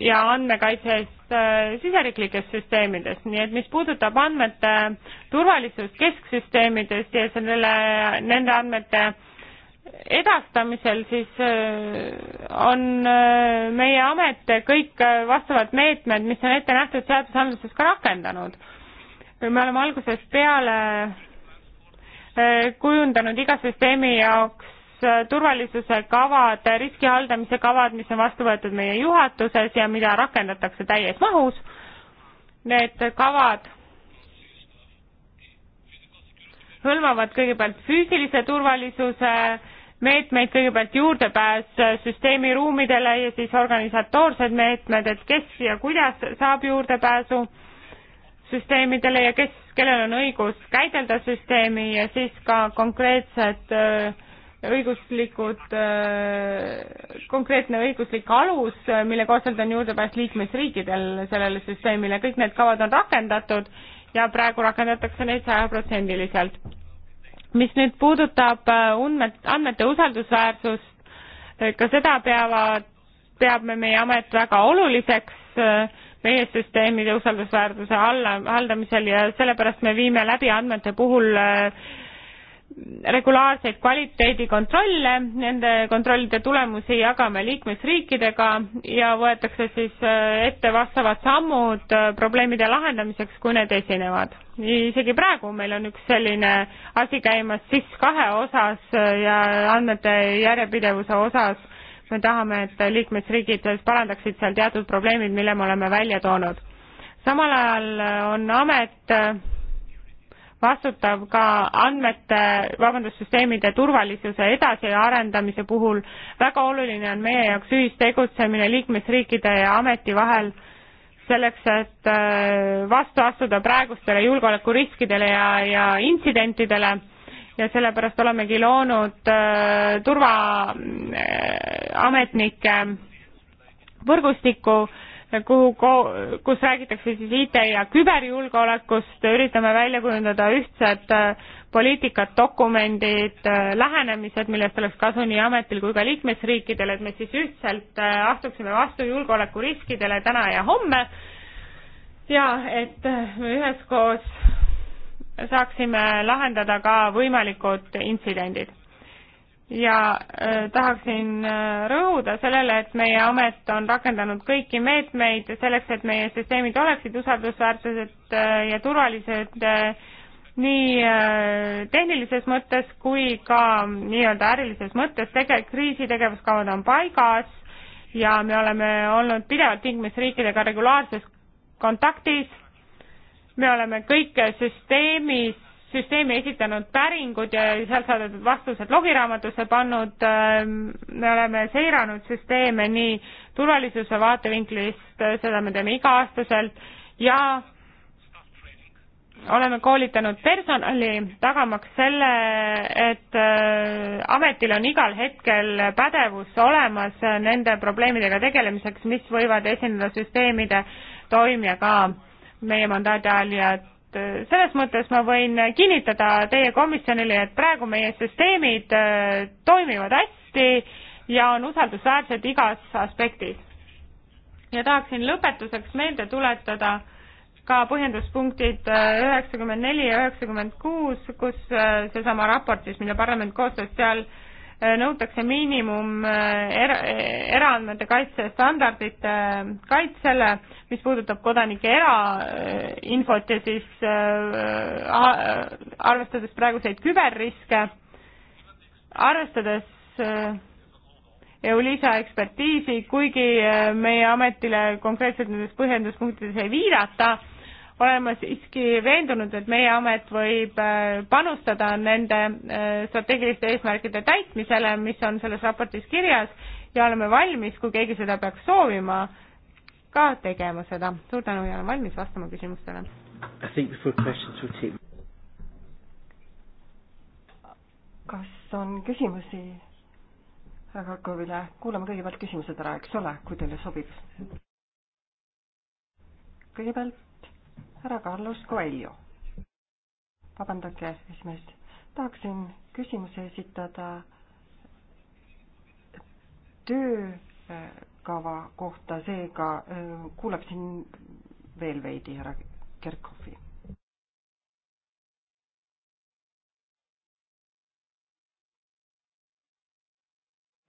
ja andmekaitsest äh, siseriiklikes süsteemides, nii et mis puudutab andmete turvalisust kesksüsteemidest ja sellele, nende andmete edastamisel, siis äh, on äh, meie amet kõik vastavad meetmed, mis on ette nähtud seadusandluses ka rakendanud. me oleme algusest peale Äh, kujundanud iga süsteemi jaoks äh, turvalisuse kavad, riski haldamise kavad, mis on vastu võetud meie juhatuses ja mida rakendatakse täies mahus. Need kavad hõlmavad kõigepealt füüsilise turvalisuse meetmeid, kõigepealt juurdepääs äh, süsteemi ruumidele ja siis organisatoorsed meetmed, et kes ja kuidas saab juurdepääsu süsteemidele ja kes, kellel on õigus käidelda süsteemi ja siis ka konkreetsed äh, õiguslikud, äh, konkreetne õiguslik alus, äh, mille kohaselt on juurdepääs liikmesriikidel sellele süsteemile, kõik need kavad on rakendatud ja praegu rakendatakse neid sajaprotsendiliselt. mis nüüd puudutab undmed, andmete usaldusväärsust, ka seda peavad, peab me meie amet väga oluliseks äh, meie süsteemide usaldusväärsuse alla, haldamisel ja sellepärast me viime läbi andmete puhul äh, regulaarseid kvaliteedikontrolle, nende kontrollide tulemusi jagame liikmesriikidega ja võetakse siis äh, ette vastavad sammud äh, probleemide lahendamiseks, kui need esinevad. isegi praegu meil on üks selline asi käimas SIS kahe osas ja andmete järjepidevuse osas me tahame, et liikmesriigid parandaksid seal teatud probleemid, mille me oleme välja toonud. samal ajal on amet vastutav ka andmete, vabandust, süsteemide turvalisuse edasiarendamise puhul. väga oluline on meie jaoks ühistegutsemine liikmesriikide ja ameti vahel selleks, et äh, vastu astuda praegustele julgeolekuriskidele ja, ja intsidentidele ja sellepärast olemegi loonud äh, turvaametnike äh, võrgustiku, kuhu ko-, kus räägitakse siis IT- ja küberjulgeolekust, üritame välja kujundada ühtsed äh, poliitikad, dokumendid, äh, lähenemised, millest oleks kasu nii ametil kui ka liikmesriikidel, et me siis ühtselt äh, astuksime vastu julgeolekuriskidele täna ja homme ja et äh, me üheskoos saaksime lahendada ka võimalikud intsidendid. ja äh, tahaksin äh, rõhuda sellele, et meie amet on rakendanud kõiki meetmeid selleks, et meie süsteemid oleksid usaldusväärsed äh, ja turvalised äh, nii äh, tehnilises mõttes kui ka nii-öelda ärilises mõttes tege-, kriisitegevuskavad on paigas ja me oleme olnud pidevalt liikmesriikidega regulaarses kontaktis me oleme kõik süsteemis, süsteemi esitanud päringud ja sealt saadetud vastused logiraamatusse pannud, ähm, me oleme seiranud süsteeme nii turvalisuse vaatevinklist, seda me teeme iga-aastaselt, ja oleme koolitanud personali, tagamaks selle, et äh, ametil on igal hetkel pädevus olemas nende probleemidega tegelemiseks, mis võivad esineda süsteemide toimijaga meie mandaadi all ja et äh, selles mõttes ma võin kinnitada teie komisjonile, et praegu meie süsteemid äh, toimivad hästi ja on usaldusväärsed igas aspektis. ja tahaksin lõpetuseks meelde tuletada ka põhjenduspunktid äh, üheksakümmend neli ja üheksakümmend kuus, kus seesama raport siis, mille parlament koostas, seal äh, nõutakse miinimum eh, era-, eh, eraandmete kaitse standardite eh, kaitsele, mis puudutab kodanike erainfot ja siis äh, arvestades praeguseid küberriske, arvestades äh, EULISA ekspertiisi, kuigi meie ametile konkreetselt nendes põhjenduspunktides ei viidata äh,, olema siiski veendunud, et meie amet võib äh, panustada nende äh, strateegiliste eesmärkide täitmisele, mis on selles raportis kirjas ja oleme valmis, kui keegi seda peaks soovima, ka tegema seda. suur tänu ja olen valmis vastama küsimustele. kas on küsimusi härra Karkovile? kuulame kõigepealt küsimused ära, eks ole, kui teile sobib. kõigepealt härra Carlos Coelho. vabandage, esimees, tahaksin küsimuse esitada töökava kohta, seega äh, kuulaksin veel veidi härra Kerkhoffi.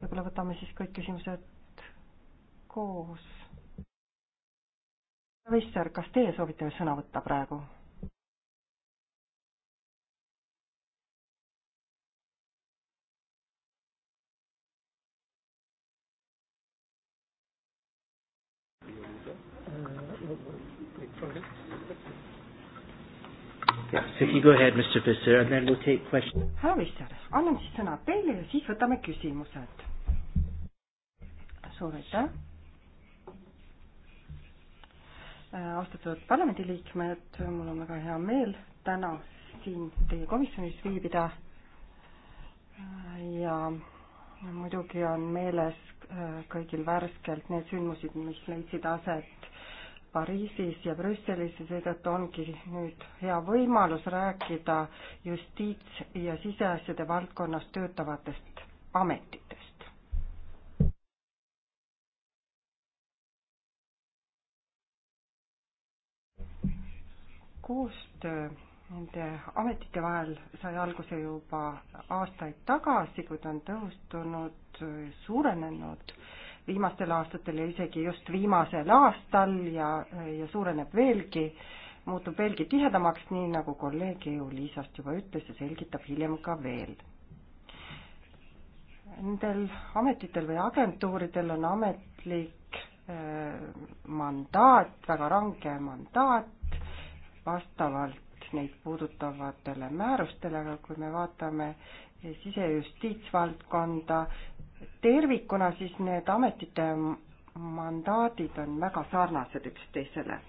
võib-olla võtame siis kõik küsimused koos Visser, kas teie soovite sõna võtta praegu? Yeah, so if you go ahead, Mr. Visser, and then we'll take questions. härra Visser, annan siis sõna teile ja siis võtame küsimused. suur aitäh Äh, austatud parlamendiliikmed, mul on väga hea meel täna siin teie komisjonis viibida äh, ja muidugi on meeles äh, kõigil värskelt need sündmused, mis leidsid aset Pariisis ja Brüsselis ja seetõttu ongi nüüd hea võimalus rääkida justiits- ja siseasjade valdkonnas töötavatest ametitest koostöö nende ametite vahel sai alguse juba aastaid tagasi, kuid on tõhustunud, suurenenud viimastel aastatel ja isegi just viimasel aastal ja, ja suureneb veelgi, muutub veelgi tihedamaks, nii nagu kolleeg Euliisast juba ütles ja selgitab hiljem ka veel. Nendel ametitel või agentuuridel on ametlik eh, mandaat, väga range mandaat, vastavalt neid puudutavatele määrustele, aga kui me vaatame sisejustiitsvaldkonda tervikuna, siis need ametite mandaadid on väga sarnased üksteisele.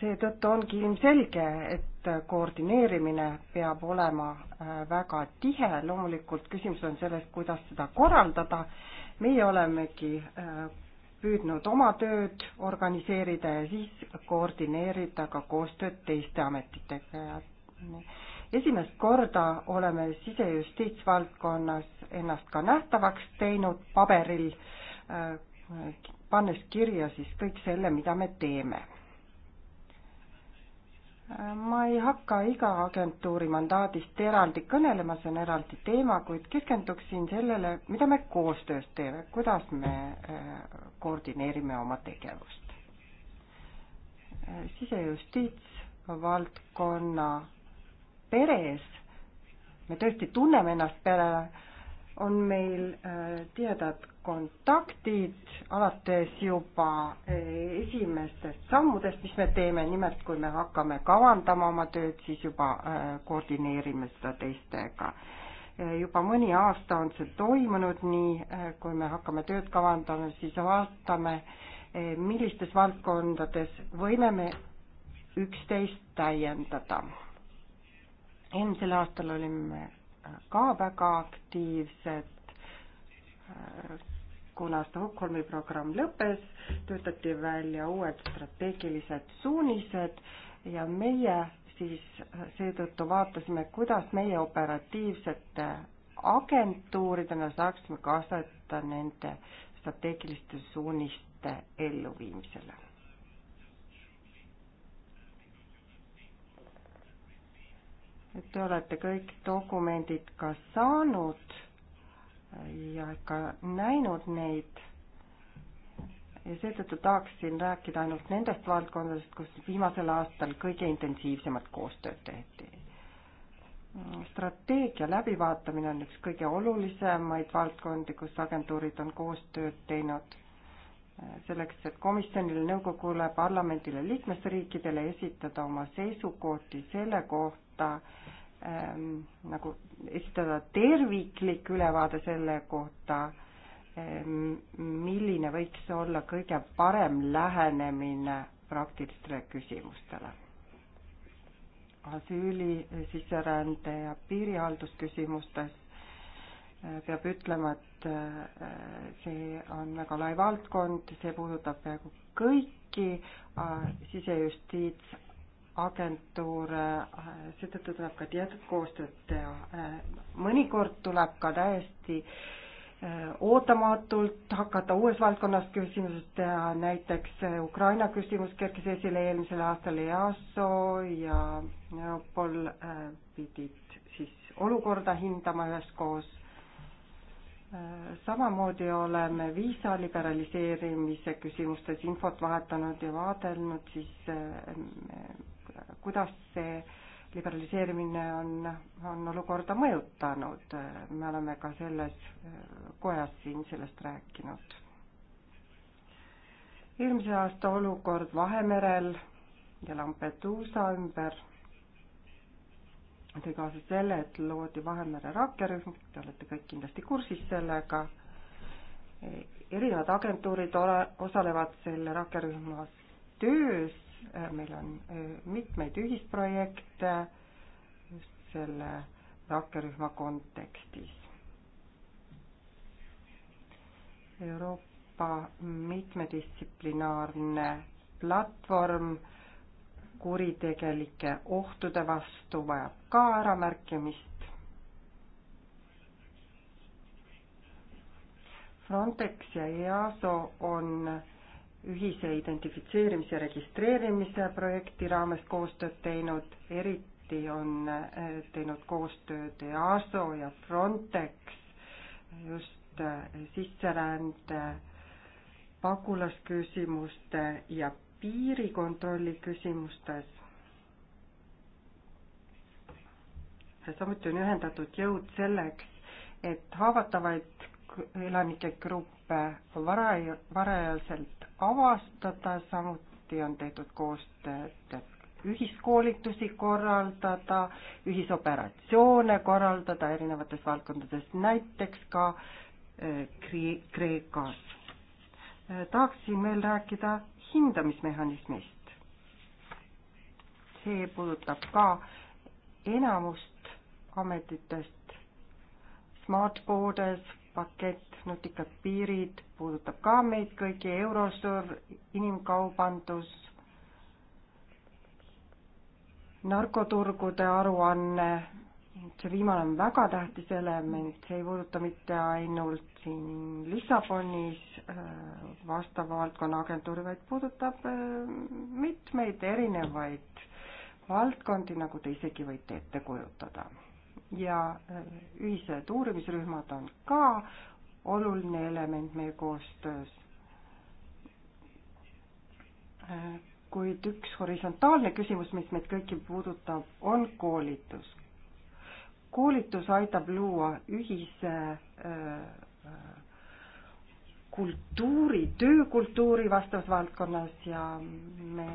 seetõttu ongi ilmselge, et koordineerimine peab olema äh, väga tihe, loomulikult küsimus on selles, kuidas seda korraldada, meie olemegi äh, püüdnud oma tööd organiseerida ja siis koordineerida ka koostööd teiste ametitega ja esimest korda oleme sisejustiitsvaldkonnas ennast ka nähtavaks teinud paberil, äh, pannes kirja siis kõik selle, mida me teeme ma ei hakka iga agentuuri mandaadist eraldi kõnelema, see on eraldi teema, kuid keskenduksin sellele, mida me koostöös teeme, kuidas me äh, koordineerime oma tegevust. Äh, sisejustiitsvaldkonna peres me tõesti tunneme ennast perena on meil äh, tihedad kontaktid alates juba äh, esimestest sammudest, mis me teeme, nimelt kui me hakkame kavandama oma tööd, siis juba äh, koordineerime seda teistega. juba mõni aasta on see toimunud, nii kui me hakkame tööd kavandama, siis vaatame, millistes valdkondades võime me üksteist täiendada. eelmisel aastal olime ka väga aktiivsed. Äh, kuna Stockholmi programm lõppes, töötati välja uued strateegilised suunised ja meie siis seetõttu vaatasime, kuidas meie operatiivsete agentuuridena saaksime kaasata nende strateegiliste suuniste elluviimisele et te olete kõik dokumendid ka saanud ja ka näinud neid. ja seetõttu tahaksin rääkida ainult nendest valdkondadest, kus viimasel aastal kõige intensiivsemat koostööd tehti. strateegia läbivaatamine on üks kõige olulisemaid valdkondi, kus agentuurid on koostööd teinud selleks, et komisjonile, nõukogule, parlamendile, liikmesriikidele esitada oma seisukohti selle kohta ähm,, nagu esitada terviklik ülevaade selle kohta ähm,, milline võiks olla kõige parem lähenemine praktilistele küsimustele. asüüli, sisserände ja piirihaldusküsimustes peab ütlema, et äh, see on väga lai valdkond, see puudutab peaaegu kõiki äh, sisejustiitsagentuure, äh, seetõttu tuleb ka teatud koostööd teha. mõnikord tuleb ka täiesti ootamatult hakata uues valdkonnas küsimused teha, näiteks Ukraina küsimus kerkis esile eelmisel aastal EASO ja Europol pidid siis olukorda hindama üheskoos samamoodi oleme viisa liberaliseerimise küsimustes infot vahetanud ja vaadelnud siis, eh, kuidas see liberaliseerimine on, on olukorda mõjutanud. me oleme ka selles eh, kojas siin sellest rääkinud. eelmise aasta olukord Vahemerel ja Lampeduusa ümber tõi kaasa selle, et loodi Vahemere rakkerühm, te olete kõik kindlasti kursis sellega. erinevad agentuurid ole, osalevad selle rakkerühma töös, meil on eh, mitmeid ühisprojekte just selle rakkerühma kontekstis. Euroopa mitmedistsiplinaarne platvorm äh, kuritegelike ohtude vastu vajab ka äramärkimist. Frontex ja EASO on ühise identifitseerimise ja registreerimise projekti raames koostööd teinud, eriti on eh, teinud koostööd EASO ja Frontex just eh, sisserände pagulasküsimuste ja piirikontrolli küsimustes. samuti on ühendatud jõud selleks, et haavatavaid elanike gruppe vara, varajaselt avastada, samuti on tehtud koostööd ühiskoolitusi korraldada, ühisoperatsioone korraldada erinevates valdkondades, näiteks ka eh, Kreekas. Eh, tahaksin veel rääkida hindamismehhanismist. see puudutab ka enamust ametitest, Smart Borders, pakett, nutikad piirid, puudutab ka meid kõiki, Eurosur, inimkaubandus, narkoturgude aruanne see viimane on väga tähtis element, see ei puuduta mitte ainult siin Lissabonis äh, vastava valdkonna agentuuri, vaid puudutab äh, mitmeid erinevaid valdkondi, nagu te isegi võite ette kujutada. ja äh, ühised uurimisrühmad on ka oluline element meie koostöös. kuid üks horisontaalne küsimus, mis meid kõiki puudutab, on koolitus koolitus aitab luua ühise äh, äh, kultuuri, töökultuuri vastavas valdkonnas ja me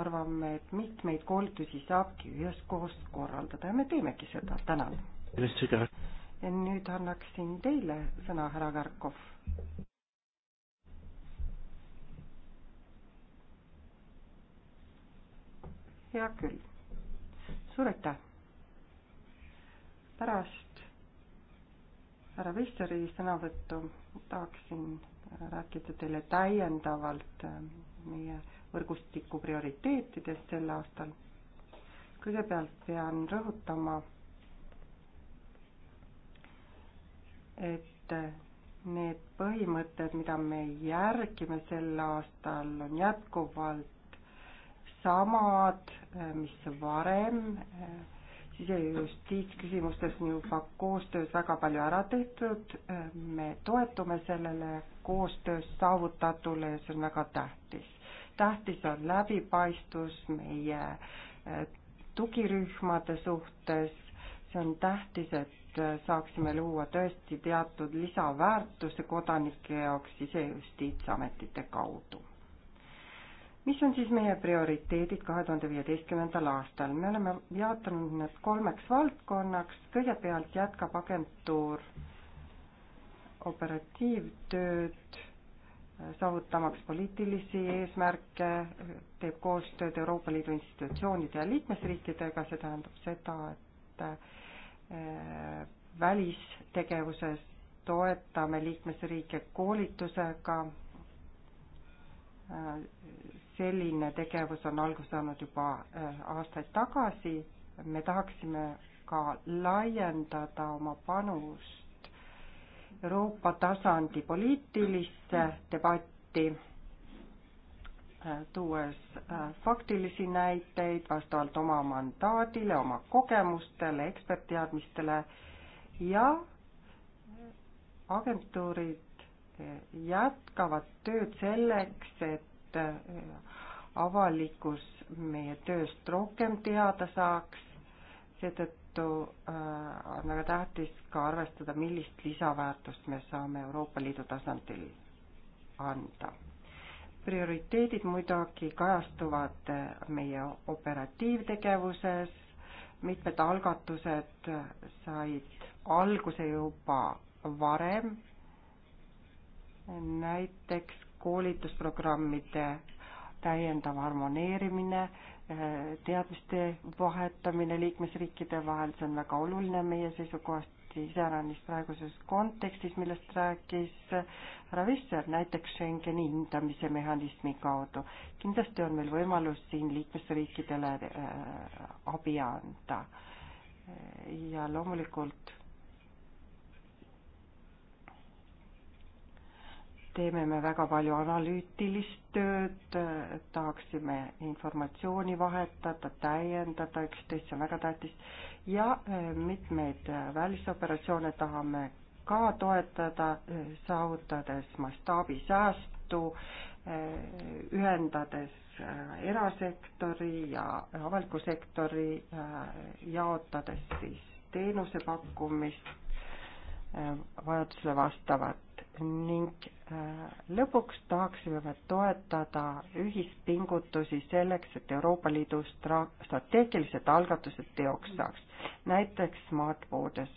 arvame, et mitmeid koolitusi saabki üheskoos korraldada ja me teemegi seda, tänan. ja nüüd annaksin teile sõna, härra Karkov. hea küll, suur aitäh pärast härra Visseri sõnavõttu tahaksin rääkida teile täiendavalt äh, meie võrgustiku prioriteetidest sel aastal. kõigepealt pean rõhutama, et äh, need põhimõtted, mida me järgime sel aastal, on jätkuvalt samad, äh, mis varem äh, ja justiitsküsimustes on juba koostöös väga palju ära tehtud. me toetume sellele koostöös saavutatule ja see on väga tähtis. tähtis on läbipaistvus meie eh, tugirühmade suhtes, see on tähtis, et eh, saaksime luua tõesti teatud lisaväärtuse kodanike jaoks sisejustiitsametite kaudu mis on siis meie prioriteedid kahe tuhande viieteistkümnendal aastal? me oleme jaotanud need kolmeks valdkonnaks, kõigepealt jätkab agentuur operatiivtööd, äh, saavutamaks poliitilisi eesmärke, teeb koostööd Euroopa Liidu institutsioonide ja liikmesriikidega, see tähendab seda, et äh, välistegevuses toetame liikmesriike koolitusega, äh, selline tegevus on alguse saanud juba äh, aastaid tagasi. me tahaksime ka laiendada oma panust Euroopa tasandi poliitilisse debatti, äh, tuues äh, faktilisi näiteid vastavalt oma mandaadile, oma kogemustele, ekspertteadmistele ja agentuurid jätkavad tööd selleks, et avalikkus meie tööst rohkem teada saaks. seetõttu äh, on väga tähtis ka arvestada, millist lisaväärtust me saame Euroopa Liidu tasandil anda. prioriteedid muidugi kajastuvad meie operatiivtegevuses, mitmed algatused said alguse juba varem, näiteks koolitusprogrammide täiendav harmoneerimine, eh, teadmiste vahetamine liikmesriikide vahel, see on väga oluline meie seisukohast, iseäranis praeguses kontekstis, millest rääkis härra Visser, näiteks Schengeni hindamise mehhanismi kaudu. kindlasti on meil võimalus siin liikmesriikidele eh, abi anda. ja loomulikult teeme me väga palju analüütilist tööd, tahaksime informatsiooni vahetada, täiendada üksteist, see on väga tähtis, ja eh, mitmeid eh, välisoperatsioone tahame ka toetada, eh, saavutades mastaabisäästu, ühendades erasektori ja avaliku sektori, jaotades siis teenuse pakkumist vajadusele vastavat ning äh, lõpuks tahaksime me toetada ühispingutusi selleks, et Euroopa Liidu strateegilised algatused teoks saaks, näiteks Smart Borders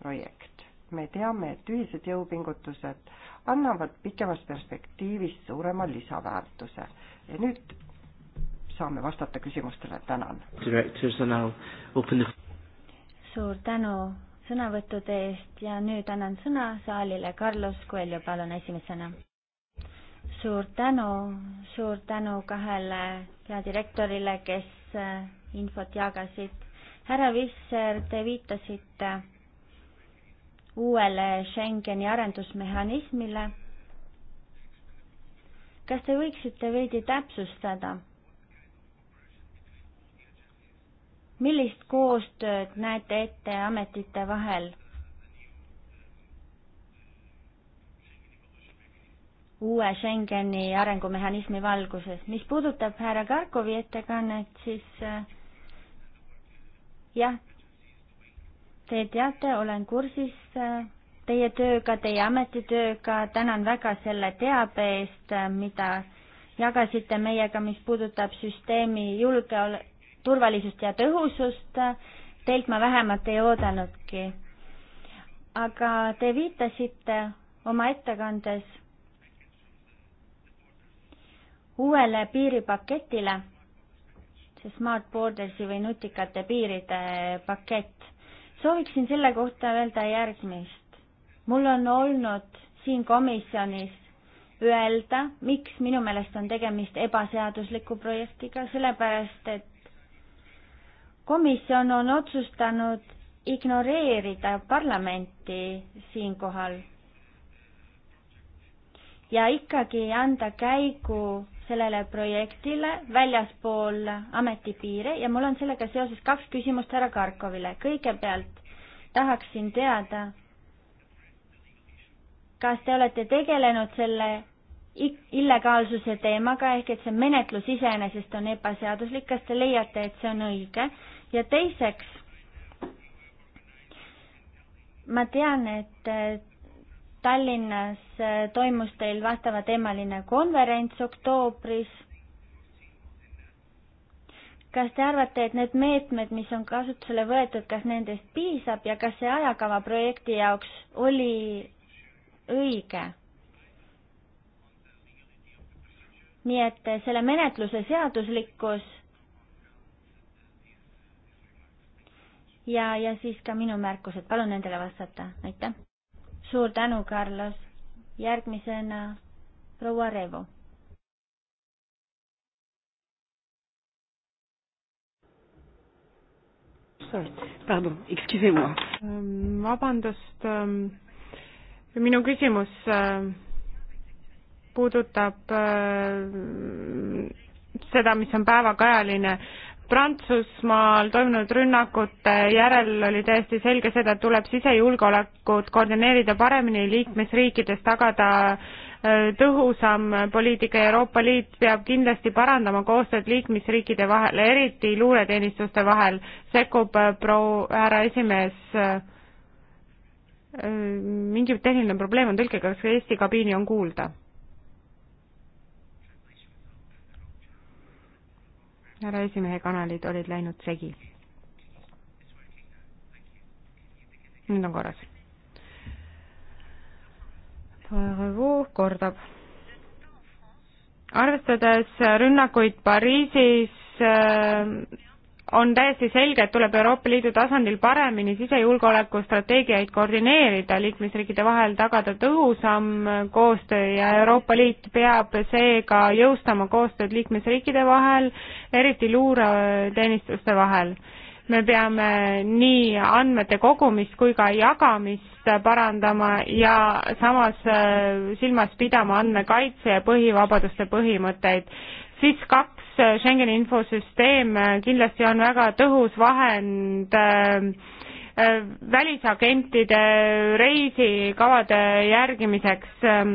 projekt. me teame, et ühised jõupingutused annavad pikemas perspektiivis suurema lisaväärtuse ja nüüd saame vastata küsimustele, tänan. suur tänu sõnavõttude eest ja nüüd annan sõna saalile. Carlos Coelho, palun esimesena. suur tänu, suur tänu kahele peadirektorile, kes äh, infot jagasid. härra Visser, te viitasite uuele Schengeni arendusmehhanismile. kas te võiksite veidi täpsustada? millist koostööd näete ette ametite vahel? uue Schengeni arengumehhanismi valguses. mis puudutab härra Karkovi ettekannet, siis äh, jah, te teate, olen kursis äh, teie tööga, teie ametitööga, tänan väga selle teabe eest, äh, mida jagasite meiega, mis puudutab süsteemi julgeole-, turvalisust ja tõhusust. Teilt ma vähemat ei oodanudki. aga te viitasite oma ettekandes uuele piiripaketile, see Smart Bordersi või nutikate piiride pakett. sooviksin selle kohta öelda järgmist. mul on olnud siin komisjonis öelda, miks minu meelest on tegemist ebaseadusliku projektiga, sellepärast et komisjon on otsustanud ignoreerida parlamenti siinkohal ja ikkagi anda käigu sellele projektile väljaspool ametipiire ja mul on sellega seoses kaks küsimust härra Karkovile. kõigepealt tahaksin teada, kas te olete tegelenud selle illegaalsuse teemaga ehk et see menetlus iseenesest on ebaseaduslik, kas te leiate, et see on õige ja teiseks, ma tean, et eh, Tallinnas eh, toimus teil vastavateemaline konverents oktoobris. kas te arvate, et need meetmed, mis on kasutusele võetud, kas nendest piisab ja kas see ajakava projekti jaoks oli õige? nii et eh, selle menetluse seaduslikkus ja, ja siis ka minu märkused, palun nendele vastata, aitäh. suur tänu, Carlos. järgmisena proua Revo. Pardon, excusez-moi. Ähm, vabandust, ähm, minu küsimus ähm, puudutab äh, seda, mis on päevakajaline Prantsusmaal toimunud rünnakute järel oli täiesti selge see, et tuleb sisejulgeolekut koordineerida paremini liikmesriikides, tagada äh, tõhusam poliitika ja Euroopa Liit peab kindlasti parandama koostööd liikmesriikide vahel, eriti luureteenistuste vahel, sekkub äh, proua härra esimees. Äh, mingi tehniline probleem on tõlkega, kas Eesti kabiini on kuulda? härra esimehe kanalid olid läinud segi. nüüd on korras. kordab. arvestades rünnakuid Pariisis äh, on täiesti selge, et tuleb Euroopa Liidu tasandil paremini sisejulgeoleku strateegiaid koordineerida liikmesriikide vahel, tagada tõhusam koostöö ja Euroopa Liit peab seega jõustama koostööd liikmesriikide vahel, eriti luureteenistuste vahel. me peame nii andmete kogumist kui ka jagamist parandama ja samas äh, silmas pidama andmekaitse ja põhivabaduste põhimõtteid siis kaks Äh, Schengeni infosüsteem äh, kindlasti on väga tõhus vahend äh, välisagentide reisikavade järgimiseks, ähm,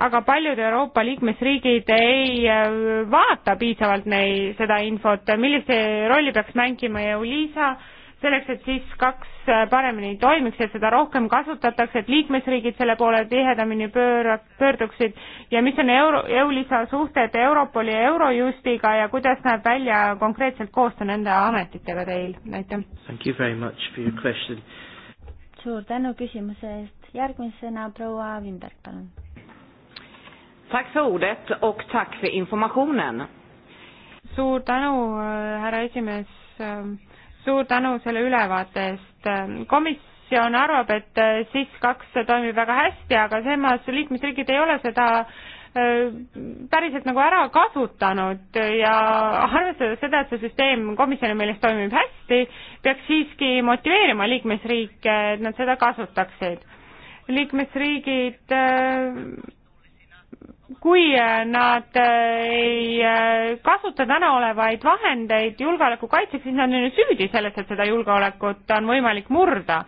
aga paljud Euroopa liikmesriigid ei vaata piisavalt neid, seda infot, millise rolli peaks mängima EULISA selleks, et siis kaks äh, paremini toimiks, et seda rohkem kasutatakse, et liikmesriigid selle poole tihedamini pööra-, pöörduksid ja mis on euro, EULISA suhted Europoli ja Eurojustiga ja kuidas näeb välja konkreetselt koostöö nende ametitega teil, aitäh! suur tänu küsimuse eest, järgmisena proua Vinberg, palun! Tack för ordet och tack för informationen. Suur tänu, äh, härra esimees ähm, suur tänu selle ülevaate eest. komisjon arvab, et äh, SIS kaks toimib väga hästi, aga samas liikmesriigid ei ole seda äh, päriselt nagu ära kasutanud ja arvestades seda, et see süsteem komisjoni meelest toimib hästi, peaks siiski motiveerima liikmesriike, et nad seda kasutaksid. liikmesriigid äh, kui äh, nad äh, ei äh, kasuta täna olevaid vahendeid julgeoleku kaitseks, siis nad on ju süüdi selles, et seda julgeolekut on võimalik murda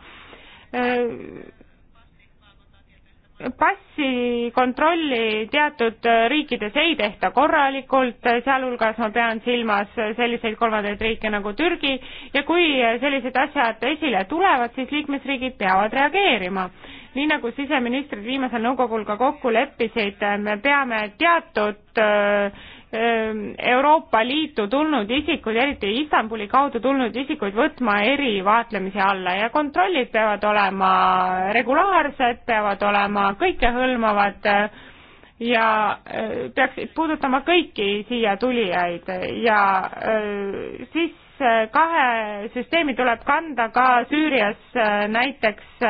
passikontrolli teatud riikides ei tehta korralikult, sealhulgas ma pean silmas selliseid kolmandaid riike nagu Türgi ja kui sellised asjad esile tulevad, siis liikmesriigid peavad reageerima. nii nagu siseministrid viimasel nõukogul ka kokku leppisid, me peame teatud äh, Ehm, Euroopa Liitu tulnud isikuid, eriti Istanbuli kaudu tulnud isikuid võtma erivaatlemise alla ja kontrollid peavad olema regulaarsed, peavad olema kõikehõlmavad eh, ja eh, peaksid puudutama kõiki siia tulijaid ja eh, siis kahe süsteemi tuleb kanda ka Süürias näiteks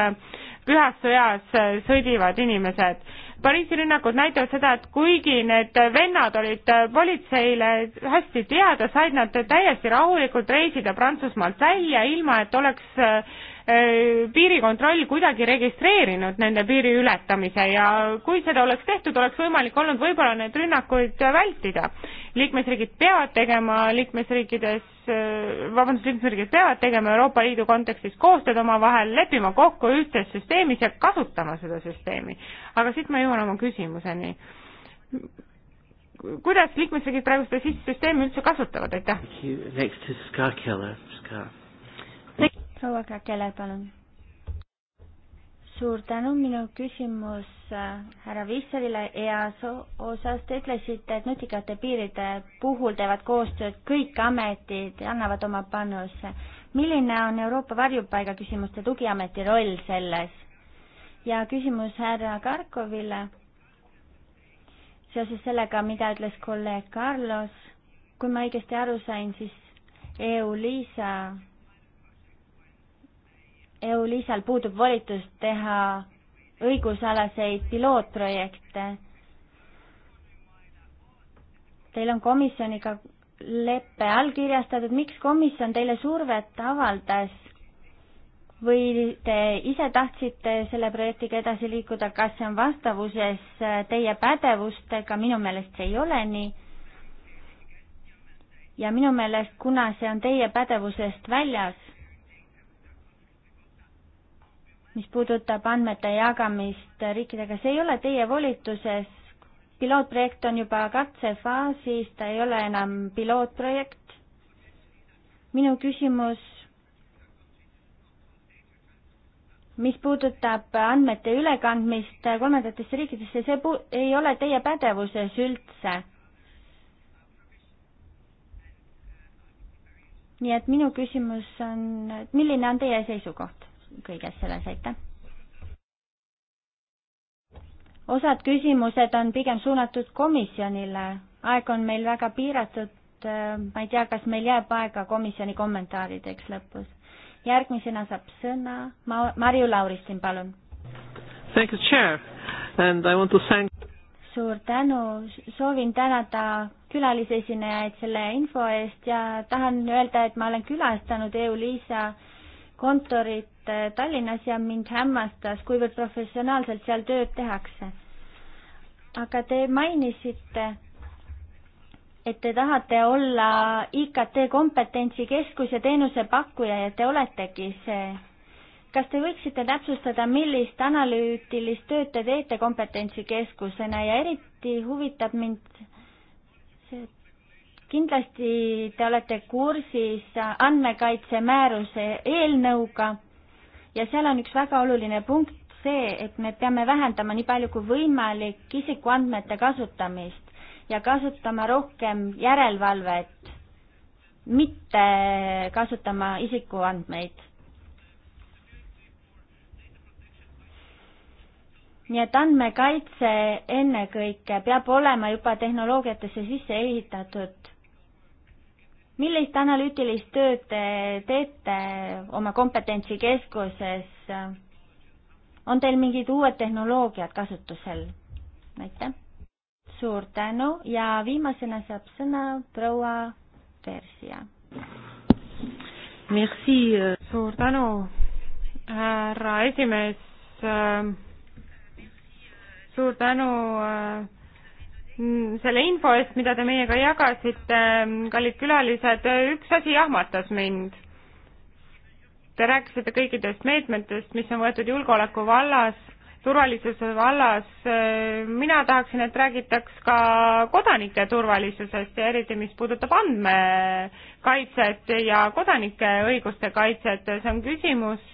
pühas sõjas sõdivad inimesed Pariisi rünnakud näitavad seda, et kuigi need vennad olid politseile hästi teada, said nad täiesti rahulikult reisida Prantsusmaalt välja, ilma et oleks äh, piirikontroll kuidagi registreerinud nende piiri ületamise ja kui seda oleks tehtud, oleks võimalik olnud võib-olla neid rünnakuid vältida. liikmesriigid peavad tegema liikmesriikides Äh, vabandust, liikmesriigid peavad tegema Euroopa Liidu kontekstis koostööd omavahel, leppima kokku ühtses süsteemis ja kasutama seda süsteemi. aga siit ma jõuan oma küsimuseni. kuidas liikmesriigid praegu seda süsteemi üldse kasutavad, aitäh? proua Kakele, palun suur tänu, minu küsimus äh, härra Visserile EASO osas. Te ütlesite, et nutikate piiride puhul teevad koostööd kõik ametid ja annavad oma panuse. milline on Euroopa varjupaiga küsimuste tugiameti roll selles? ja küsimus härra Karkovile seoses sellega, mida ütles kolleeg Carlos. kui ma õigesti aru sain, siis EU-LISA EULISal puudub volitus teha õigusalaseid pilootprojekte. Teil on komisjoniga leppe allkirjastatud, miks komisjon teile survet avaldas või te ise tahtsite selle projektiga edasi liikuda, kas see on vastavuses teie pädevustega, minu meelest see ei ole nii. ja minu meelest, kuna see on teie pädevusest väljas, mis puudutab andmete jagamist riikidega, see ei ole teie volituses. pilootprojekt on juba katsefaasis, ta ei ole enam pilootprojekt. minu küsimus, mis puudutab andmete ülekandmist kolmandatesse riikidesse, see puu-, ei ole teie pädevuses üldse. nii et minu küsimus on, milline on teie seisukoht? kõiges selles, aitäh! osad küsimused on pigem suunatud komisjonile, aeg on meil väga piiratud, ma ei tea, kas meil jääb aega komisjoni kommentaarideks lõpus. järgmisena saab sõna ma-, Marju Lauristin, palun. Thank you, chair, and I want to thank suur tänu, soovin tänada külalisesinejaid selle info eest ja tahan öelda, et ma olen külastanud EU-Liisa kontorit äh, Tallinnas ja mind hämmastas, kuivõrd professionaalselt seal tööd tehakse. aga te mainisite, et te tahate olla IKT kompetentsikeskus ja teenusepakkuja ja te oletegi see. kas te võiksite täpsustada, millist analüütilist tööd te teete kompetentsikeskusena ja eriti huvitab mind kindlasti te olete kursis andmekaitsemääruse eelnõuga ja seal on üks väga oluline punkt see, et me peame vähendama nii palju kui võimalik isikuandmete kasutamist ja kasutama rohkem järelevalvet, mitte kasutama isikuandmeid. nii et andmekaitse ennekõike peab olema juba tehnoloogiatesse sisse ehitatud millist analüütilist tööd te teete oma kompetentsikeskuses? on teil mingid uued tehnoloogiad kasutusel? aitäh! suur tänu ja viimasena saab sõna proua Persia. Merci, äh. suur tänu, härra esimees. Äh, suur tänu äh, Mm, selle info eest, mida te meiega jagasite, mm, kallid külalised, üks asi jahmatas mind. Te rääkisite kõikidest meetmetest, mis on võetud julgeoleku vallas, turvalisuse vallas, mina tahaksin, et räägitaks ka kodanike turvalisusest ja eriti, mis puudutab andmekaitset ja kodanike õiguste kaitset, see on küsimus,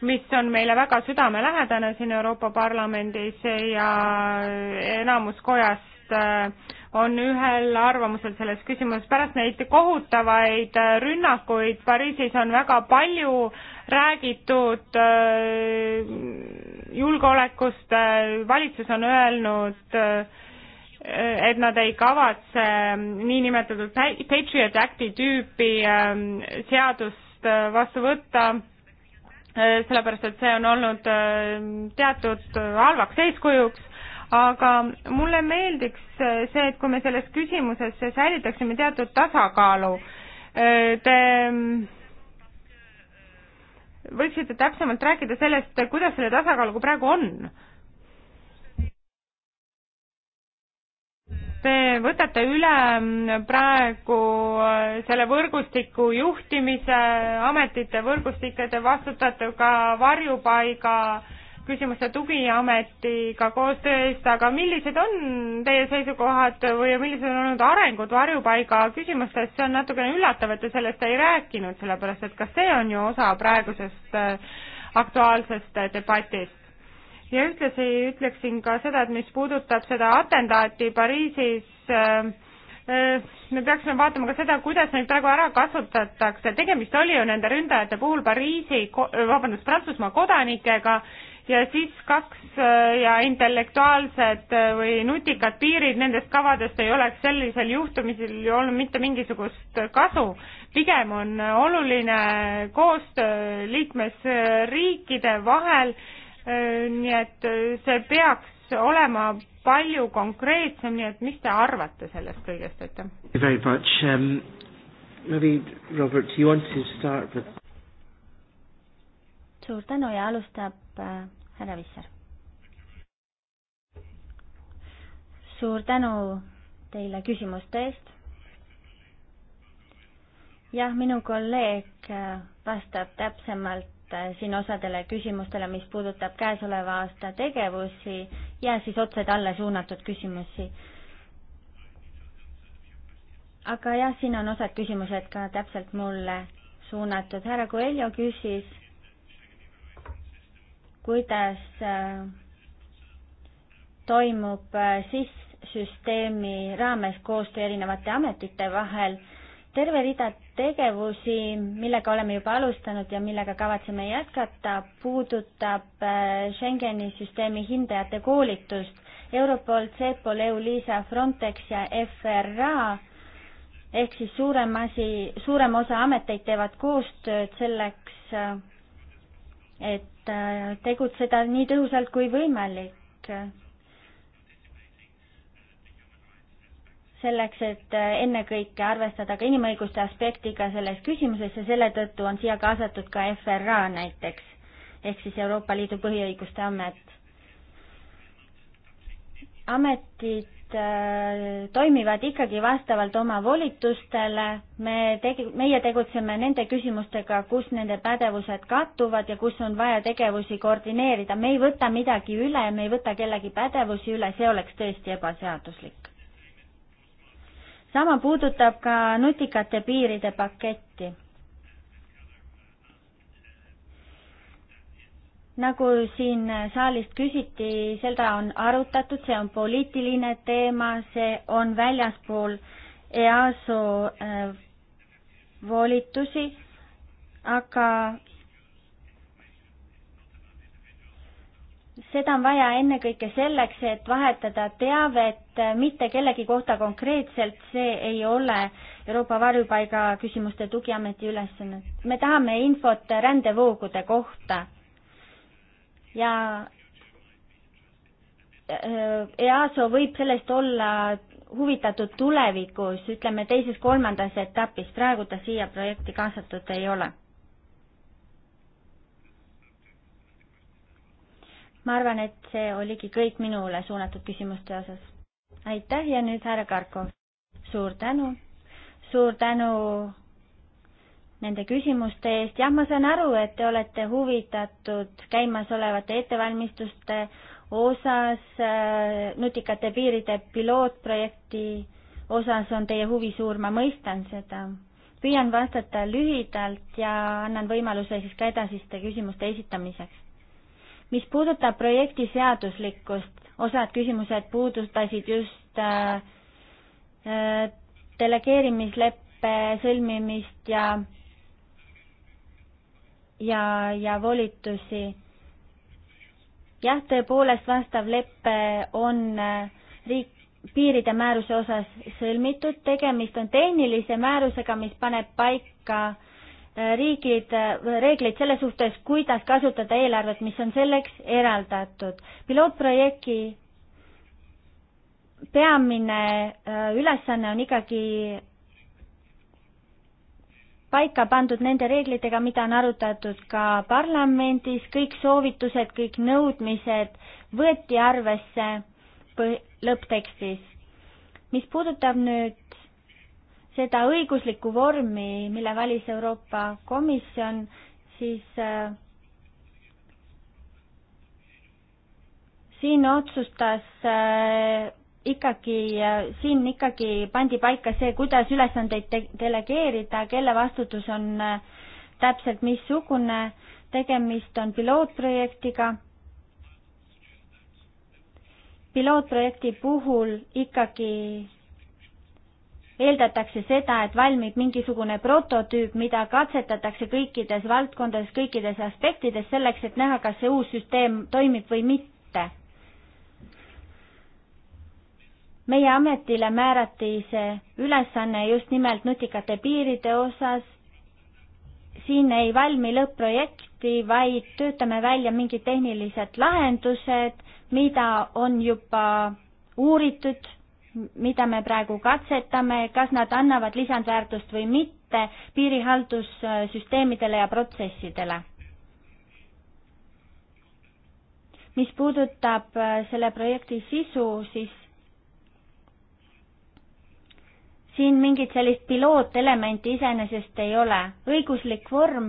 mis on meile väga südamelähedane siin Euroopa Parlamendis ja enamus kojas Äh, on ühel arvamusel selles küsimuses. pärast neid kohutavaid äh, rünnakuid Pariisis on väga palju räägitud äh, julgeolekust, valitsus on öelnud, et nad ei kavatse niinimetatud Patriot Acti tüüpi ähm, seadust vastu võtta sellepärast et see on olnud teatud halvaks eeskujuks aga mulle meeldiks äh, see, et kui me selles küsimuses säilitaksime teatud tasakaalu. Äh, te mm, võiksite täpsemalt rääkida sellest, kuidas selle tasakaaluga praegu on? Te võtate üle mm, praegu äh, selle võrgustiku juhtimise, ametite võrgustike, te vastutate ka varjupaiga äh, küsimuste tugiametiga koostöö eest, aga millised on teie seisukohad või millised on olnud arengud varjupaiga küsimustes, see on natukene üllatav, et te sellest ei rääkinud, sellepärast et ka see on ju osa praegusest äh, aktuaalsest äh, debatist. ja ühtlasi ütleksin ka seda, et mis puudutab seda atentaati Pariisis äh, äh, me peaksime vaatama ka seda, kuidas neid praegu ära kasutatakse, tegemist oli ju nende ründajate puhul Pariisi, vabandust, Prantsusmaa kodanikega ja siis kaks äh, ja intellektuaalsed äh, või nutikad piirid nendest kavadest ei oleks sellisel juhtumisel ju olnud mitte mingisugust kasu. pigem on oluline koostöö liikmesriikide vahel, äh, nii et see peaks olema palju konkreetsem, nii et mis te arvate sellest kõigest, aitäh? Very much um,. Maybe Robert, you want to start with? suur tänu ja alustab härra Visser. suur tänu teile küsimuste eest. jah, minu kolleeg vastab täpsemalt äh, siin osadele küsimustele, mis puudutab käesoleva aasta tegevusi ja siis otse talle suunatud küsimusi. aga jah, siin on osad küsimused ka täpselt mulle suunatud. härra Coelho küsis kuidas äh, toimub äh, SIS-süsteemi raames koostöö erinevate ametite vahel. terve rida tegevusi, millega oleme juba alustanud ja millega kavatseme jätkata, puudutab äh, Schengeni süsteemi hindajate koolitust. Europol, CEPOL, EULISA, Frontex ja FRA ehk siis suurem asi, suurem osa ameteid teevad koostööd selleks, et et äh, tegutseda nii tõhusalt kui võimalik. selleks, et äh, ennekõike arvestada ka inimõiguste aspektiga selles küsimuses ja selle tõttu on siia kaasatud ka FRA näiteks, ehk siis Euroopa Liidu Põhiõiguste Amet. ametid Äh, toimivad ikkagi vastavalt oma volitustele, me tegi-, meie tegutseme nende küsimustega, kus nende pädevused kattuvad ja kus on vaja tegevusi koordineerida, me ei võta midagi üle, me ei võta kellegi pädevusi üle, see oleks tõesti ebaseaduslik. sama puudutab ka nutikate piiride paketti nagu siin saalist küsiti, seda on arutatud, see on poliitiline teema, see on väljaspool EASO äh, volitusi, aga seda on vaja ennekõike selleks, et vahetada teavet äh, mitte kellegi kohta konkreetselt, see ei ole Euroopa Varjupaiga küsimuste tugiameti ülesanne. me tahame infot rändevoogude kohta ja äh, EASO võib sellest olla huvitatud tulevikus, ütleme teises-kolmandas etapis, praegu ta siia projekti kaasatud ei ole. ma arvan, et see oligi kõik minule suunatud küsimuste osas. aitäh ja nüüd härra Karkov. suur tänu, suur tänu nende küsimuste eest. jah, ma saan aru, et te olete huvitatud käimasolevate ettevalmistuste osas, äh, nutikate piiride pilootprojekti osas on teie huvi suur, ma mõistan seda. püüan vastata lühidalt ja annan võimaluse siis ka edasiste küsimuste esitamiseks. mis puudutab projekti seaduslikkust, osad küsimused puudutasid just äh, äh, delegeerimisleppe sõlmimist ja äh, ja, ja volitusi. jah, tõepoolest vastav lepe on äh, riik, piiride määruse osas sõlmitud, tegemist on tehnilise määrusega, mis paneb paika äh, riigid, äh, reeglid selle suhtes, kuidas kasutada eelarvet, mis on selleks eraldatud. pilootprojekti peamine ülesanne on ikkagi paika pandud nende reeglitega, mida on arutatud ka parlamendis, kõik soovitused, kõik nõudmised võeti arvesse lõpptekstis. mis puudutab nüüd seda õiguslikku vormi, mille valis Euroopa Komisjon, siis äh, siin otsustas äh, ikkagi, äh, siin ikkagi pandi paika see, kuidas ülesandeid delegeerida, kelle vastutus on äh, täpselt missugune, tegemist on pilootprojektiga. pilootprojekti puhul ikkagi eeldatakse seda, et valmib mingisugune prototüüp, mida katsetatakse kõikides valdkondades, kõikides aspektides selleks, et näha, kas see uus süsteem toimib või mitte meie ametile määrati see ülesanne just nimelt nutikate piiride osas. siin ei valmi lõpp-projekti, vaid töötame välja mingid tehnilised lahendused, mida on juba uuritud, mida me praegu katsetame, kas nad annavad lisandväärtust või mitte piirihaldussüsteemidele ja protsessidele mis puudutab äh, selle projekti sisu, siis siin mingit sellist pilootelementi iseenesest ei ole. õiguslik vorm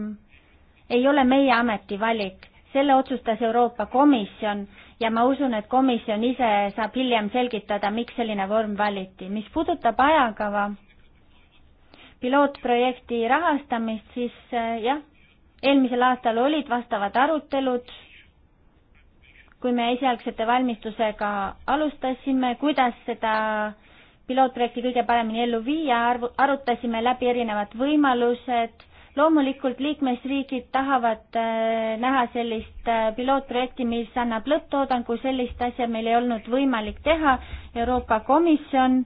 ei ole meie ameti valik, selle otsustas Euroopa Komisjon ja ma usun, et komisjon ise saab hiljem selgitada, miks selline vorm valiti. mis puudutab ajakava, pilootprojekti rahastamist, siis äh, jah, eelmisel aastal olid vastavad arutelud, kui me esialgsete valmistusega alustasime, kuidas seda pilootprojekti kõige paremini ellu viia, arutasime läbi erinevad võimalused. loomulikult liikmesriigid tahavad äh, näha sellist äh, pilootprojekti, mis annab lõpptoodangu, sellist asja meil ei olnud võimalik teha. Euroopa Komisjon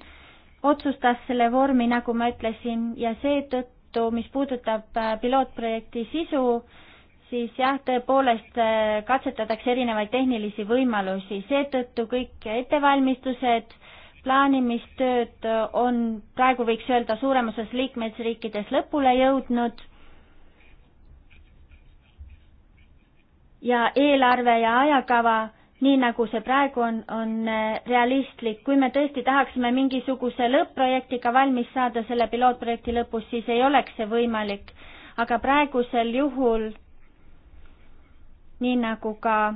otsustas selle vormi, nagu ma ütlesin, ja seetõttu, mis puudutab äh, pilootprojekti sisu, siis jah, tõepoolest katsetatakse erinevaid tehnilisi võimalusi, seetõttu kõik ettevalmistused plaanimistööd on praegu võiks öelda suuremas osas liikmesriikides lõpule jõudnud ja eelarve ja ajakava, nii nagu see praegu on, on realistlik. kui me tõesti tahaksime mingisuguse lõpp-projektiga valmis saada selle pilootprojekti lõpus, siis ei oleks see võimalik. aga praegusel juhul, nii nagu ka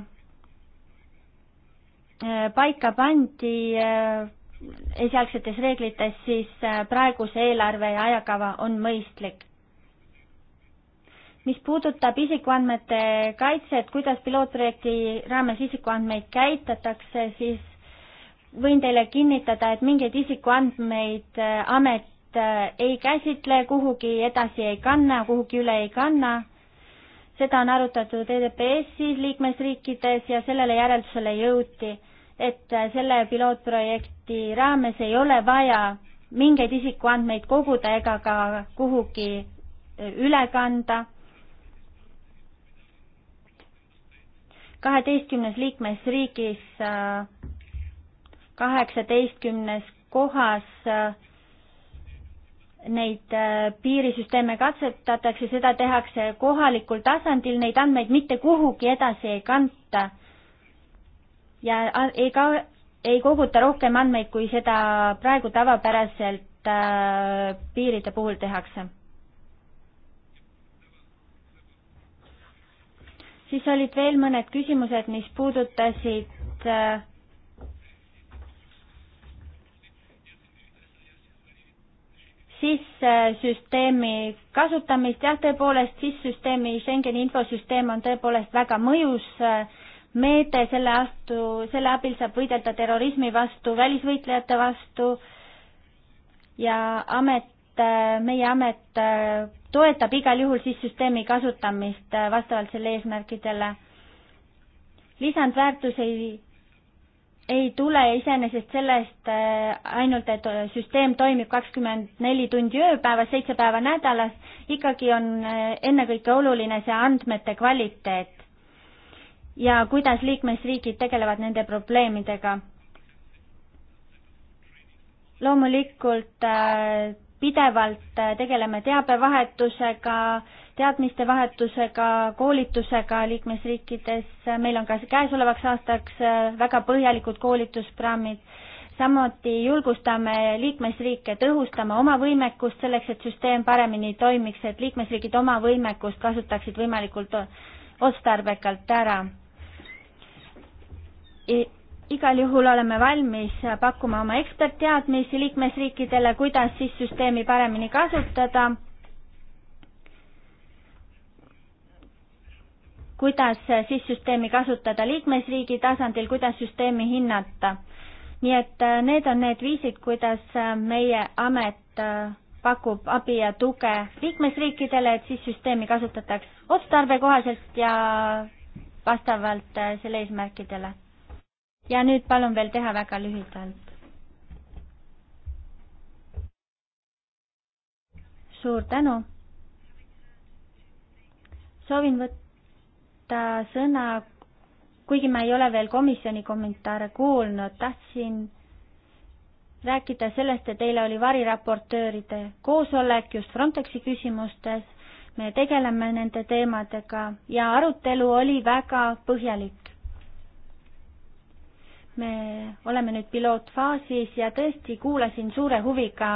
eh, paika pandi, eh, esialgsetes reeglites, siis äh, praeguse eelarve ja ajakava on mõistlik. mis puudutab isikuandmete kaitset, kuidas pilootprojekti raames isikuandmeid käitatakse, siis võin teile kinnitada, et mingeid isikuandmeid äh, amet äh, ei käsitle, kuhugi edasi ei kanna, kuhugi üle ei kanna. seda on arutatud EDPS-is liikmesriikides ja sellele järeldusele jõuti et selle pilootprojekti raames ei ole vaja mingeid isikuandmeid koguda ega ka kuhugi äh, üle kanda. kaheteistkümnes liikmesriigis, äh, kaheksateistkümnes kohas äh, neid piirisüsteeme katsetatakse, seda tehakse kohalikul tasandil, neid andmeid mitte kuhugi edasi ei kanta ja ei ka-, ei koguta rohkem andmeid, kui seda praegu tavapäraselt äh, piiride puhul tehakse. siis olid veel mõned küsimused, mis puudutasid äh, SIS-süsteemi kasutamist, jah, tõepoolest SIS-süsteemi, Schengeni infosüsteem on tõepoolest väga mõjus äh, meede, selle astu, selle abil saab võidelda terrorismi vastu, välisvõitlejate vastu ja amet, meie amet äh, toetab igal juhul siis süsteemi kasutamist äh, vastavalt selle eesmärkidele. lisandväärtus ei, ei tule iseenesest sellest äh, ainult, et süsteem toimib kakskümmend neli tundi ööpäevas, seitse päeva nädalas, ikkagi on ennekõike oluline see andmete kvaliteet ja kuidas liikmesriigid tegelevad nende probleemidega. loomulikult äh, pidevalt äh, tegeleme teabevahetusega, teadmistevahetusega, koolitusega liikmesriikides, meil on ka käesolevaks aastaks äh, väga põhjalikud koolitusprogrammid, samuti julgustame liikmesriike tõhustama oma võimekust selleks, et süsteem paremini toimiks, et liikmesriigid oma võimekust kasutaksid võimalikult otstarbekalt ära igal juhul oleme valmis pakkuma oma ekspertteadmisi liikmesriikidele, kuidas siis süsteemi paremini kasutada. kuidas siis süsteemi kasutada liikmesriigi tasandil, kuidas süsteemi hinnata. nii et äh, need on need viisid, kuidas äh, meie amet äh, pakub abi ja tuge liikmesriikidele, et siis süsteemi kasutataks otstarbekohaselt ja vastavalt selle eesmärkidele ja nüüd palun veel teha väga lühidalt. suur tänu. soovin võtta sõna, kuigi ma ei ole veel komisjoni kommentaare kuulnud, tahtsin rääkida sellest, et eile oli variraportööride koosolek just Frontexi küsimustes. me tegeleme nende teemadega ja arutelu oli väga põhjalik me oleme nüüd pilootfaasis ja tõesti kuulasin suure huviga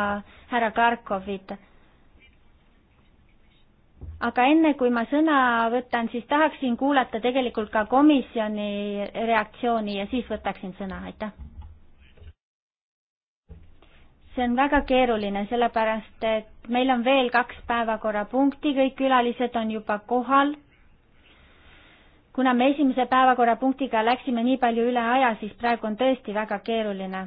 härra Karkovit. aga enne, kui ma sõna võtan, siis tahaksin kuulata tegelikult ka komisjoni reaktsiooni ja siis võtaksin sõna, aitäh. see on väga keeruline, sellepärast et meil on veel kaks päevakorrapunkti, kõik külalised on juba kohal kuna me esimese päevakorrapunktiga läksime nii palju üle aja, siis praegu on tõesti väga keeruline.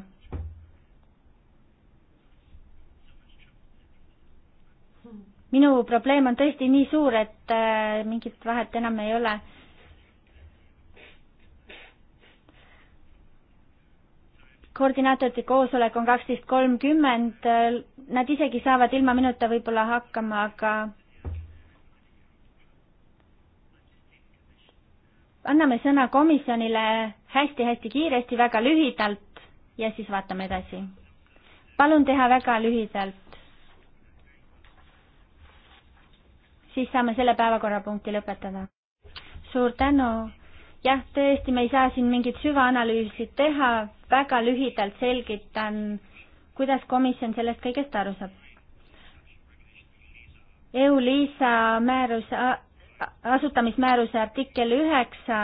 minu probleem on tõesti nii suur, et äh, mingit vahet enam ei ole koordinaatorite koosolek on kaksteist kolmkümmend, nad isegi saavad ilma minuta võib-olla hakkama, aga anname sõna komisjonile hästi-hästi kiiresti, väga lühidalt ja siis vaatame edasi. palun teha väga lühidalt. siis saame selle päevakorrapunkti lõpetada. suur tänu. jah, tõesti, me ei saa siin mingit süvaanalüüsi teha, väga lühidalt selgitan, kuidas komisjon sellest kõigest aru saab. EU-LISA määrus asutamismääruse artikkel üheksa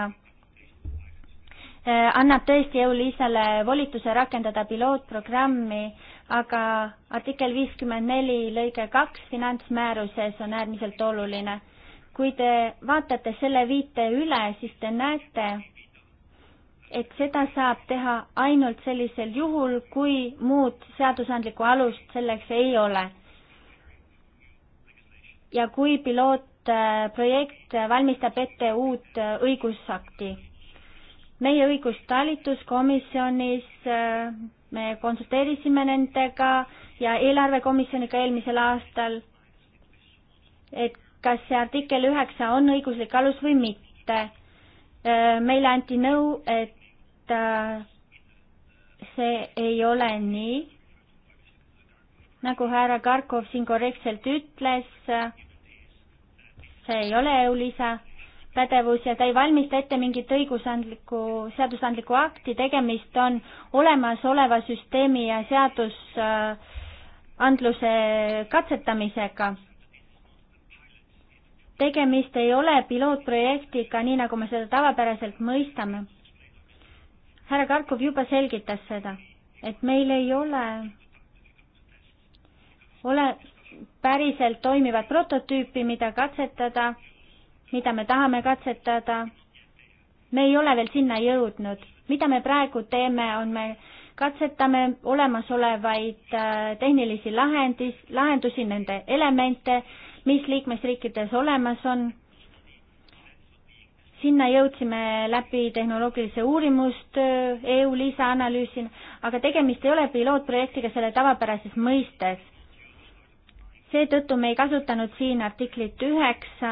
eh, annab tõesti jõuliisale volituse rakendada pilootprogrammi, aga artikkel viiskümmend neli lõige kaks finantsmääruses on äärmiselt oluline. kui te vaatate selle viite üle, siis te näete, et seda saab teha ainult sellisel juhul, kui muud seadusandlikku alust selleks ei ole. ja kui piloot Äh, projekt valmistab ette uut äh, õigusakti. meie õigustalitus komisjonis, äh, me konsulteerisime nendega ja eelarvekomisjoniga eelmisel aastal, et kas see artikkel üheksa on õiguslik alus või mitte. meile anti nõu, et see ei ole nii, nagu härra Karkov siin korrektselt ütles see ei ole EULISA pädevus ja ta ei valmista ette mingit õigusandlikku, seadusandlikku akti, tegemist on olemasoleva süsteemi ja seadusandluse katsetamisega. tegemist ei ole pilootprojektiga, nii nagu me seda tavapäraselt mõistame. härra Karkov juba selgitas seda, et meil ei ole, ole päriselt toimivat prototüüpi, mida katsetada, mida me tahame katsetada. me ei ole veel sinna jõudnud, mida me praegu teeme, on me katsetame olemasolevaid äh, tehnilisi lahendis, lahendusi, nende elemente, mis liikmesriikides olemas on. sinna jõudsime läbi tehnoloogilise uurimustöö, EU lisaanalüüsi, aga tegemist ei ole pilootprojektiga selle tavapärases mõistes seetõttu me ei kasutanud siin artiklit üheksa,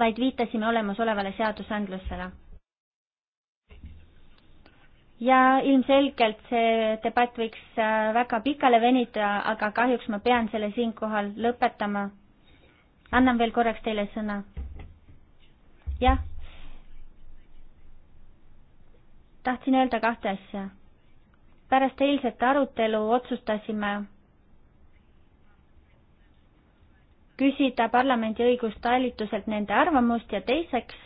vaid viitasime olemasolevale seadusandlusele. ja ilmselgelt see debatt võiks äh, väga pikale venida, aga kahjuks ma pean selle siinkohal lõpetama. annan veel korraks teile sõna. jah. tahtsin öelda kahte asja. pärast eilset arutelu otsustasime küsida parlamendi õigustalituselt nende arvamust ja teiseks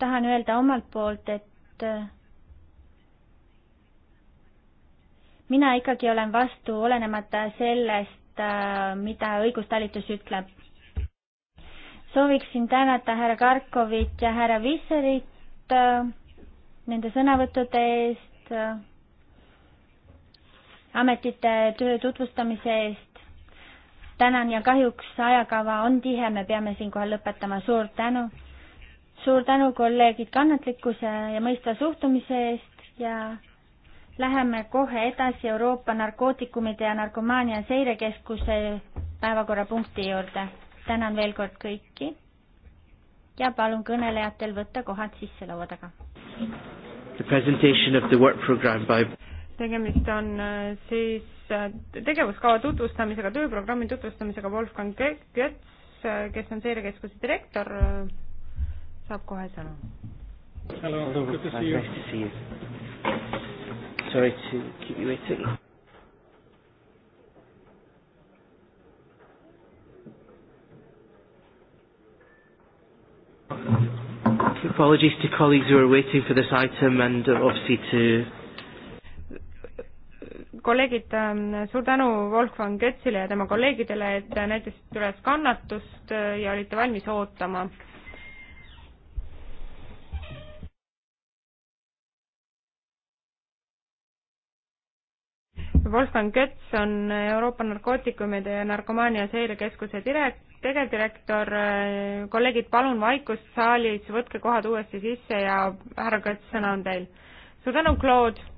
tahan öelda omalt poolt, et äh, mina ikkagi olen vastu, olenemata sellest, äh, mida õigustalitus ütleb. sooviksin tänada härra Karkovit ja härra Visserit äh, nende sõnavõttude eest, ametite töö tutvustamise eest tänan ja kahjuks ajakava on tihe, me peame siinkohal lõpetama, suur tänu. suur tänu, kolleegid, kannatlikkuse ja mõistva suhtumise eest ja läheme kohe edasi Euroopa narkootikumide ja narkomaania seirekeskuse päevakorrapunkti juurde. tänan veel kord kõiki ja palun kõnelejatel võtta kohad sisse laua taga. The presentation of the work program by tegemist on äh, siis äh, tegevuskava tutvustamisega, tööprogrammi tutvustamisega Wolfgang Köts, äh, kes on seirekeskuse direktor, saab kohe sõna. Hello, good to see you. Nice to see you. Sorry to keep you waiting. Apologies to colleagues who are waiting for this item and uh, obviously to kolleegid, ähm, suur tänu Wolfgang Kötsile ja tema kolleegidele, et äh, näitasite üles kannatust äh, ja olite valmis ootama. Wolfgang Köts on Euroopa narkootikumide ja narkomaania seirekeskuse direkt-, tegevdirektor, äh, kolleegid, palun vaikust saalis, võtke kohad uuesti sisse ja härra Köts, sõna on teil. suur tänu, Claude!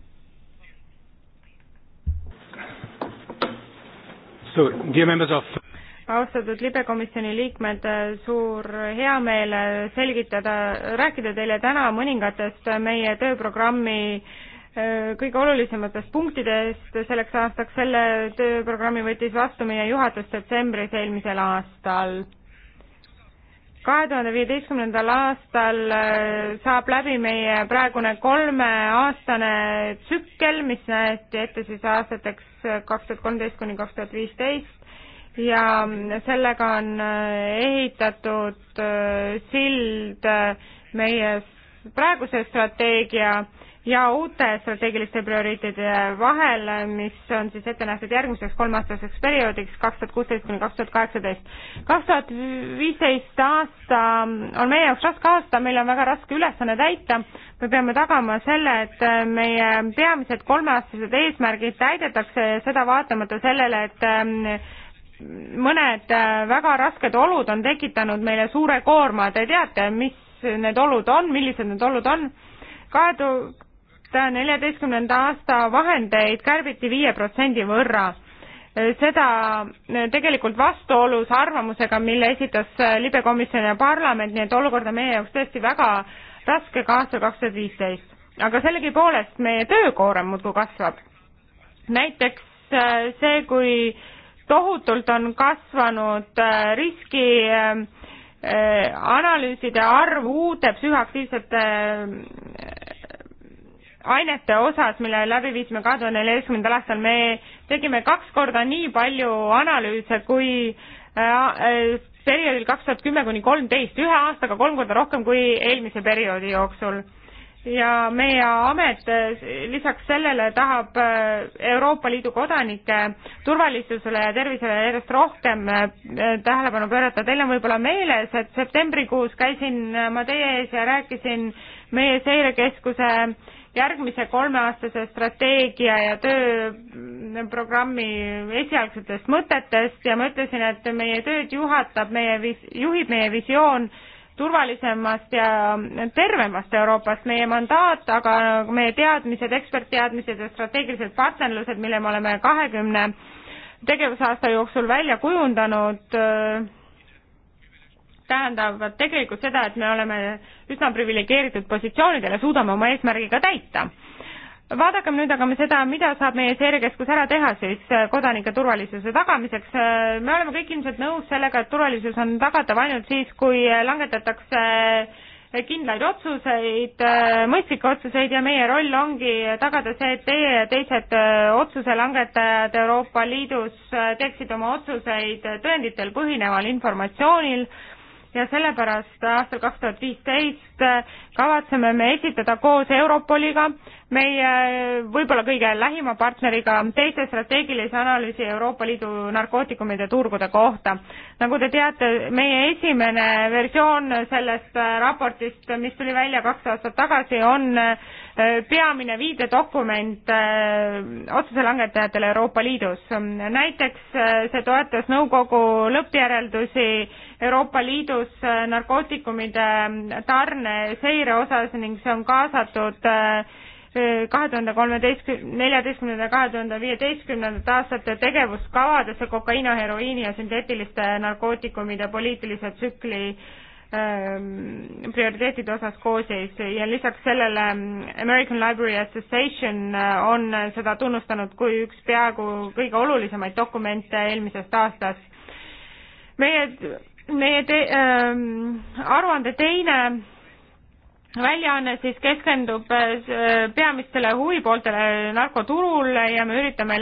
austatud libekomisjoni liikmed, suur heameel selgitada, rääkida teile täna mõningatest meie tööprogrammi äh, kõige olulisematest punktidest selleks aastaks. selle tööprogrammi võttis vastu meie juhatus detsembris eelmisel aastal kahe tuhande viieteistkümnendal aastal äh, saab läbi meie praegune kolmeaastane tsükkel, mis näeti ette siis aastateks äh, kaks tuhat kolmteist kuni kaks tuhat viisteist ja mm, sellega on äh, ehitatud sild meie praeguse strateegia ja uute strateegiliste prioriteetide vahel, mis on siis ette nähtud järgmiseks kolmeaastaseks perioodiks, kaks tuhat kuusteist kuni kaks tuhat kaheksateist. kaks tuhat viisteist aasta on meie jaoks raske aasta, meil on väga raske ülesanne täita, me peame tagama selle, et meie peamised kolmeaastased eesmärgid täidetakse, seda vaatamata sellele, et mm, mõned äh, väga rasked olud on tekitanud meile suure koorma, te teate, mis need olud on, millised need olud on. kahe tu-, pärast neljateistkümnenda aasta vahendeid kärbiti viie protsendi võrra. seda tegelikult vastuolus arvamusega, mille esitas libekomisjon ja parlament, nii et olukord on meie jaoks tõesti väga raske ka aastal kaks tuhat viisteist. aga sellegipoolest meie töökoorem muudkui kasvab. näiteks äh, see, kui tohutult on kasvanud äh, riski äh, analüüside arv uute psühhoaktiivsete ainete osas, mille läbi viisime kahe tuhande neljateistkümnendal aastal, me tegime kaks korda nii palju analüüse kui äh, äh, perioodil kaks tuhat kümme kuni kolmteist, ühe aastaga kolm korda rohkem kui eelmise perioodi jooksul. ja meie amet äh, lisaks sellele tahab Euroopa Liidu kodanike turvalisusele ja tervisele järjest rohkem tähelepanu pöörata. Teil on võib-olla meeles, et septembrikuus käisin ma teie ees ja rääkisin meie seirekeskuse äh, järgmise kolmeaastase strateegia ja tööprogrammi esialgsetest mõtetest ja ma ütlesin, et meie tööd juhatab meie vis-, juhib meie visioon turvalisemast ja tervemast Euroopast, meie mandaat, aga meie teadmised, ekspertteadmised ja strateegilised partnerlused, mille me oleme kahekümne tegevusaasta jooksul välja kujundanud, tähendavad tegelikult seda, et me oleme üsna priviligeeritud positsioonidel ja suudame oma eesmärgi ka täita vaadakem nüüd aga seda, mida saab meie seirekeskus ära teha siis äh, kodanike turvalisuse tagamiseks. Äh, me oleme kõik ilmselt nõus sellega, et turvalisus on tagatav ainult siis, kui äh, langetatakse kindlaid otsuseid, mõistlikke otsuseid ja meie roll ongi tagada see, et teie ja teised otsuse langetajad Euroopa Liidus teeksid oma otsuseid tõenditel põhineval informatsioonil ja sellepärast aastal kaks tuhat viisteist äh, kavatseme me esitada koos Europoliga, meie äh, võib-olla kõige lähima partneriga, teiste strateegilise analüüsi Euroopa Liidu narkootikumide turgude kohta. nagu te teate, meie esimene versioon sellest äh, raportist, mis tuli välja kaks aastat tagasi, on Äh, peamine viidedokument äh, otsuse langetajatele Euroopa Liidus. näiteks äh, see toetas nõukogu lõppjäreldusi Euroopa Liidus narkootikumide tarne seire osas ning see on kaasatud kahe tuhande kolmeteistkümne, neljateistkümnenda, kahe tuhande viieteistkümnendate aastate tegevuskavadesse kokaiina, heroiini ja sünteetiliste narkootikumide poliitilise tsükli äh, Ähm, prioriteetide osas kooseis ja lisaks sellele mm, American Library Association äh, on äh, seda tunnustanud kui üks peaaegu kõige olulisemaid dokumente eelmisest aastast. meie, meie te, ähm, aruande teine väljaanne siis keskendub äh, peamistele huvipooltele narkoturul ja me üritame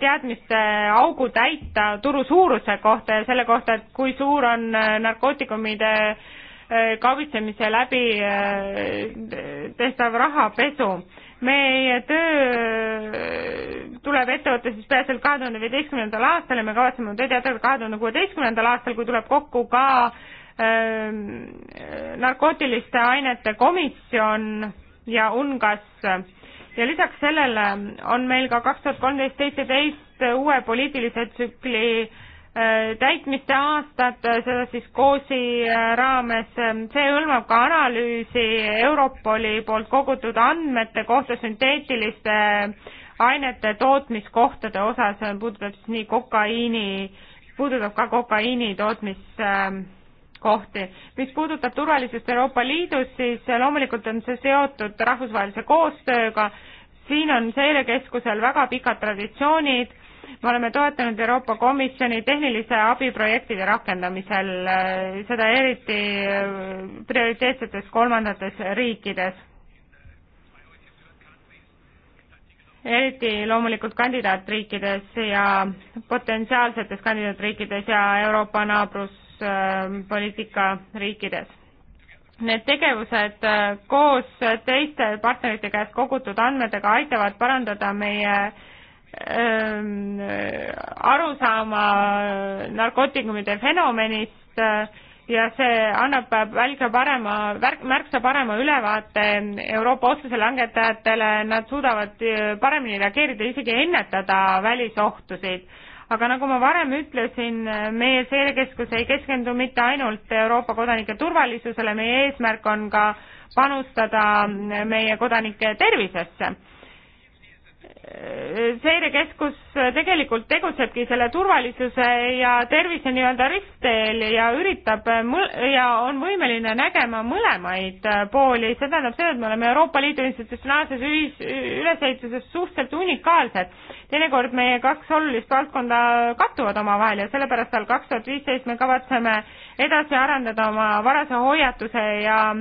teadmiste augu täita turu suuruse kohta ja selle kohta, et kui suur on äh, narkootikumide äh, kaubitsemise läbi tehtav rahapesu. meie töö tuleb ettevõtte siis peaasjalt kahe tuhande viieteistkümnendal aastal ja me kavatseme tööd jätkata kahe tuhande kuueteistkümnendal aastal, kui tuleb kokku ka äh, Ähm, narkootiliste ainete komisjon ja UNGAS ja lisaks sellele on meil ka kaks tuhat kolmteist, seitseteist uue poliitilise tsükli äh, täitmiste aastad, äh, seda siis COSI äh, raames, see hõlmab ka analüüsi Europoli poolt kogutud andmete kohta sünteetiliste ainete tootmiskohtade osas, puudutab siis nii kokaiini, puudutab ka kokaiini tootmis äh, kohti. mis puudutab turvalisust Euroopa Liidus, siis loomulikult on see seotud rahvusvahelise koostööga, siin on seirekeskusel väga pikad traditsioonid, me oleme toetanud Euroopa Komisjoni tehnilise abi projektide rakendamisel, äh, seda eriti äh, prioriteetsetes kolmandates riikides. eriti loomulikult kandidaatriikides ja potentsiaalsetes kandidaatriikides ja Euroopa naabrus kaubanduspoliitika äh, riikides need tegevused äh, koos teiste partnerite käest kogutud andmetega aitavad parandada meie ähm, arusaama narkootikumide fenomenist äh, ja see annab välga parema, märksa parema ülevaate Euroopa otsuse langetajatele, nad suudavad paremini reageerida, isegi ennetada välisohtusid aga nagu ma varem ütlesin, meie seirekeskus ei keskendu mitte ainult Euroopa kodanike turvalisusele, meie eesmärk on ka panustada meie kodanike tervisesse seirekeskus tegelikult tegutsebki selle turvalisuse ja tervise nii-öelda ristteel ja üritab ja on võimeline nägema mõlemaid pooli, see tähendab seda, et me oleme Euroopa Liidu institutsionaalses ühis, ülesehituses suhteliselt unikaalsed. teinekord meie kaks olulist valdkonda kattuvad omavahel ja sellepärast seal kaks tuhat viisteist me kavatseme edasi arendada oma varase hoiatuse ja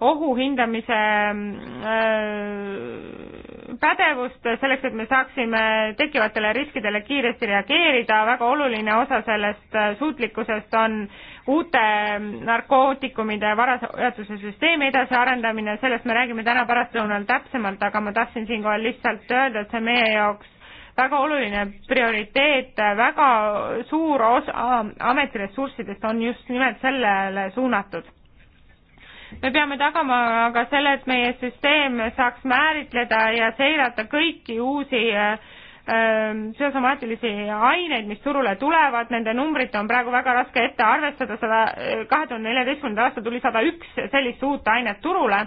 ohu hindamise öö, äh, pädevust selleks, et me saaksime tekkivatele riskidele kiiresti reageerida, väga oluline osa sellest äh, suutlikkusest on uute narkootikumide varaseaduse süsteemi edasiarendamine, sellest me räägime täna pärastlõunal täpsemalt, aga ma tahtsin siinkohal lihtsalt öelda, et see on meie jaoks väga oluline prioriteet, väga suur osa ametiressurssidest on just nimelt sellele suunatud me peame tagama aga selle, et meie süsteem saaks määritleda ja seirata kõiki uusi psühhosomaatilisi äh, ähm, aineid, mis turule tulevad, nende numbrit on praegu väga raske ette arvestada, sada, äh, kahe tuhande neljateistkümnendal aastal tuli sada üks sellist uut ainet turule.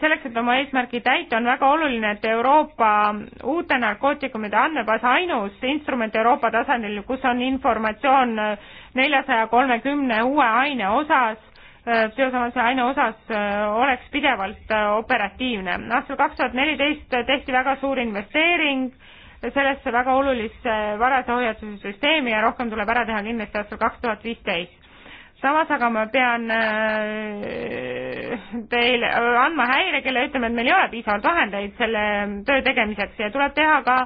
selleks, et oma eesmärki täita, on väga oluline, et Euroopa uute narkootikumide andmebaas ainus instrument Euroopa tasandil, kus on informatsioon neljasaja kolmekümne uue aine osas, biosamase aine osas äh, oleks pidevalt äh, operatiivne. aastal kaks tuhat neliteist tehti väga suur investeering sellesse väga olulisse varade hoiatuse süsteemi ja rohkem tuleb ära teha kindlasti aastal kaks tuhat viisteist. samas aga ma pean äh, teile andma häirekella ja ütlema, et meil ei ole piisavalt vahendeid selle töö tegemiseks ja tuleb teha ka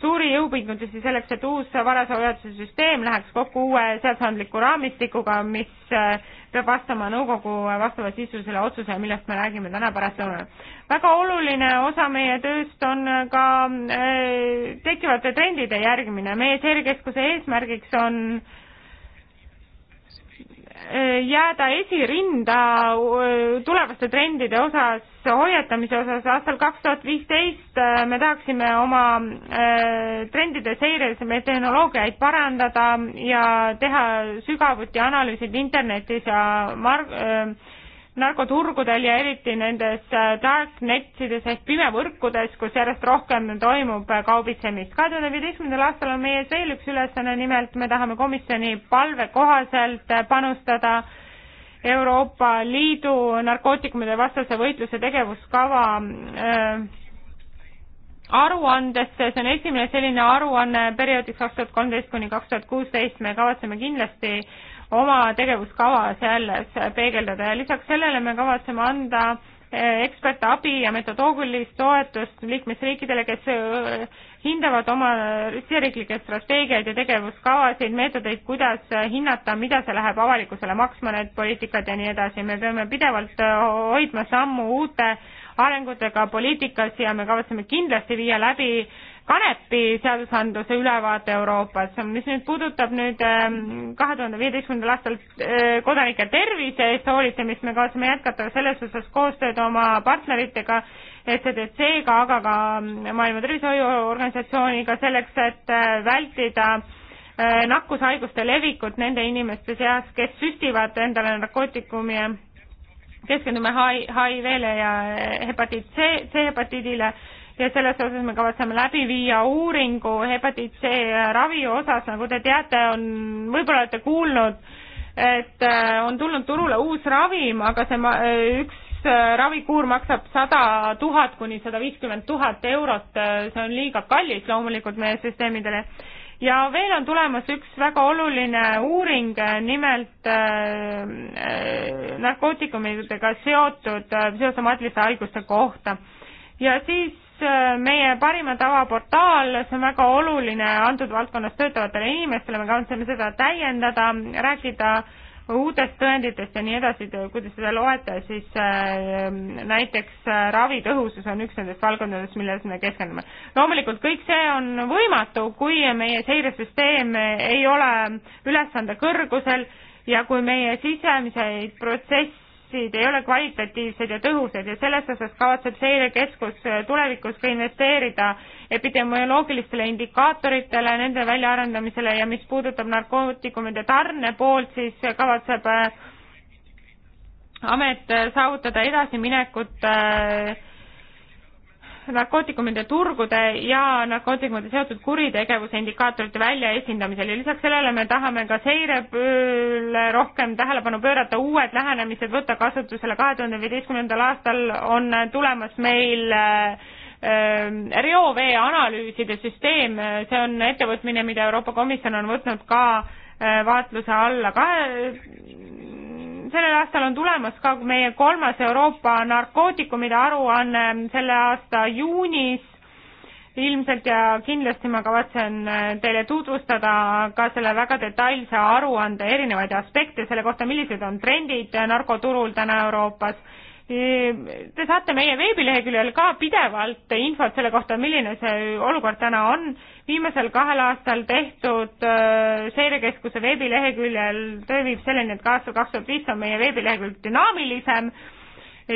suuri jõupingutusi selleks, et uus varase hoiatuse süsteem läheks kokku uue seadusandliku raamistikuga, mis peab vastama nõukogu vastavasisulisele otsusele, millest me räägime täna pärastlõunal. väga oluline osa meie tööst on ka äh, tekkivate trendide järgimine. meie seirekeskuse eesmärgiks on äh, jääda esirinda tulevaste trendide osas, hoiatamise osas, aastal kaks tuhat viisteist me tahaksime oma trendide seires meie tehnoloogiaid parandada ja teha sügavuti analüüsid internetis ja mar-, narkoturgudel ja eriti nendes äh, darknetsides ehk pimevõrkudes, kus järjest rohkem toimub äh, kaubitsemist. kahe tuhande viieteistkümnendal aastal on meie ees veel üks ülesanne, nimelt me tahame komisjoni palve kohaselt äh, panustada Euroopa Liidu narkootikumide vastase võitluse tegevuskava äh, aruandesse, see on esimene selline aruanne perioodiks kaks tuhat kolmteist kuni kaks tuhat kuusteist, me kavatseme kindlasti äh, oma tegevuskavas jälle peegeldada ja lisaks sellele me kavatseme anda eh, ekspertabi ja metodoloogilist toetust liikmesriikidele, kes eh, hindavad oma siseriiklikke strateegiaid ja tegevuskavasid, meetodeid, kuidas eh, hinnata, mida see läheb avalikkusele maksma, need poliitikad ja nii edasi. me peame pidevalt hoidma sammu uute arengutega poliitikas ja me kavatseme kindlasti viia läbi kanepi seadusandluse ülevaate Euroopas, mis nüüd puudutab nüüd ähm, kahe tuhande viieteistkümnendal aastal äh, kodanike tervise eest hoolitsemist, me kavatseme jätkata selles osas koostööd oma partneritega, ECDC-ga, aga ka ähm, Maailma Tervishoiuorganisatsiooniga selleks, et äh, vältida äh, nakkushaiguste levikut nende inimeste seas, kes süstivad endale narkootikumi keskendume HIV-le ja hepatiit C, C-hepatiidile ja selles osas me kavatseme läbi viia uuringu hepatiit C ravi osas, nagu te teate, on, võib-olla olete kuulnud, et äh, on tulnud turule uus ravim, aga see ma, äh, üks äh, ravikuur maksab sada tuhat kuni sada viiskümmend tuhat eurot, see on liiga kallis loomulikult meie süsteemidele. ja veel on tulemas üks väga oluline uuring, nimelt äh, narkootikumidega seotud psühhosomaatiliste haiguste kohta. ja siis Äh, meie parima tava portaal, see on väga oluline antud valdkonnas töötavatele inimestele, me kavatseme seda täiendada, rääkida uutest tõenditest ja nii edasi, kui te seda loete, siis äh, näiteks äh, ravitõhusus on üks nendest valdkondadest, millele me keskendume. loomulikult kõik see on võimatu, kui meie seiresüsteem ei ole ülesande kõrgusel ja kui meie sisemiseid protsesse protsessid ei ole kvalitatiivsed ja tõhusad ja selles osas kavatseb seirekeskus äh, tulevikus ka investeerida epidemioloogilistele indikaatoritele, nende väljaarendamisele ja mis puudutab narkootikumide tarne poolt, siis kavatseb äh, amet äh, saavutada edasiminekut äh, narkootikumide turgude ja narkootikumide seotud kuritegevuse indikaatorite väljaesindamisel ja lisaks sellele me tahame ka seirepööle rohkem tähelepanu pöörata, uued lähenemised võtta kasutusele. kahe tuhande viieteistkümnendal aastal on tulemas meil äh, äh, reovee analüüside süsteem, see on ettevõtmine, mida Euroopa Komisjon on võtnud ka äh, vaatluse alla. kahe sellel aastal on tulemas ka meie kolmas Euroopa narkootikumide aruanne selle aasta juunis ilmselt ja kindlasti ma kavatsen äh, teile tutvustada ka selle väga detailse aruande erinevaid aspekte selle kohta, millised on trendid äh, narkoturul täna Euroopas. Te saate meie veebileheküljel ka pidevalt infot selle kohta, milline see olukord täna on viimasel kahel aastal tehtud äh, seirekeskuse veebileheküljel töö viib selleni, et ka aastal kaks tuhat viis on meie veebilehekülg dünaamilisem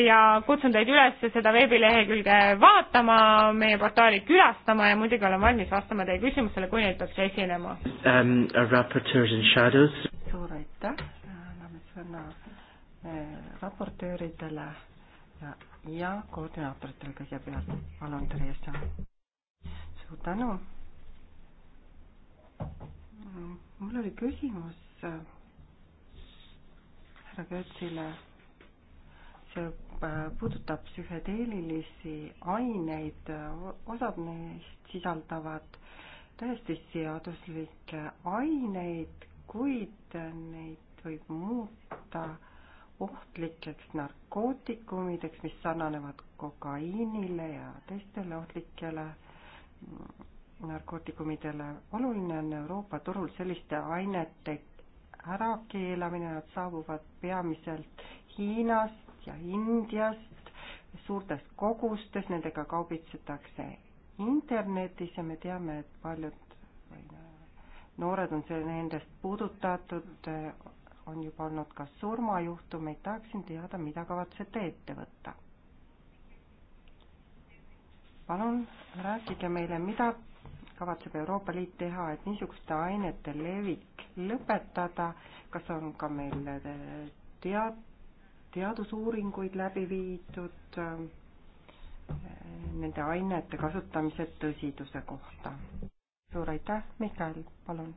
ja kutsun teid üles seda veebilehekülge vaatama, meie portaali külastama ja muidugi olen valmis vastama teie küsimustele, kui neid peaks esinema um,. suur aitäh, anname sõna äh, raportööridele ja, ja koordinaatoritele kõigepealt. palun, Theresa. suur tänu mul oli küsimus äh, härra Kötsile. see äh, puudutab psühhedeelilisi aineid, osad neist sisaldavad täiesti seaduslikke aineid, kuid neid võib muuta ohtlikeks narkootikumideks, mis sarnanevad kokaiinile ja teistele ohtlikele narkootikumidele. oluline on Euroopa turul selliste ainete ärakeelamine, nad saabuvad peamiselt Hiinast ja Indiast suurtes kogustes, nendega kaubitsetakse internetis ja me teame, et paljud äh, noored on selle, nendest puudutatud, on juba olnud ka surmajuhtumeid, tahaksin teada, mida kavatsete ette võtta palun rääkige meile, mida kavatseb Euroopa Liit teha, et niisuguste ainete levik lõpetada, kas on ka meil eh, tead-, teadusuuringuid läbi viidud eh, nende ainete kasutamise tõsiduse kohta? suur aitäh, Mihhail, palun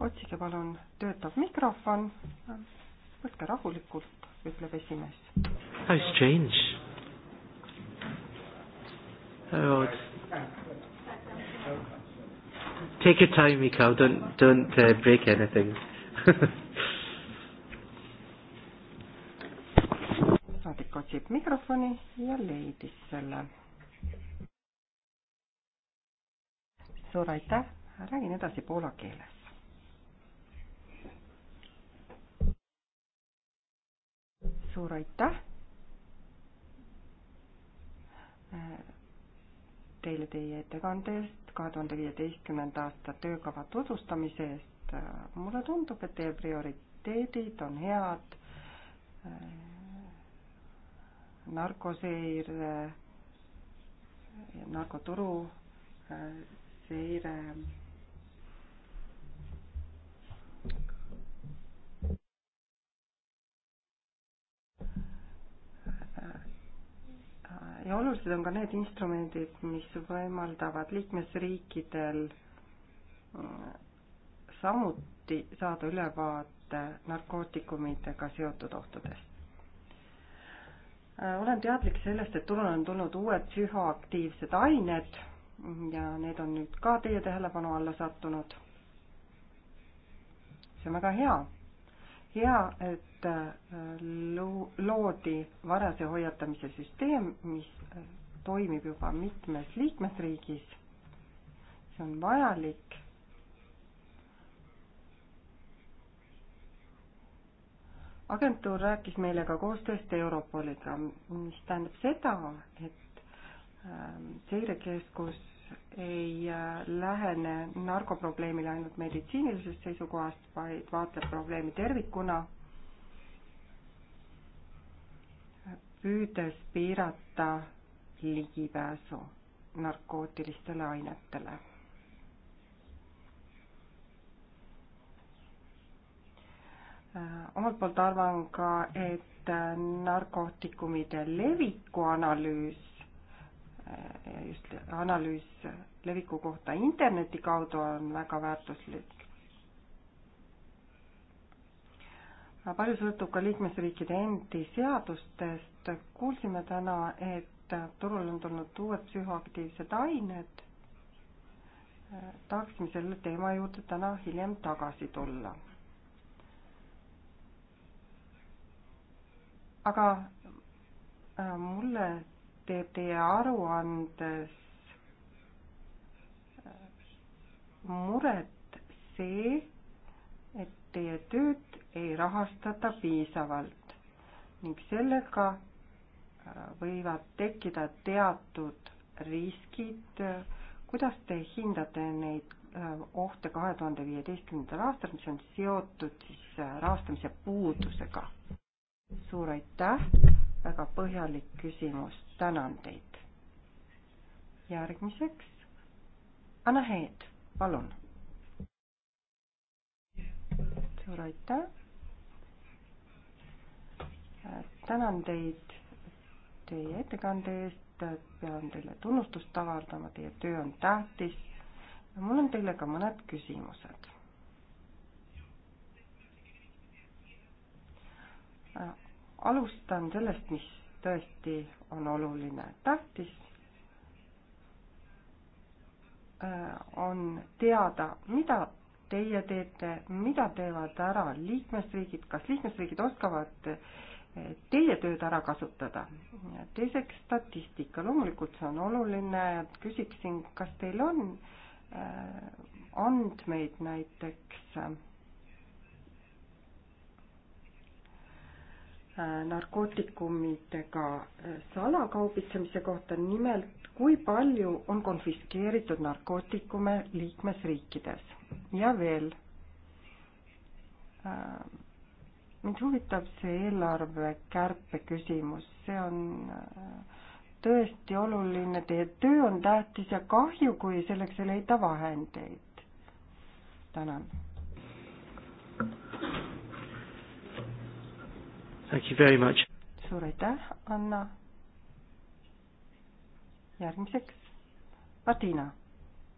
otsige palun töötav mikrofon. võtke rahulikult, ütleb esimees. How strange. Oh, take your time, Mikhail. Don't don't uh, break anything saadik otsib mikrofoni ja leidis selle. suur aitäh, räägin edasi poola keeles. suur aitäh teile teie ettekande eest, kahe tuhande viieteistkümnenda aasta töökava tutvustamise eest. mulle tundub, et teie prioriteedid on head. narkoseire, narkoturu eh, seire ja olulised on ka need instrumendid, mis võimaldavad liikmesriikidel äh, samuti saada ülevaate narkootikumidega seotud ohtudest. Äh, olen teadlik sellest, et turule on tulnud uued psühhoaktiivsed ained ja need on nüüd ka teie tähelepanu alla sattunud. see on väga hea hea, et äh, loodi varase hoiatamise süsteem, mis äh, toimib juba mitmes liikmesriigis. see on vajalik. agentuur rääkis meile ka koostööst Europoliga, mis tähendab seda, et äh, seirekeskus ei äh, lähene narkoprobleemile ainult meditsiinilisest seisukohast, vaid vaatleb probleemi tervikuna, püüdes piirata ligipääsu narkootilistele ainetele. Äh, omalt poolt arvan ka, et äh, narkootikumide leviku analüüs Äh, äh, just analüüs leviku kohta interneti kaudu on väga väärtuslik. palju sõltub ka liikmesriikide endi seadustest. kuulsime täna, et turule on tulnud uued psühhoaktiivsed ained. Äh, tahaksime selle teema juurde täna hiljem tagasi tulla. aga mulle te teie aruandes muret see, et teie tööd ei rahastata piisavalt ning sellega äh, võivad tekkida teatud riskid. kuidas te hindate neid äh, ohte kahe tuhande viieteistkümnendal aastal, mis on seotud siis äh, rahastamise puudusega? suur aitäh väga põhjalik küsimus, tänan teid. järgmiseks Anna Heid, palun. suur aitäh. tänan teid teie ettekande eest, pean teile tunnustust avaldama, teie töö on tähtis. mul on teile ka mõned küsimused alustan sellest, mis tõesti on oluline. tähtis äh, on teada, mida teie teete, mida teevad ära liikmesriigid, kas liikmesriigid oskavad äh, teie tööd ära kasutada. teiseks statistika, loomulikult see on oluline, küsiksin, kas teil on äh, andmeid näiteks äh, Äh, narkootikumidega äh, salakaubitsemise kohta, nimelt kui palju on konfiskeeritud narkootikume liikmesriikides ja veel. Äh, mind huvitab see eelarve kärpe küsimus, see on tõesti oluline, teie töö on tähtis ja kahju, kui selleks ei leita vahendeid. tänan Thank you very much. suur aitäh, Anna. järgmiseks Martina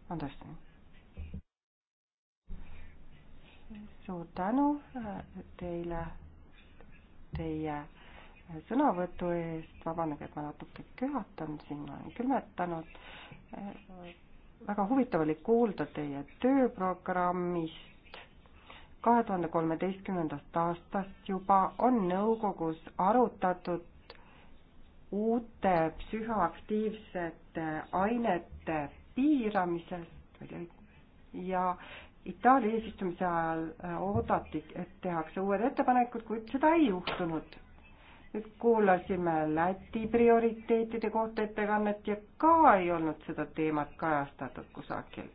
Anderson. suur tänu äh, teile, teie sõnavõtu eest, vabandage, et ma natuke köhatan, siin olen külmetanud. Äh, väga huvitav oli kuulda teie tööprogrammist kahe tuhande kolmeteistkümnendast aastast juba on nõukogus arutatud uute psühhoaktiivsete ainete piiramisest ja Itaalia eesistumise ajal äh, oodati, et tehakse uued ettepanekud, kuid seda ei juhtunud. nüüd kuulasime Läti prioriteetide kohta ettekannet ja ka ei olnud seda teemat kajastatud kusagil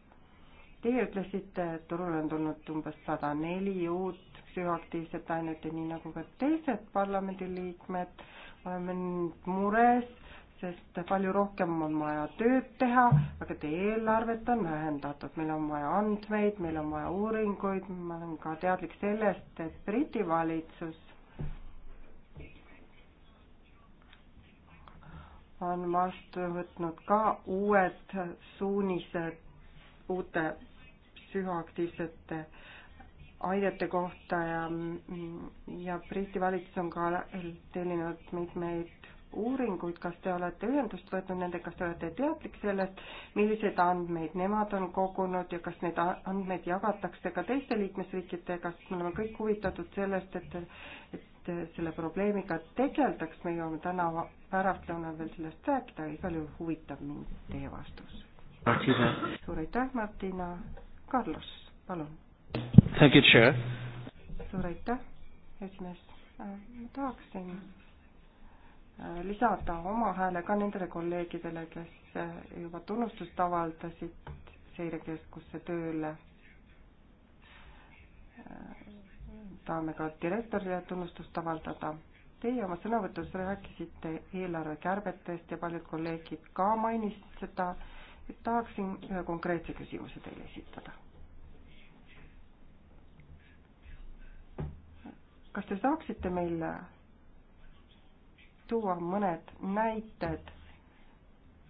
Teie ütlesite, et turule on tulnud umbes sada neli uut psühhoaktiivset ainet ja nii nagu ka teised parlamendiliikmed oleme nüüd mures, sest palju rohkem on vaja tööd teha, aga teie eelarvet on vähendatud, meil on vaja andmeid, meil on vaja uuringuid, ma olen ka teadlik sellest, et Briti valitsus on vastu võtnud ka uued suunised uute psühhoaktiivsete aidete kohta ja, ja Briti valitsus on ka tellinud mitmeid uuringuid, kas te olete ühendust võtnud nendega, kas te olete teadlik sellest, milliseid andmeid nemad on kogunud ja kas neid andmeid jagatakse ka teiste liikmesriikidega, sest me oleme kõik huvitatud sellest, et, et selle probleemiga tegeldaks, me jõuame täna pärastlõunal veel sellest rääkida, igal juhul huvitab mind teie vastus. suur aitäh, Martina Carlos, palun. suur aitäh, esimees. Äh, ma tahaksin äh, lisada oma hääle ka nendele kolleegidele, kes äh, juba tunnustust avaldasid seirekeskusse tööle. tahame ka direktorile tunnustust avaldada. Teie oma sõnavõtus rääkisite eelarvekärbetest ja paljud kolleegid ka mainisid seda tahaksin ühe konkreetse küsimuse teile esitada. kas te saaksite meile tuua mõned näited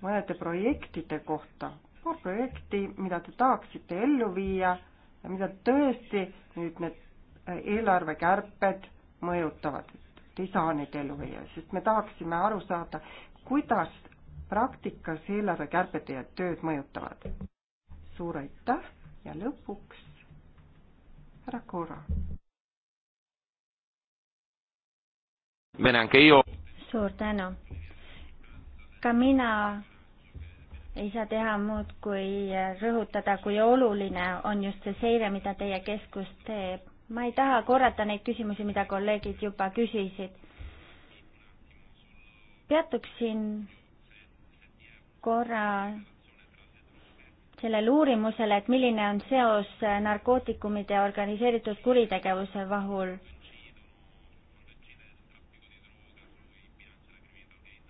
mõnede projektide kohta, paar projekti, mida te tahaksite ellu viia ja mida tõesti nüüd need äh, eelarvekärped mõjutavad, et ei saa neid ellu viia, sest me tahaksime aru saada, kuidas praktikas eelarvekärbed ja tööd mõjutavad. suur aitäh ja lõpuks härra Kora. suur tänu. ka mina ei saa teha muud, kui rõhutada, kui oluline on just see seire, mida teie keskus teeb. ma ei taha korrata neid küsimusi, mida kolleegid juba küsisid. peatuksin korra sellele uurimusele, et milline on seos narkootikumide ja organiseeritud kuritegevuse vahul.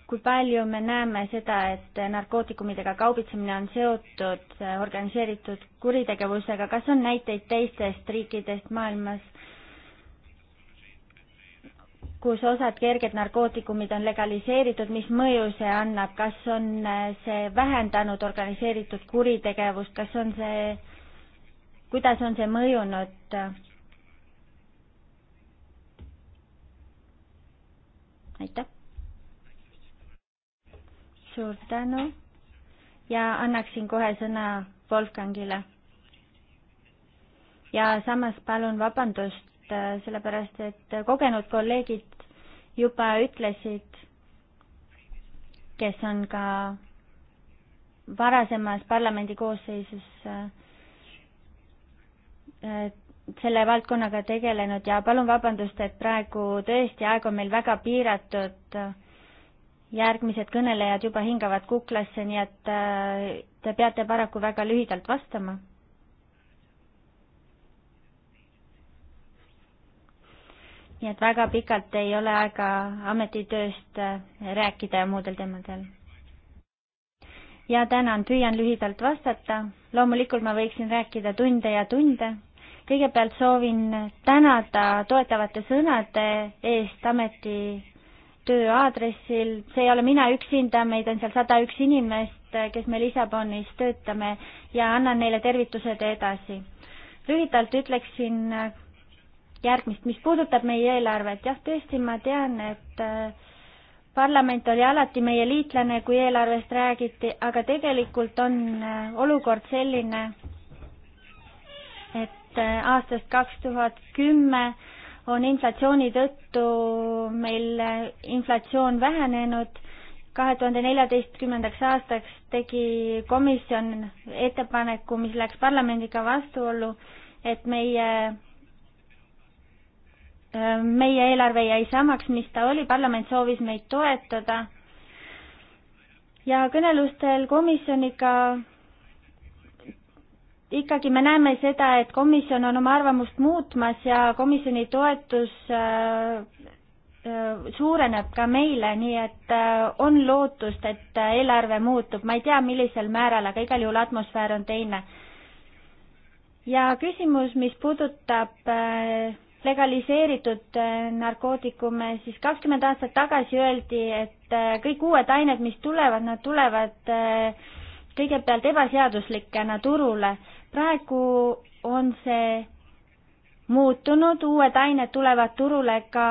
kui palju me näeme seda, et narkootikumidega kaubitsemine on seotud organiseeritud kuritegevusega, kas on näiteid teistest riikidest maailmas? kus osad kerged narkootikumid on legaliseeritud, mis mõju see annab, kas on äh, see vähendanud organiseeritud kuritegevust, kas on see, kuidas on see mõjunud? aitäh. suur tänu ja annaksin kohe sõna Wolfgangile. ja samas palun vabandust lihtsalt äh, sellepärast, et kogenud kolleegid juba ütlesid, kes on ka varasemas parlamendi koosseisus äh, äh, selle valdkonnaga tegelenud ja palun vabandust, et praegu tõesti aeg on meil väga piiratud. järgmised kõnelejad juba hingavad kuklasse, nii et te peate paraku väga lühidalt vastama nii et väga pikalt ei ole aega ametitööst äh, rääkida ja muudel teemadel. ja tänan, püüan lühidalt vastata. loomulikult ma võiksin rääkida tunde ja tunde. kõigepealt soovin tänada toetavate sõnade eest ameti töö aadressil, see ei ole mina üksinda, meid on seal sada üks inimest, äh, kes me Lissabonis töötame ja annan neile tervitused edasi. lühidalt ütleksin äh, järgmist, mis puudutab meie eelarvet, jah, tõesti, ma tean, et äh, parlament oli alati meie liitlane, kui eelarvest räägiti, aga tegelikult on äh, olukord selline, et äh, aastast kaks tuhat kümme on inflatsiooni tõttu meil inflatsioon vähenenud. kahe tuhande neljateistkümnendaks aastaks tegi komisjon ettepaneku, mis läks parlamendiga vastuollu, et meie Äh, meie eelarve jäi samaks, mis ta oli, parlament soovis meid toetada ja kõnelustel komisjoniga ikkagi me näeme seda, et komisjon on oma arvamust muutmas ja komisjoni toetus äh, äh, suureneb ka meile, nii et on lootust, et eelarve muutub, ma ei tea, millisel määral, aga igal juhul atmosfäär on teine. ja küsimus, mis puudutab äh, legaliseeritud äh, narkootikume, siis kakskümmend aastat tagasi öeldi, et äh, kõik uued ained, mis tulevad, nad tulevad äh, kõigepealt ebaseaduslikena turule. praegu on see muutunud, uued ained tulevad turule ka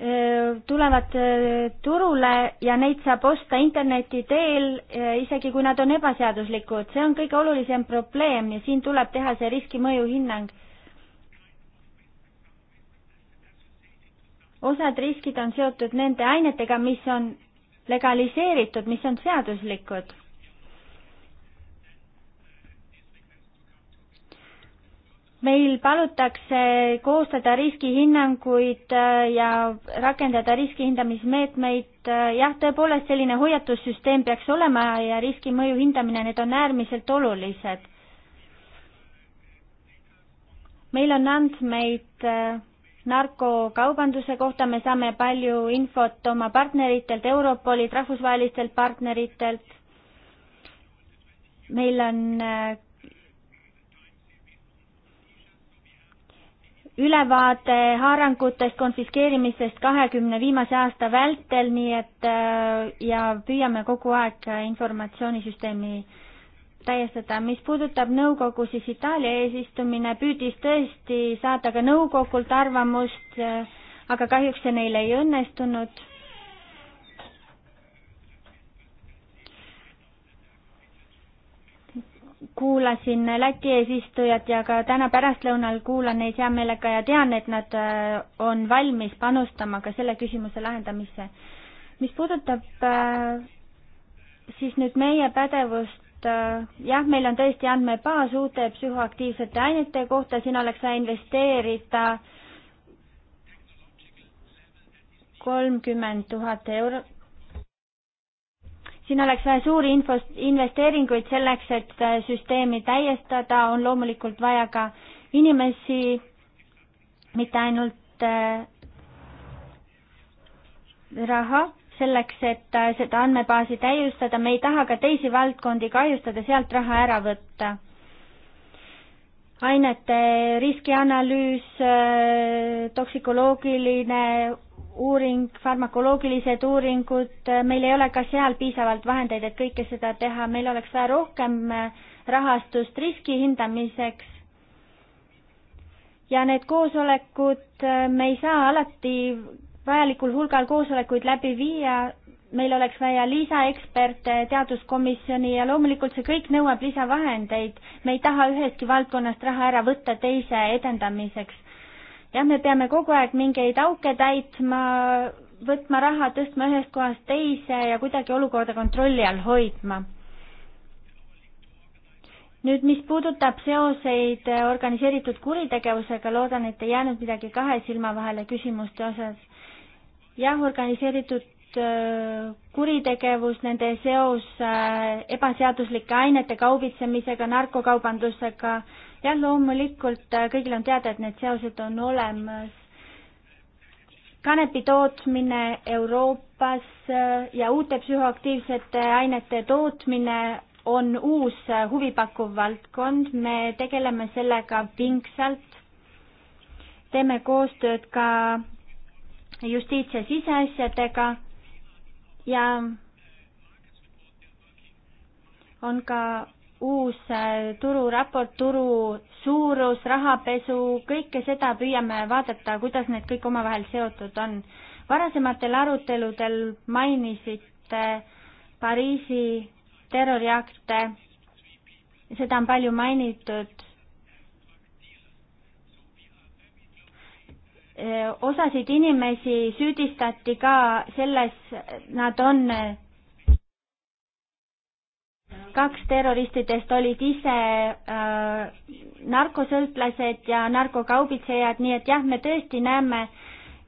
Äh, tulevad äh, turule ja neid saab osta interneti teel, äh, isegi kui nad on ebaseaduslikud. see on kõige olulisem probleem ja siin tuleb teha see riskimõjuhinnang. osad riskid on seotud nende ainetega, mis on legaliseeritud, mis on seaduslikud meil palutakse koostada riskihinnanguid äh, ja rakendada riskihindamismeetmeid. Äh, jah, tõepoolest selline hoiatussüsteem peaks olema ja riski mõju hindamine, need on äärmiselt olulised. meil on andmeid äh, narkokaubanduse kohta, me saame palju infot oma partneritelt, Europolilt, rahvusvahelistelt partneritelt. meil on ülevaade haarangutest, konfiskeerimistest kahekümne viimase aasta vältel, nii et äh, ja püüame kogu aeg informatsioonisüsteemi täiestada. mis puudutab nõukogu, siis Itaalia eesistumine püüdis tõesti saada ka nõukogult arvamust, äh, aga kahjuks see neil ei õnnestunud kuulasin Läti eesistujat ja ka täna pärastlõunal kuulan neid hea meelega ja tean, et nad äh, on valmis panustama ka selle küsimuse lahendamisse. mis puudutab äh, siis nüüd meie pädevust, äh, jah, meil on tõesti andmebaas uute psühhoaktiivsete ainete kohta, siin oleks vaja investeerida kolmkümmend tuhat eurot siin oleks vaja suuri infost, investeeringuid selleks, et äh, süsteemi täiestada, on loomulikult vaja ka inimesi, mitte ainult äh, raha selleks, et äh, seda andmebaasi täiustada, me ei taha ka teisi valdkondi kahjustada, sealt raha ära võtta. ainete riskianalüüs, toksikoloogiline uuring, farmakoloogilised uuringud, meil ei ole ka seal piisavalt vahendeid, et kõike seda teha, meil oleks vaja rohkem äh, rahastust riski hindamiseks. ja need koosolekud, äh, me ei saa alati vajalikul hulgal koosolekuid läbi viia, meil oleks vaja lisaeksperte teaduskomisjoni ja loomulikult see kõik nõuab lisavahendeid. me ei taha ühestki valdkonnast raha ära võtta teise edendamiseks jah, me peame kogu aeg mingeid auke täitma, võtma raha, tõstma ühest kohast teise ja kuidagi olukorda kontrolli all hoidma. nüüd, mis puudutab seoseid organiseeritud kuritegevusega, loodan, et ei jäänud midagi kahe silma vahele küsimuste osas. jah, organiseeritud äh, kuritegevus, nende seos äh, ebaseaduslike ainete kaubitsemisega, narkokaubandusega äh,, jah, loomulikult äh, kõigil on teada, et need seosed on olemas. kanepi tootmine Euroopas äh, ja uute psühhoaktiivsete ainete tootmine on uus äh, huvipakkuv valdkond, me tegeleme sellega pingsalt. teeme koostööd ka justiits- ja siseasjadega ja on ka uus äh, tururaport, turu suurus, rahapesu, kõike seda püüame vaadata, kuidas need kõik omavahel seotud on. varasematel aruteludel mainisite Pariisi terroriakte, seda on palju mainitud. Äh, osasid inimesi süüdistati ka selles, nad on kaks terroristidest olid ise äh, narkosõltlased ja narkokaubitsejad, nii et jah, me tõesti näeme,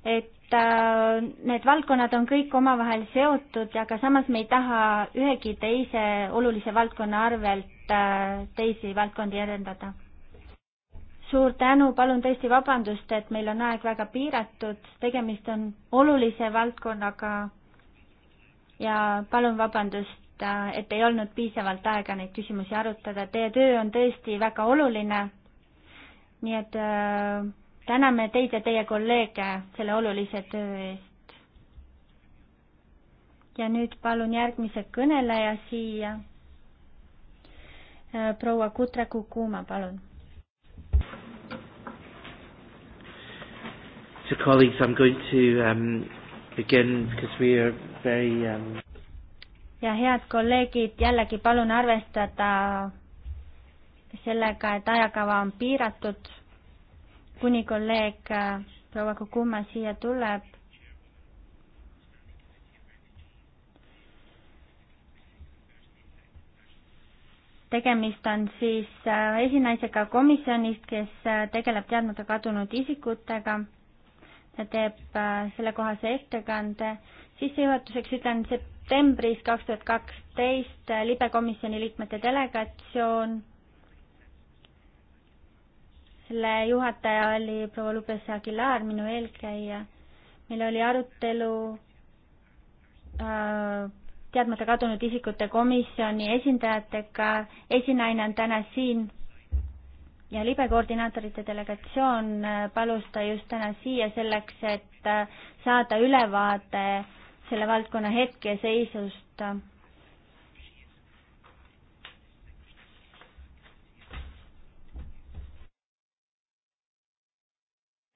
et äh, need valdkonnad on kõik omavahel seotud, aga samas me ei taha ühegi teise olulise valdkonna arvelt äh, teisi valdkondi edendada. suur tänu, palun tõesti vabandust, et meil on aeg väga piiratud, tegemist on olulise valdkonnaga ja palun vabandust et, äh, et ei olnud piisavalt aega neid küsimusi arutada. Teie töö on tõesti väga oluline. nii et äh, täname teid ja teie kolleege selle olulise töö eest. ja nüüd palun järgmise kõneleja siia. Äh, proua Kutre Kukuma, palun. So colleagues, I'm going to um, begin because we are very um ja head kolleegid, jällegi palun arvestada sellega, et ajakava on piiratud, kuni kolleeg äh, proua Kukuma siia tuleb. tegemist on siis äh, esinaisega komisjonist, kes äh, tegeleb teadmata kadunud isikutega. ta teeb sellekohase ettekande sissejuhatuseks ütlen, septembris kaks tuhat kaksteist libekomisjoni liikmete delegatsioon, selle juhataja oli proua Lubes Aguilar, minu eelkäija, meil oli arutelu äh, teadmata kadunud isikute komisjoni esindajatega, esinaine on täna siin ja libe koordinaatorite delegatsioon äh, palus ta just täna siia selleks, et äh, saada ülevaade selle valdkonna hetkeseisust.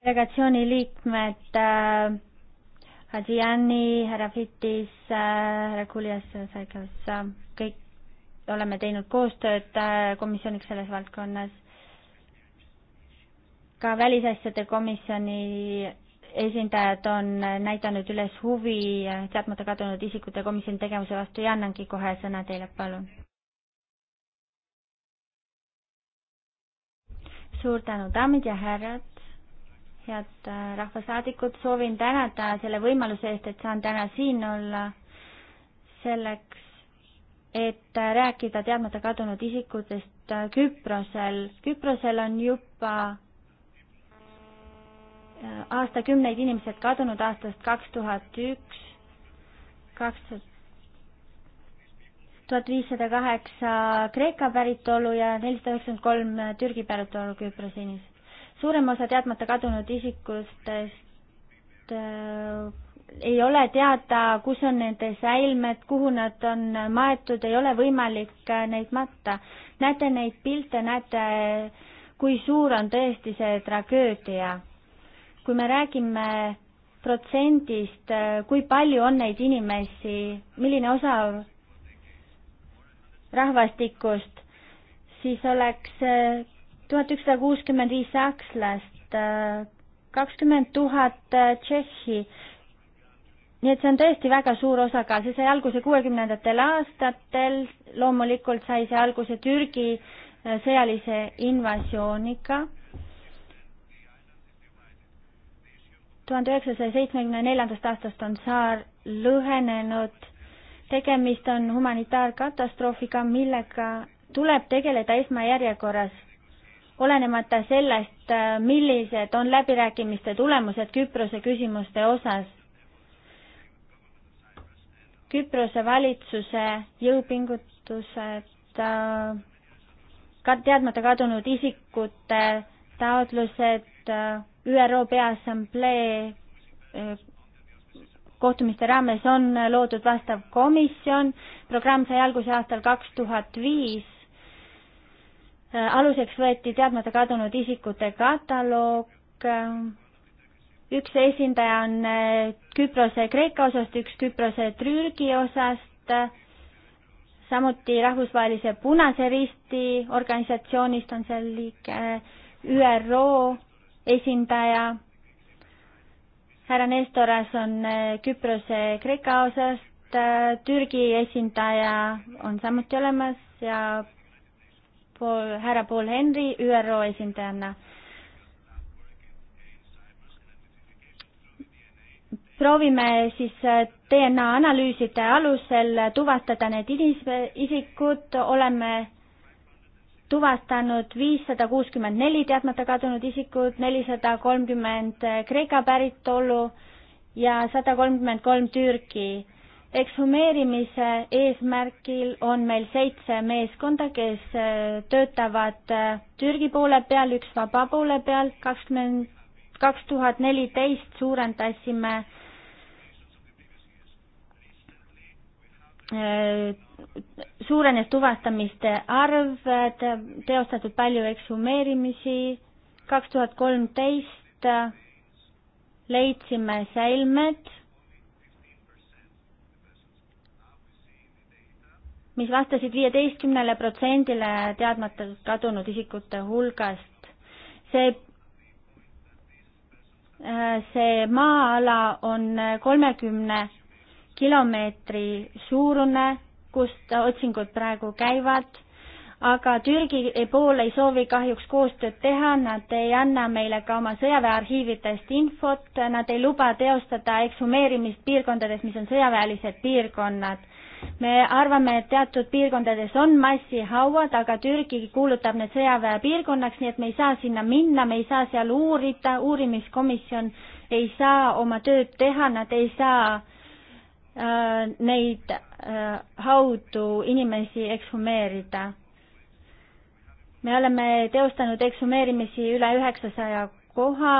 delegatsiooni liikmed äh, Hadžiani, härra Fitis, äh, härra Kuljas, äh, Saikas, äh, kõik oleme teinud koostööd komisjoniks selles valdkonnas. ka välisasjade komisjoni esindajad on näidanud üles huvi teadmata kadunud isikute komisjoni tegevuse vastu ja annangi kohe sõna teile, palun. suur tänu, daamid ja härrad, head äh, rahvasaadikud, soovin tänada selle võimaluse eest, et saan täna siin olla selleks, et äh, rääkida teadmata kadunud isikutest äh, Küprosel. Küprosel on juba aastakümneid inimesed kadunud aastast kaks tuhat üks, kaks tuhat viissada kaheksa Kreeka päritolu ja nelisada üheksakümmend kolm Türgi päritolu Küprosinis. suurem osa teadmata kadunud isikutest äh, ei ole teada, kus on nende säilmed, kuhu nad on maetud, ei ole võimalik äh, neid matta. näete neid pilte, näete, kui suur on tõesti see tragöödia kui me räägime protsendist, kui palju on neid inimesi, milline osa rahvastikust, siis oleks äh, tuhat ükssada kuuskümmend viis sakslast, äh, kakskümmend tuhat äh, Tšehhi. nii et see on tõesti väga suur osakaal, see sai alguse kuuekümnendatel aastatel, loomulikult sai see alguse Türgi sõjalise invasiooniga tuhande üheksasaja seitsmekümne neljandast aastast on saar lõhenenud. tegemist on humanitaarkatastroofiga, millega tuleb tegeleda esmajärjekorras, olenemata sellest, millised on läbirääkimiste tulemused Küprose küsimuste osas. Küprose valitsuse jõupingutused, äh, ka teadmata kadunud isikute taotlused, et äh, ÜRO Peaassamblee äh, kohtumiste raames on loodud vastav komisjon, programm sai alguse aastal kaks tuhat viis. Äh, aluseks võeti teadmata kadunud isikute kataloog, üks esindaja on Küprose Kreeka osast, üks Küprose Türgi osast, samuti Rahvusvahelise Punase Risti organisatsioonist on seal liige, ÜRO esindaja. härra Nestoras on äh, Küprose Kreeka osast, äh, Türgi esindaja on samuti olemas ja pool, härra Paul Henry ÜRO esindajana. proovime siis äh, DNA analüüside alusel tuvastada need isikud, oleme tuvastanud viissada kuuskümmend neli teadmata kadunud isikut, nelisada kolmkümmend Kreeka päritolu ja sada kolmkümmend kolm Türgi. ekshumeerimise eesmärgil on meil seitse meeskonda, kes äh, töötavad äh, Türgi poole peal, üks vaba poole peal, kakskümmend, kaks tuhat neliteist suurendasime Äh, suurenes tuvastamiste arv, teostatud palju ekshumeerimisi, kaks tuhat kolmteist leidsime säilmed, mis vastasid viieteistkümnele protsendile teadmata kadunud isikute hulgast. see, äh, see maa-ala on kolmekümne 30 kilomeetri suurune, kust otsingud praegu käivad, aga Türgi pool ei soovi kahjuks koostööd teha, nad ei anna meile ka oma sõjaväearhiividest infot, nad ei luba teostada ekshumeerimist piirkondades, mis on sõjaväelised piirkonnad me arvame, et teatud piirkondades on massihauad, aga Türgi kuulutab need sõjaväepiirkonnaks, nii et me ei saa sinna minna, me ei saa seal uurida, uurimiskomisjon ei saa oma tööd teha, nad ei saa Äh, neid äh, haudu inimesi ekshumeerida. me oleme teostanud ekshumeerimisi üle üheksasaja koha,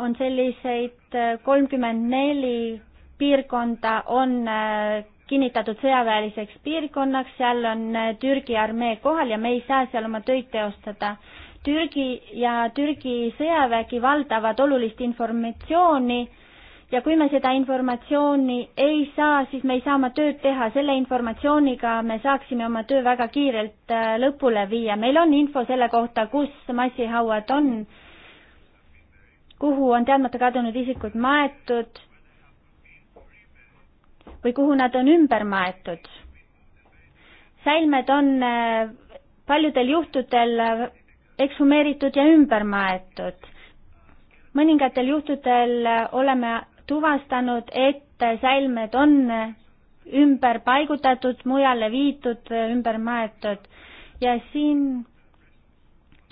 on selliseid äh, kolmkümmend neli piirkonda on kinnitatud sõjaväeliseks piirkonnaks, seal on Türgi armee kohal ja me ei saa seal oma töid teostada. Türgi ja Türgi sõjavägi valdavad olulist informatsiooni äh, ja kui me seda informatsiooni ei saa, siis me ei saa oma tööd teha, selle informatsiooniga me saaksime oma töö väga kiirelt äh, lõpule viia, meil on info selle kohta, kus massihauad on, kuhu on teadmata kadunud isikud maetud või kuhu nad on ümber maetud. säilmed on äh, paljudel juhtudel äh, ekshumeeritud ja ümber maetud mõningatel juhtudel oleme tuvastanud, et säilmed on ümber paigutatud, mujale viidud, ümber maetud ja siin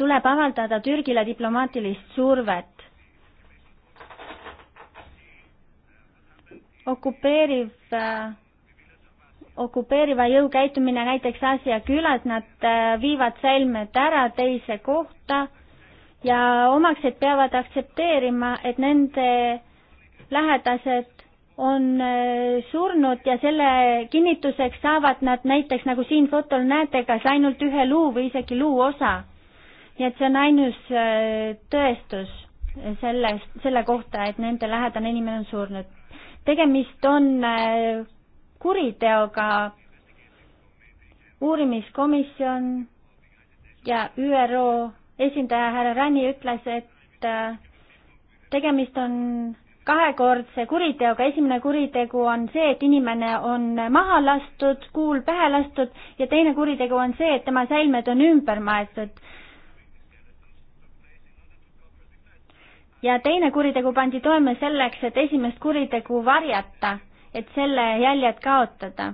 tuleb avaldada Türgile diplomaatilist survet. okupeeriv okupeeriva jõu käitumine näiteks Aasia külas, nad äh, viivad säilmed ära teise kohta ja omaksed peavad aktsepteerima, et nende lähedased on äh, surnud ja selle kinnituseks saavad nad näiteks, nagu siin fotol näete, kas ainult ühe luu või isegi luuosa. nii et see on ainus äh, tõestus sellest, selle kohta, et nende lähedane inimene on surnud. tegemist on äh, kuriteoga, uurimiskomisjon ja ÜRO esindaja härra Rani ütles, et tegemist on kahekordse kuriteoga, esimene kuritegu on see, et inimene on maha lastud, kuul pähe lastud ja teine kuritegu on see, et tema säilmed on ümber maetud. ja teine kuritegu pandi toime selleks, et esimest kuritegu varjata, et selle jäljed kaotada.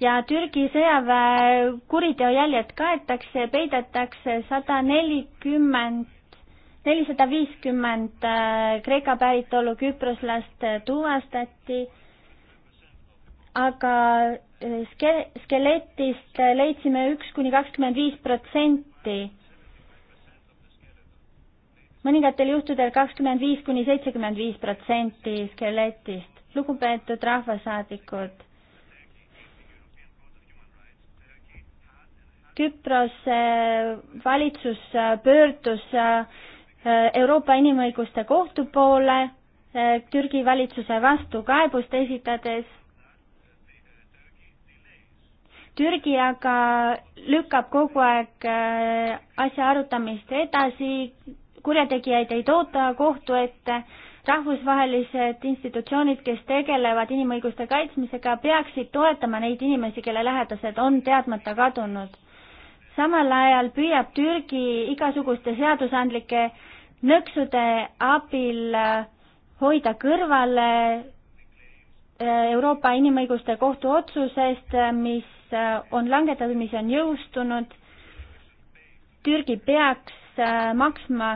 ja Türgi sõjaväe kuriteo jäljed kaetakse, peidetakse sada nelikümmend nelisada viiskümmend äh, Kreeka päritolu küproslast äh, tuvastati, aga äh, ske-, skeletist leidsime üks kuni kakskümmend viis protsenti mõningatel juhtudel kakskümmend viis kuni seitsekümmend viis protsenti skeletist. lugupeetud rahvasaadikud, Küprose valitsus pöördus Euroopa Inimõiguste Kohtu poole Türgi valitsuse vastu kaebust esitades. Türgi aga lükkab kogu aeg äh, asja arutamist edasi, kurjategijaid ei tooda kohtu ette, rahvusvahelised institutsioonid, kes tegelevad inimõiguste kaitsmisega, peaksid toetama neid inimesi, kelle lähedased on teadmata kadunud samal ajal püüab Türgi igasuguste seadusandlike nõksude abil äh, hoida kõrvale äh, Euroopa Inimõiguste Kohtu otsusest, äh, mis on langetatud, mis on jõustunud. Türgi peaks maksma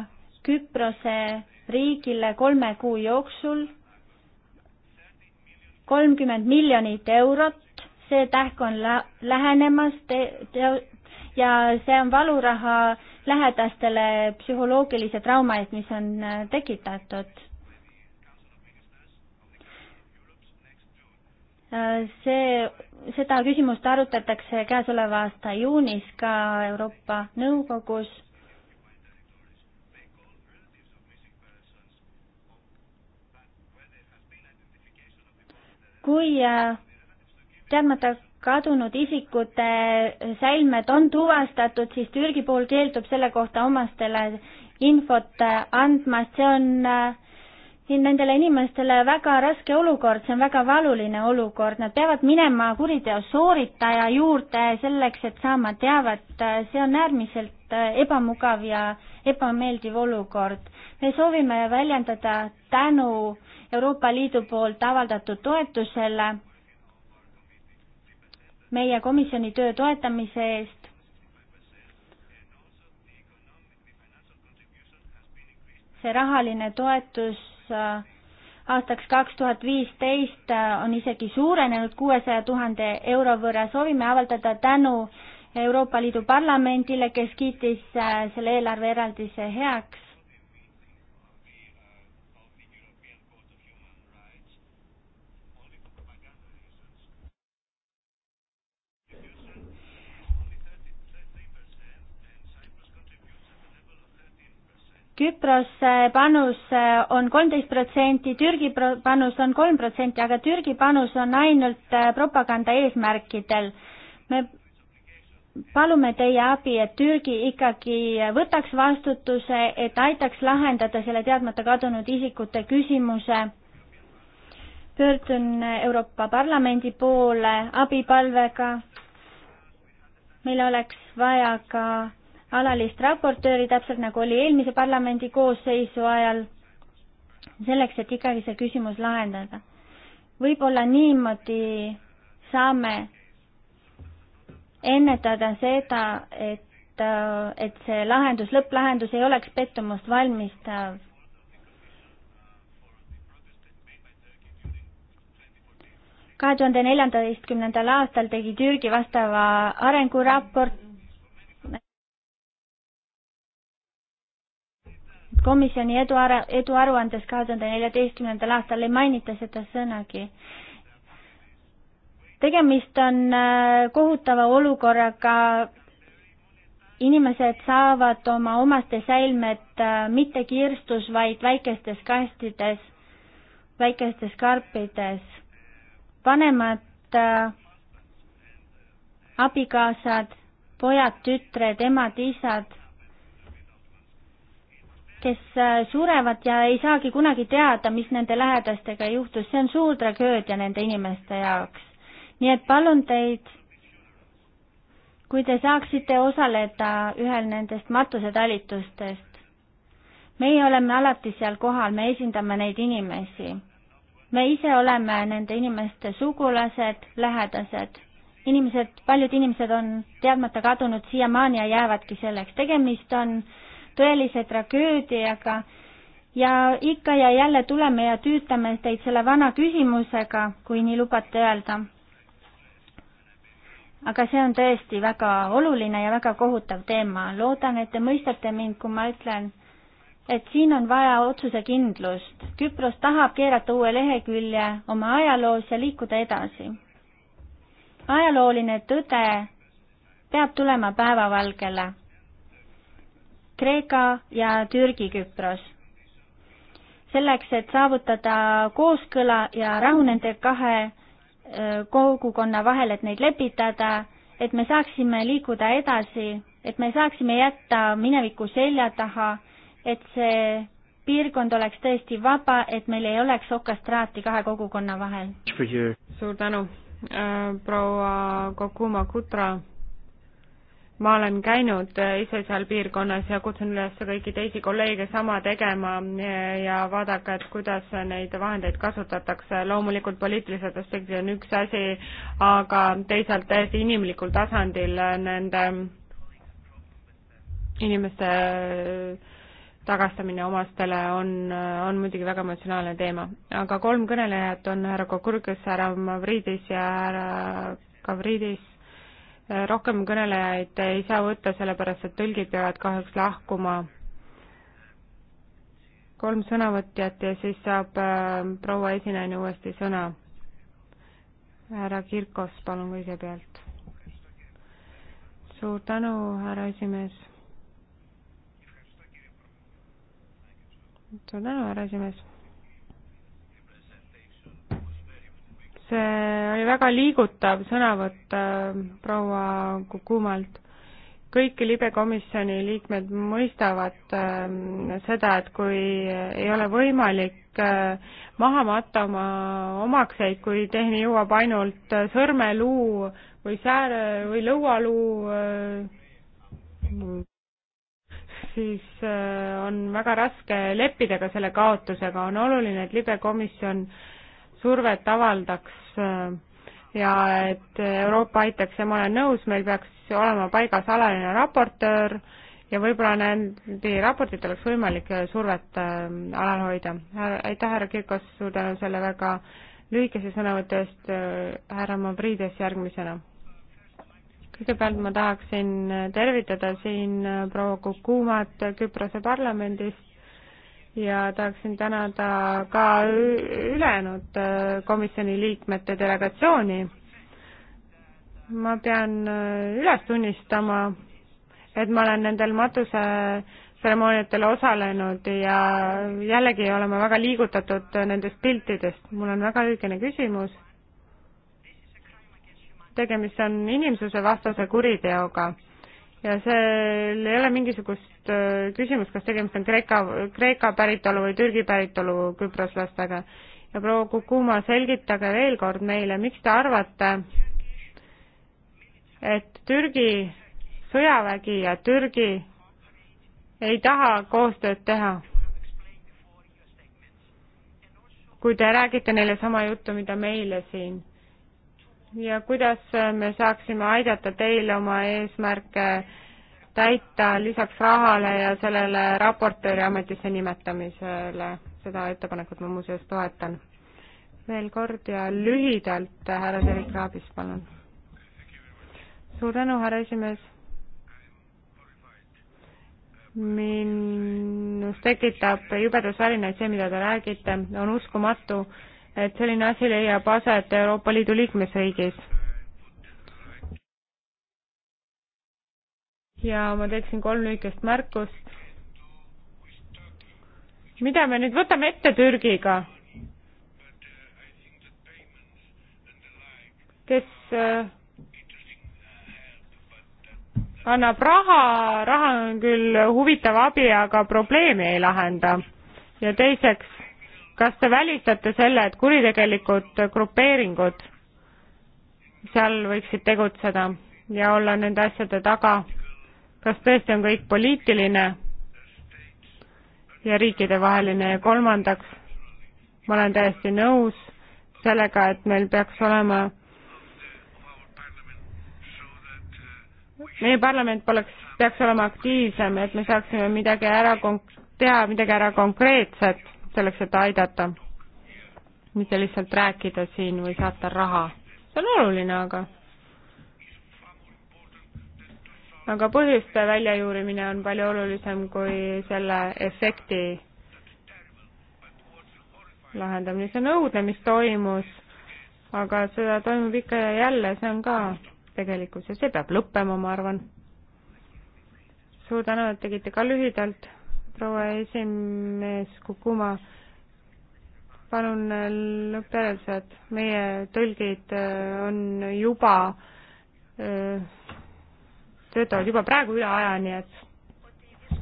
Küprose riigile kolme kuu jooksul kolmkümmend miljonit eurot, see tähk on la-, lähenemas te-, te-, ja see on valuraha lähedastele psühholoogilise trauma eest, mis on äh, tekitatud. Äh, see, seda küsimust arutatakse käesoleva aasta juunis ka Euroopa Nõukogus kui äh, teadmata kadunud isikute säilmed on tuvastatud, siis Türgi pool keeldub selle kohta omastele infot andmast, see on äh, siin nendele inimestele väga raske olukord, see on väga valuline olukord, nad peavad minema kuriteo sooritaja juurde selleks, et saama teavet, see on äärmiselt äh, ebamugav ja ebameeldiv olukord. me soovime väljendada tänu Euroopa Liidu poolt avaldatud toetusele meie komisjoni töö toetamise eest. see rahaline toetus äh, aastaks kaks tuhat viisteist äh, on isegi suurenenud kuuesaja tuhande euro võrra. soovime avaldada tänu Euroopa Liidu Parlamendile, kes kiitis äh, selle eelarve eraldise heaks. Küprose panus äh, on kolmteist protsenti, Türgi panus on kolm protsenti, aga Türgi panus on ainult äh, propaganda eesmärkidel. me palume teie abi, et Türgi ikkagi võtaks vastutuse, et aitaks lahendada selle teadmata kadunud isikute küsimuse. pöördun Euroopa Parlamendi poole abipalvega. meil oleks vaja ka alalist raportööri, täpselt nagu oli eelmise parlamendi koosseisu ajal, selleks, et ikkagi see küsimus lahendada. võib-olla niimoodi saame ennetada seda, et, et see lahendus, lõpplahendus ei oleks pettumust valmistav. kahe tuhande neljateistkümnendal aastal tegi Türgi vastava arenguraporti, komisjoni eduara-, eduaruandes kahe tuhande neljateistkümnendal aastal ei mainita seda sõnagi. tegemist on äh, kohutava olukorraga, inimesed saavad oma omaste säilmed äh, mitte kirstus, vaid väikestes kastides, väikestes karpides. vanemad äh, abikaasad, pojad, tütred, emad, isad kes äh, surevad ja ei saagi kunagi teada, mis nende lähedastega juhtus, see on suur tragöödia nende inimeste jaoks. nii et palun teid, kui te saaksite osaleda ühel nendest matusetalitustest. meie oleme alati seal kohal, me esindame neid inimesi. me ise oleme nende inimeste sugulased, lähedased inimesed, paljud inimesed on teadmata kadunud siiamaani ja jäävadki selleks. tegemist on äh, tõelise tragöödiaga ja ikka ja jälle tuleme ja tüütame teid selle vana küsimusega, kui nii lubate öelda. aga see on tõesti väga oluline ja väga kohutav teema. loodan, et te mõistate mind, kui ma ütlen, et siin on vaja otsusekindlust. Küpros tahab keerata uue lehekülje oma ajaloos ja liikuda edasi. ajalooline tõde peab tulema päevavalgele Kreeka ja Türgi Küpros. selleks, et saavutada kooskõla ja rahu nende kahe kogukonna vahel, et neid lepitada, et me saaksime liikuda edasi, et me saaksime jätta mineviku selja taha, et see piirkond oleks tõesti vaba, et meil ei oleks okastraati kahe kogukonna vahel. suur tänu, äh, proua Kokuma Kutra ma olen käinud äh, ise seal piirkonnas ja kutsun üles kõiki teisi kolleege sama tegema äh, ja vaadake, et kuidas neid vahendeid kasutatakse. loomulikult poliitilised aspektid on üks asi, aga teisalt täiesti inimlikul tasandil nende inimeste äh, tagastamine omastele on, on muidugi väga emotsionaalne teema. aga kolm kõnelejat on härra Kokurkes, härra Mavridis ja härra Kavridis rohkem kõnelejaid ei saa võtta, sellepärast et tõlgid peavad kahjuks lahkuma. kolm sõnavõtjat ja siis saab äh, proua esinaine uuesti sõna. härra Kirkos, palun kõigepealt. suur tänu, härra esimees. suur tänu, härra esimees see oli väga liigutav sõnavõtt äh, proua Kukumalt. kõik libekomisjoni liikmed mõistavad äh, seda, et kui ei ole võimalik äh, maha matta oma omakseid, kui tehni jõuab ainult sõrmeluu või sääre või lõualuu, siis on väga raske leppida ka selle kaotusega, on oluline, et libekomisjon äh, survet avaldaks äh, ja et Euroopa aitaks ja ma olen nõus, meil peaks olema paigas alaline raportöör ja võib-olla nende raportit oleks võimalik äh, survet äh, alal hoida. aitäh, härra Kirkos, suur tänu selle väga lühikese sõnavõtu eest, härra Mavrides järgmisena. kõigepealt ma tahaksin tervitada siin proua Kukumat Küprose parlamendist ja tahaksin tänada ka ülejäänud äh, komisjoni liikmete delegatsiooni. ma pean äh, üles tunnistama, et ma olen nendel matusetseremooniatel osalenud ja jällegi oleme väga liigutatud äh, nendest piltidest. mul on väga õigene küsimus. tegemist on inimsusevastase kuriteoga ja seal ei ole mingisugust äh, küsimust, kas tegemist on Kreeka, Kreeka päritolu või Türgi päritolu küproslastega. ja proua Kukuma, selgitage veel kord meile, miks te arvate, et Türgi sõjavägi ja Türgi ei taha koostööd teha? kui te räägite neile sama juttu, mida meile siin ja kuidas me saaksime aidata teil oma eesmärke täita lisaks rahale ja sellele raportööri ametisse nimetamisele. seda ettepanekut ma muuseas toetan. veel kord ja lühidalt, härra Terik Raabis, palun. suur tänu, härra esimees. minus tekitab jubedas värinaid see, mida te räägite, on uskumatu et selline asi leiab aset Euroopa Liidu liikmesriigis. ja ma teeksin kolm lühikest märkust. mida me nüüd võtame ette Türgiga? kes äh, annab raha, raha on küll huvitav abi, aga probleemi ei lahenda. ja teiseks, kas te välistate selle, et kuritegelikud grupeeringud seal võiksid tegutseda ja olla nende asjade taga? kas tõesti on kõik poliitiline ja riikidevaheline ja kolmandaks, ma olen täiesti nõus sellega, et meil peaks olema, meie parlament poleks, peaks olema aktiivsem, et me saaksime midagi ära kon-, teha midagi ära konkreetset selleks, et aidata, mitte lihtsalt rääkida siin või saata raha. see on oluline, aga aga põhjuste väljajuurimine on palju olulisem kui selle efekti lahendamine, see on õudne, mis toimus, aga seda toimub ikka ja jälle, see on ka tegelikkus ja see peab lõppema, ma arvan. suur tänu, et tegite ka lühidalt proua esimees Kukuma. palun äh, lõppjäreldused, meie tõlgid äh, on juba, äh, töötavad juba praegu üle aja, nii et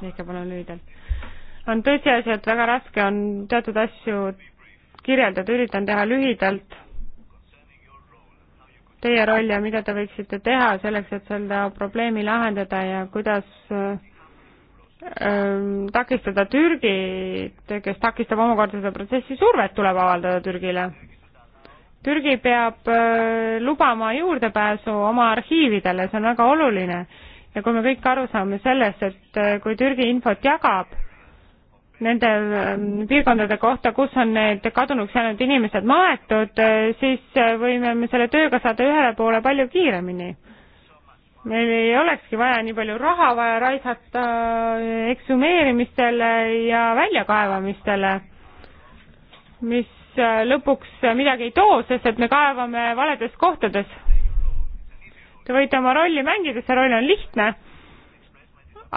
tehke palun lühidalt. on tõsiasi, et väga raske on teatud asju kirjeldada, üritan teha lühidalt teie roll ja mida te võiksite teha selleks, et selle probleemi lahendada ja kuidas takistada Türgit, kes takistab omakorda seda protsessi, survet tuleb avaldada Türgile. Türgi peab lubama juurdepääsu oma arhiividele, see on väga oluline. ja kui me kõik aru saame sellest, et kui Türgi infot jagab nende piirkondade kohta, kus on need kadunuks jäänud inimesed maetud, siis võime me selle tööga saada ühele poole palju kiiremini meil ei olekski vaja nii palju raha vaja raisata eh, eksumeerimistele ja väljakaevamistele, mis eh, lõpuks midagi ei too, sest et me kaevame valedes kohtades. Te võite oma rolli mängida, see roll on lihtne,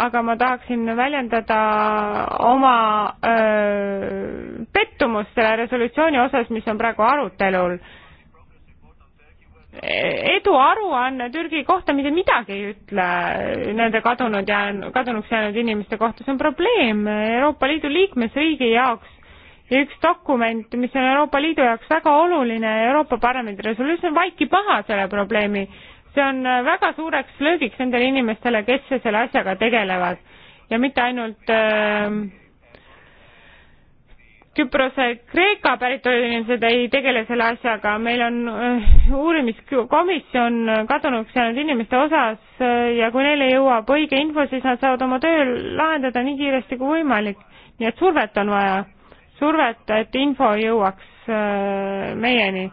aga ma tahaksin väljendada oma öö, eh, pettumust selle resolutsiooni osas, mis on praegu arutelul eduaruanne Türgi kohta mitte midagi ei ütle nende kadunud ja kadunuks jäänud inimeste kohta, see on probleem Euroopa Liidu liikmesriigi jaoks ja üks dokument, mis on Euroopa Liidu jaoks väga oluline, Euroopa Parlamendi resolutsioon, vaikib maha selle probleemi. see on väga suureks löögiks nendele inimestele, kes selle asjaga tegelevad ja mitte ainult äh, Küprose Kreeka päritolu inimesed ei tegele selle asjaga, meil on äh, uurimiskomisjon kadunuks jäänud inimeste osas äh, ja kui neile jõuab õige info, siis nad saavad oma töö lahendada nii kiiresti kui võimalik. nii et survet on vaja, survet, et info jõuaks äh, meieni.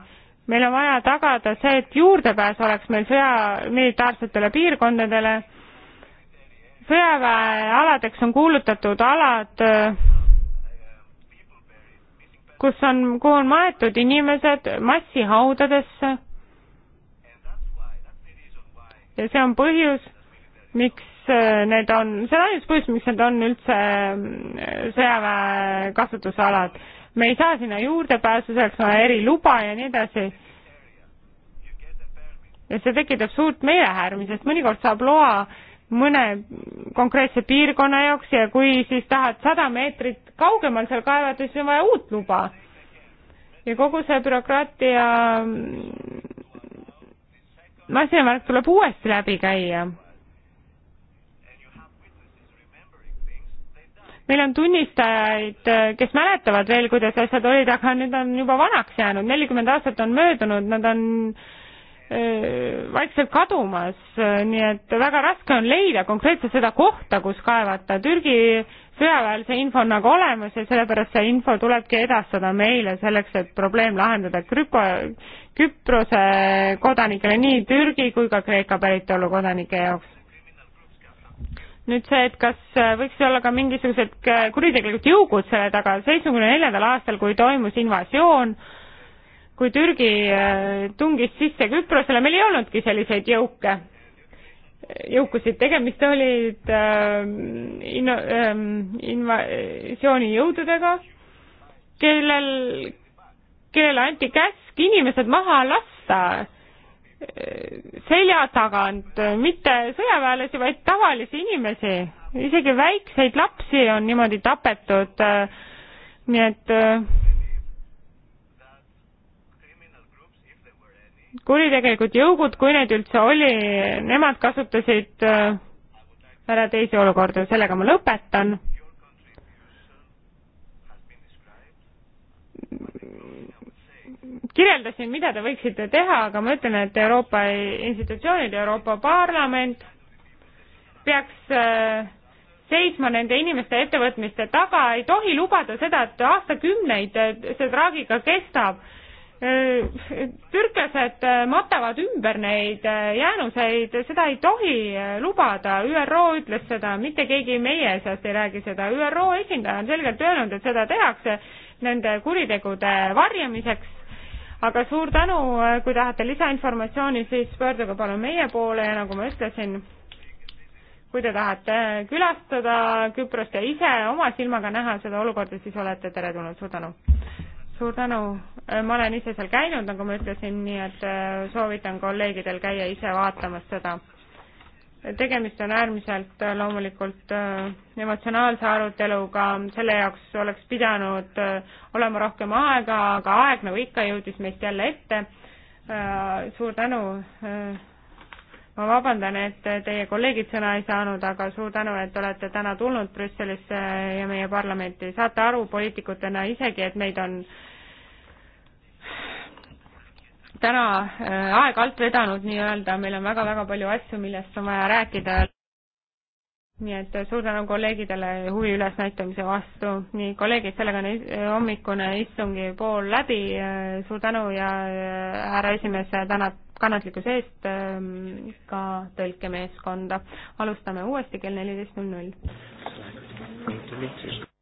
meil on vaja tagada see, et juurdepääs oleks meil sõja militaarsetele piirkondadele, sõjaväealadeks on kuulutatud alad, kus on, kuhu on maetud inimesed massihaudadesse. ja see on põhjus, miks äh, need on, see on ainus põhjus, miks need on üldse äh, sõjaväe kasutusalad. me ei saa sinna juurdepääsu, selleks on eriluba ja nii edasi ja see tekitab suurt meelehärmi, sest mõnikord saab loa mõne konkreetse piirkonna jaoks ja kui siis tahad sada meetrit kaugemal seal kaevata, siis on vaja uut luba. ja kogu see bürokraatia masinavärk mm, tuleb uuesti läbi käia. meil on tunnistajaid, kes mäletavad veel, kuidas asjad olid, aga nüüd on juba vanaks jäänud, nelikümmend aastat on möödunud, nad on äh, Äh, vaikselt kadumas, äh, nii et väga raske on leida konkreetselt seda kohta, kus kaevata. Türgi sõjaväel see info on nagu olemas ja sellepärast see info tulebki edastada meile selleks, et probleem lahendada Krüpo, Küprose kodanikele, nii Türgi kui ka Kreeka päritolu kodanike jaoks. nüüd see, et kas äh, võiks olla ka mingisugused kuritegelikud jõugud selle taga, seitsmekümne neljandal aastal, kui toimus invasioon, kui Türgi äh, tungis sisse Küprosele, meil ei olnudki selliseid jõuke, jõukusid, tegemist olid äh, inno- äh,, invasioonijõududega, kellel, kellele anti käsk inimesed maha lasta äh, selja tagant, äh, mitte sõjaväelasi, vaid tavalisi inimesi, isegi väikseid lapsi on niimoodi tapetud, nii et äh, kuritegelikud jõugud, kui neid üldse oli, nemad kasutasid äh, ära teisi olukorda, sellega ma lõpetan. kirjeldasin, mida te võiksite teha, aga ma ütlen, et Euroopa institutsioonid, Euroopa Parlament peaks äh, seisma nende inimeste ettevõtmiste taga, ei tohi lubada seda, et aastakümneid see traagiga kestab Äh, türklased äh, matavad ümber neid äh, jäänuseid, seda ei tohi lubada, ÜRO ütles seda, mitte keegi meie seast ei räägi seda, ÜRO esindaja on selgelt öelnud, et seda tehakse nende kuritegude varjamiseks, aga suur tänu, kui tahate lisainformatsiooni, siis pöörduge palun meie poole ja nagu ma ütlesin, kui te tahate külastada Küprost ja ise oma silmaga näha seda olukorda, siis olete teretulnud, suur tänu! suur tänu, äh, ma olen ise seal käinud, nagu ma ütlesin, nii et äh, soovitan kolleegidel käia ise vaatamas seda. tegemist on äärmiselt äh, loomulikult emotsionaalse aruteluga, selle jaoks oleks pidanud olema rohkem aega, aga aeg nagu ikka jõudis meist jälle ette. suur tänu. ma vabandan, et teie kolleegid sõna ei saanud, aga suur tänu, et olete täna tulnud Brüsselisse ja meie parlamenti. saate aru poliitikutena isegi, et meid on äh, täna äh, aeg alt vedanud nii-öelda, meil on väga-väga palju asju, millest on vaja rääkida. nii et äh, suur tänu kolleegidele huvi ülesnäitamise vastu. nii, kolleegid, sellega on hommikune istungi pool läbi, äh, suur tänu ja härra esimees tänab kannatlikkuse eest ähm, ka tõlkemeeskonda. alustame uuesti kell neliteist null null.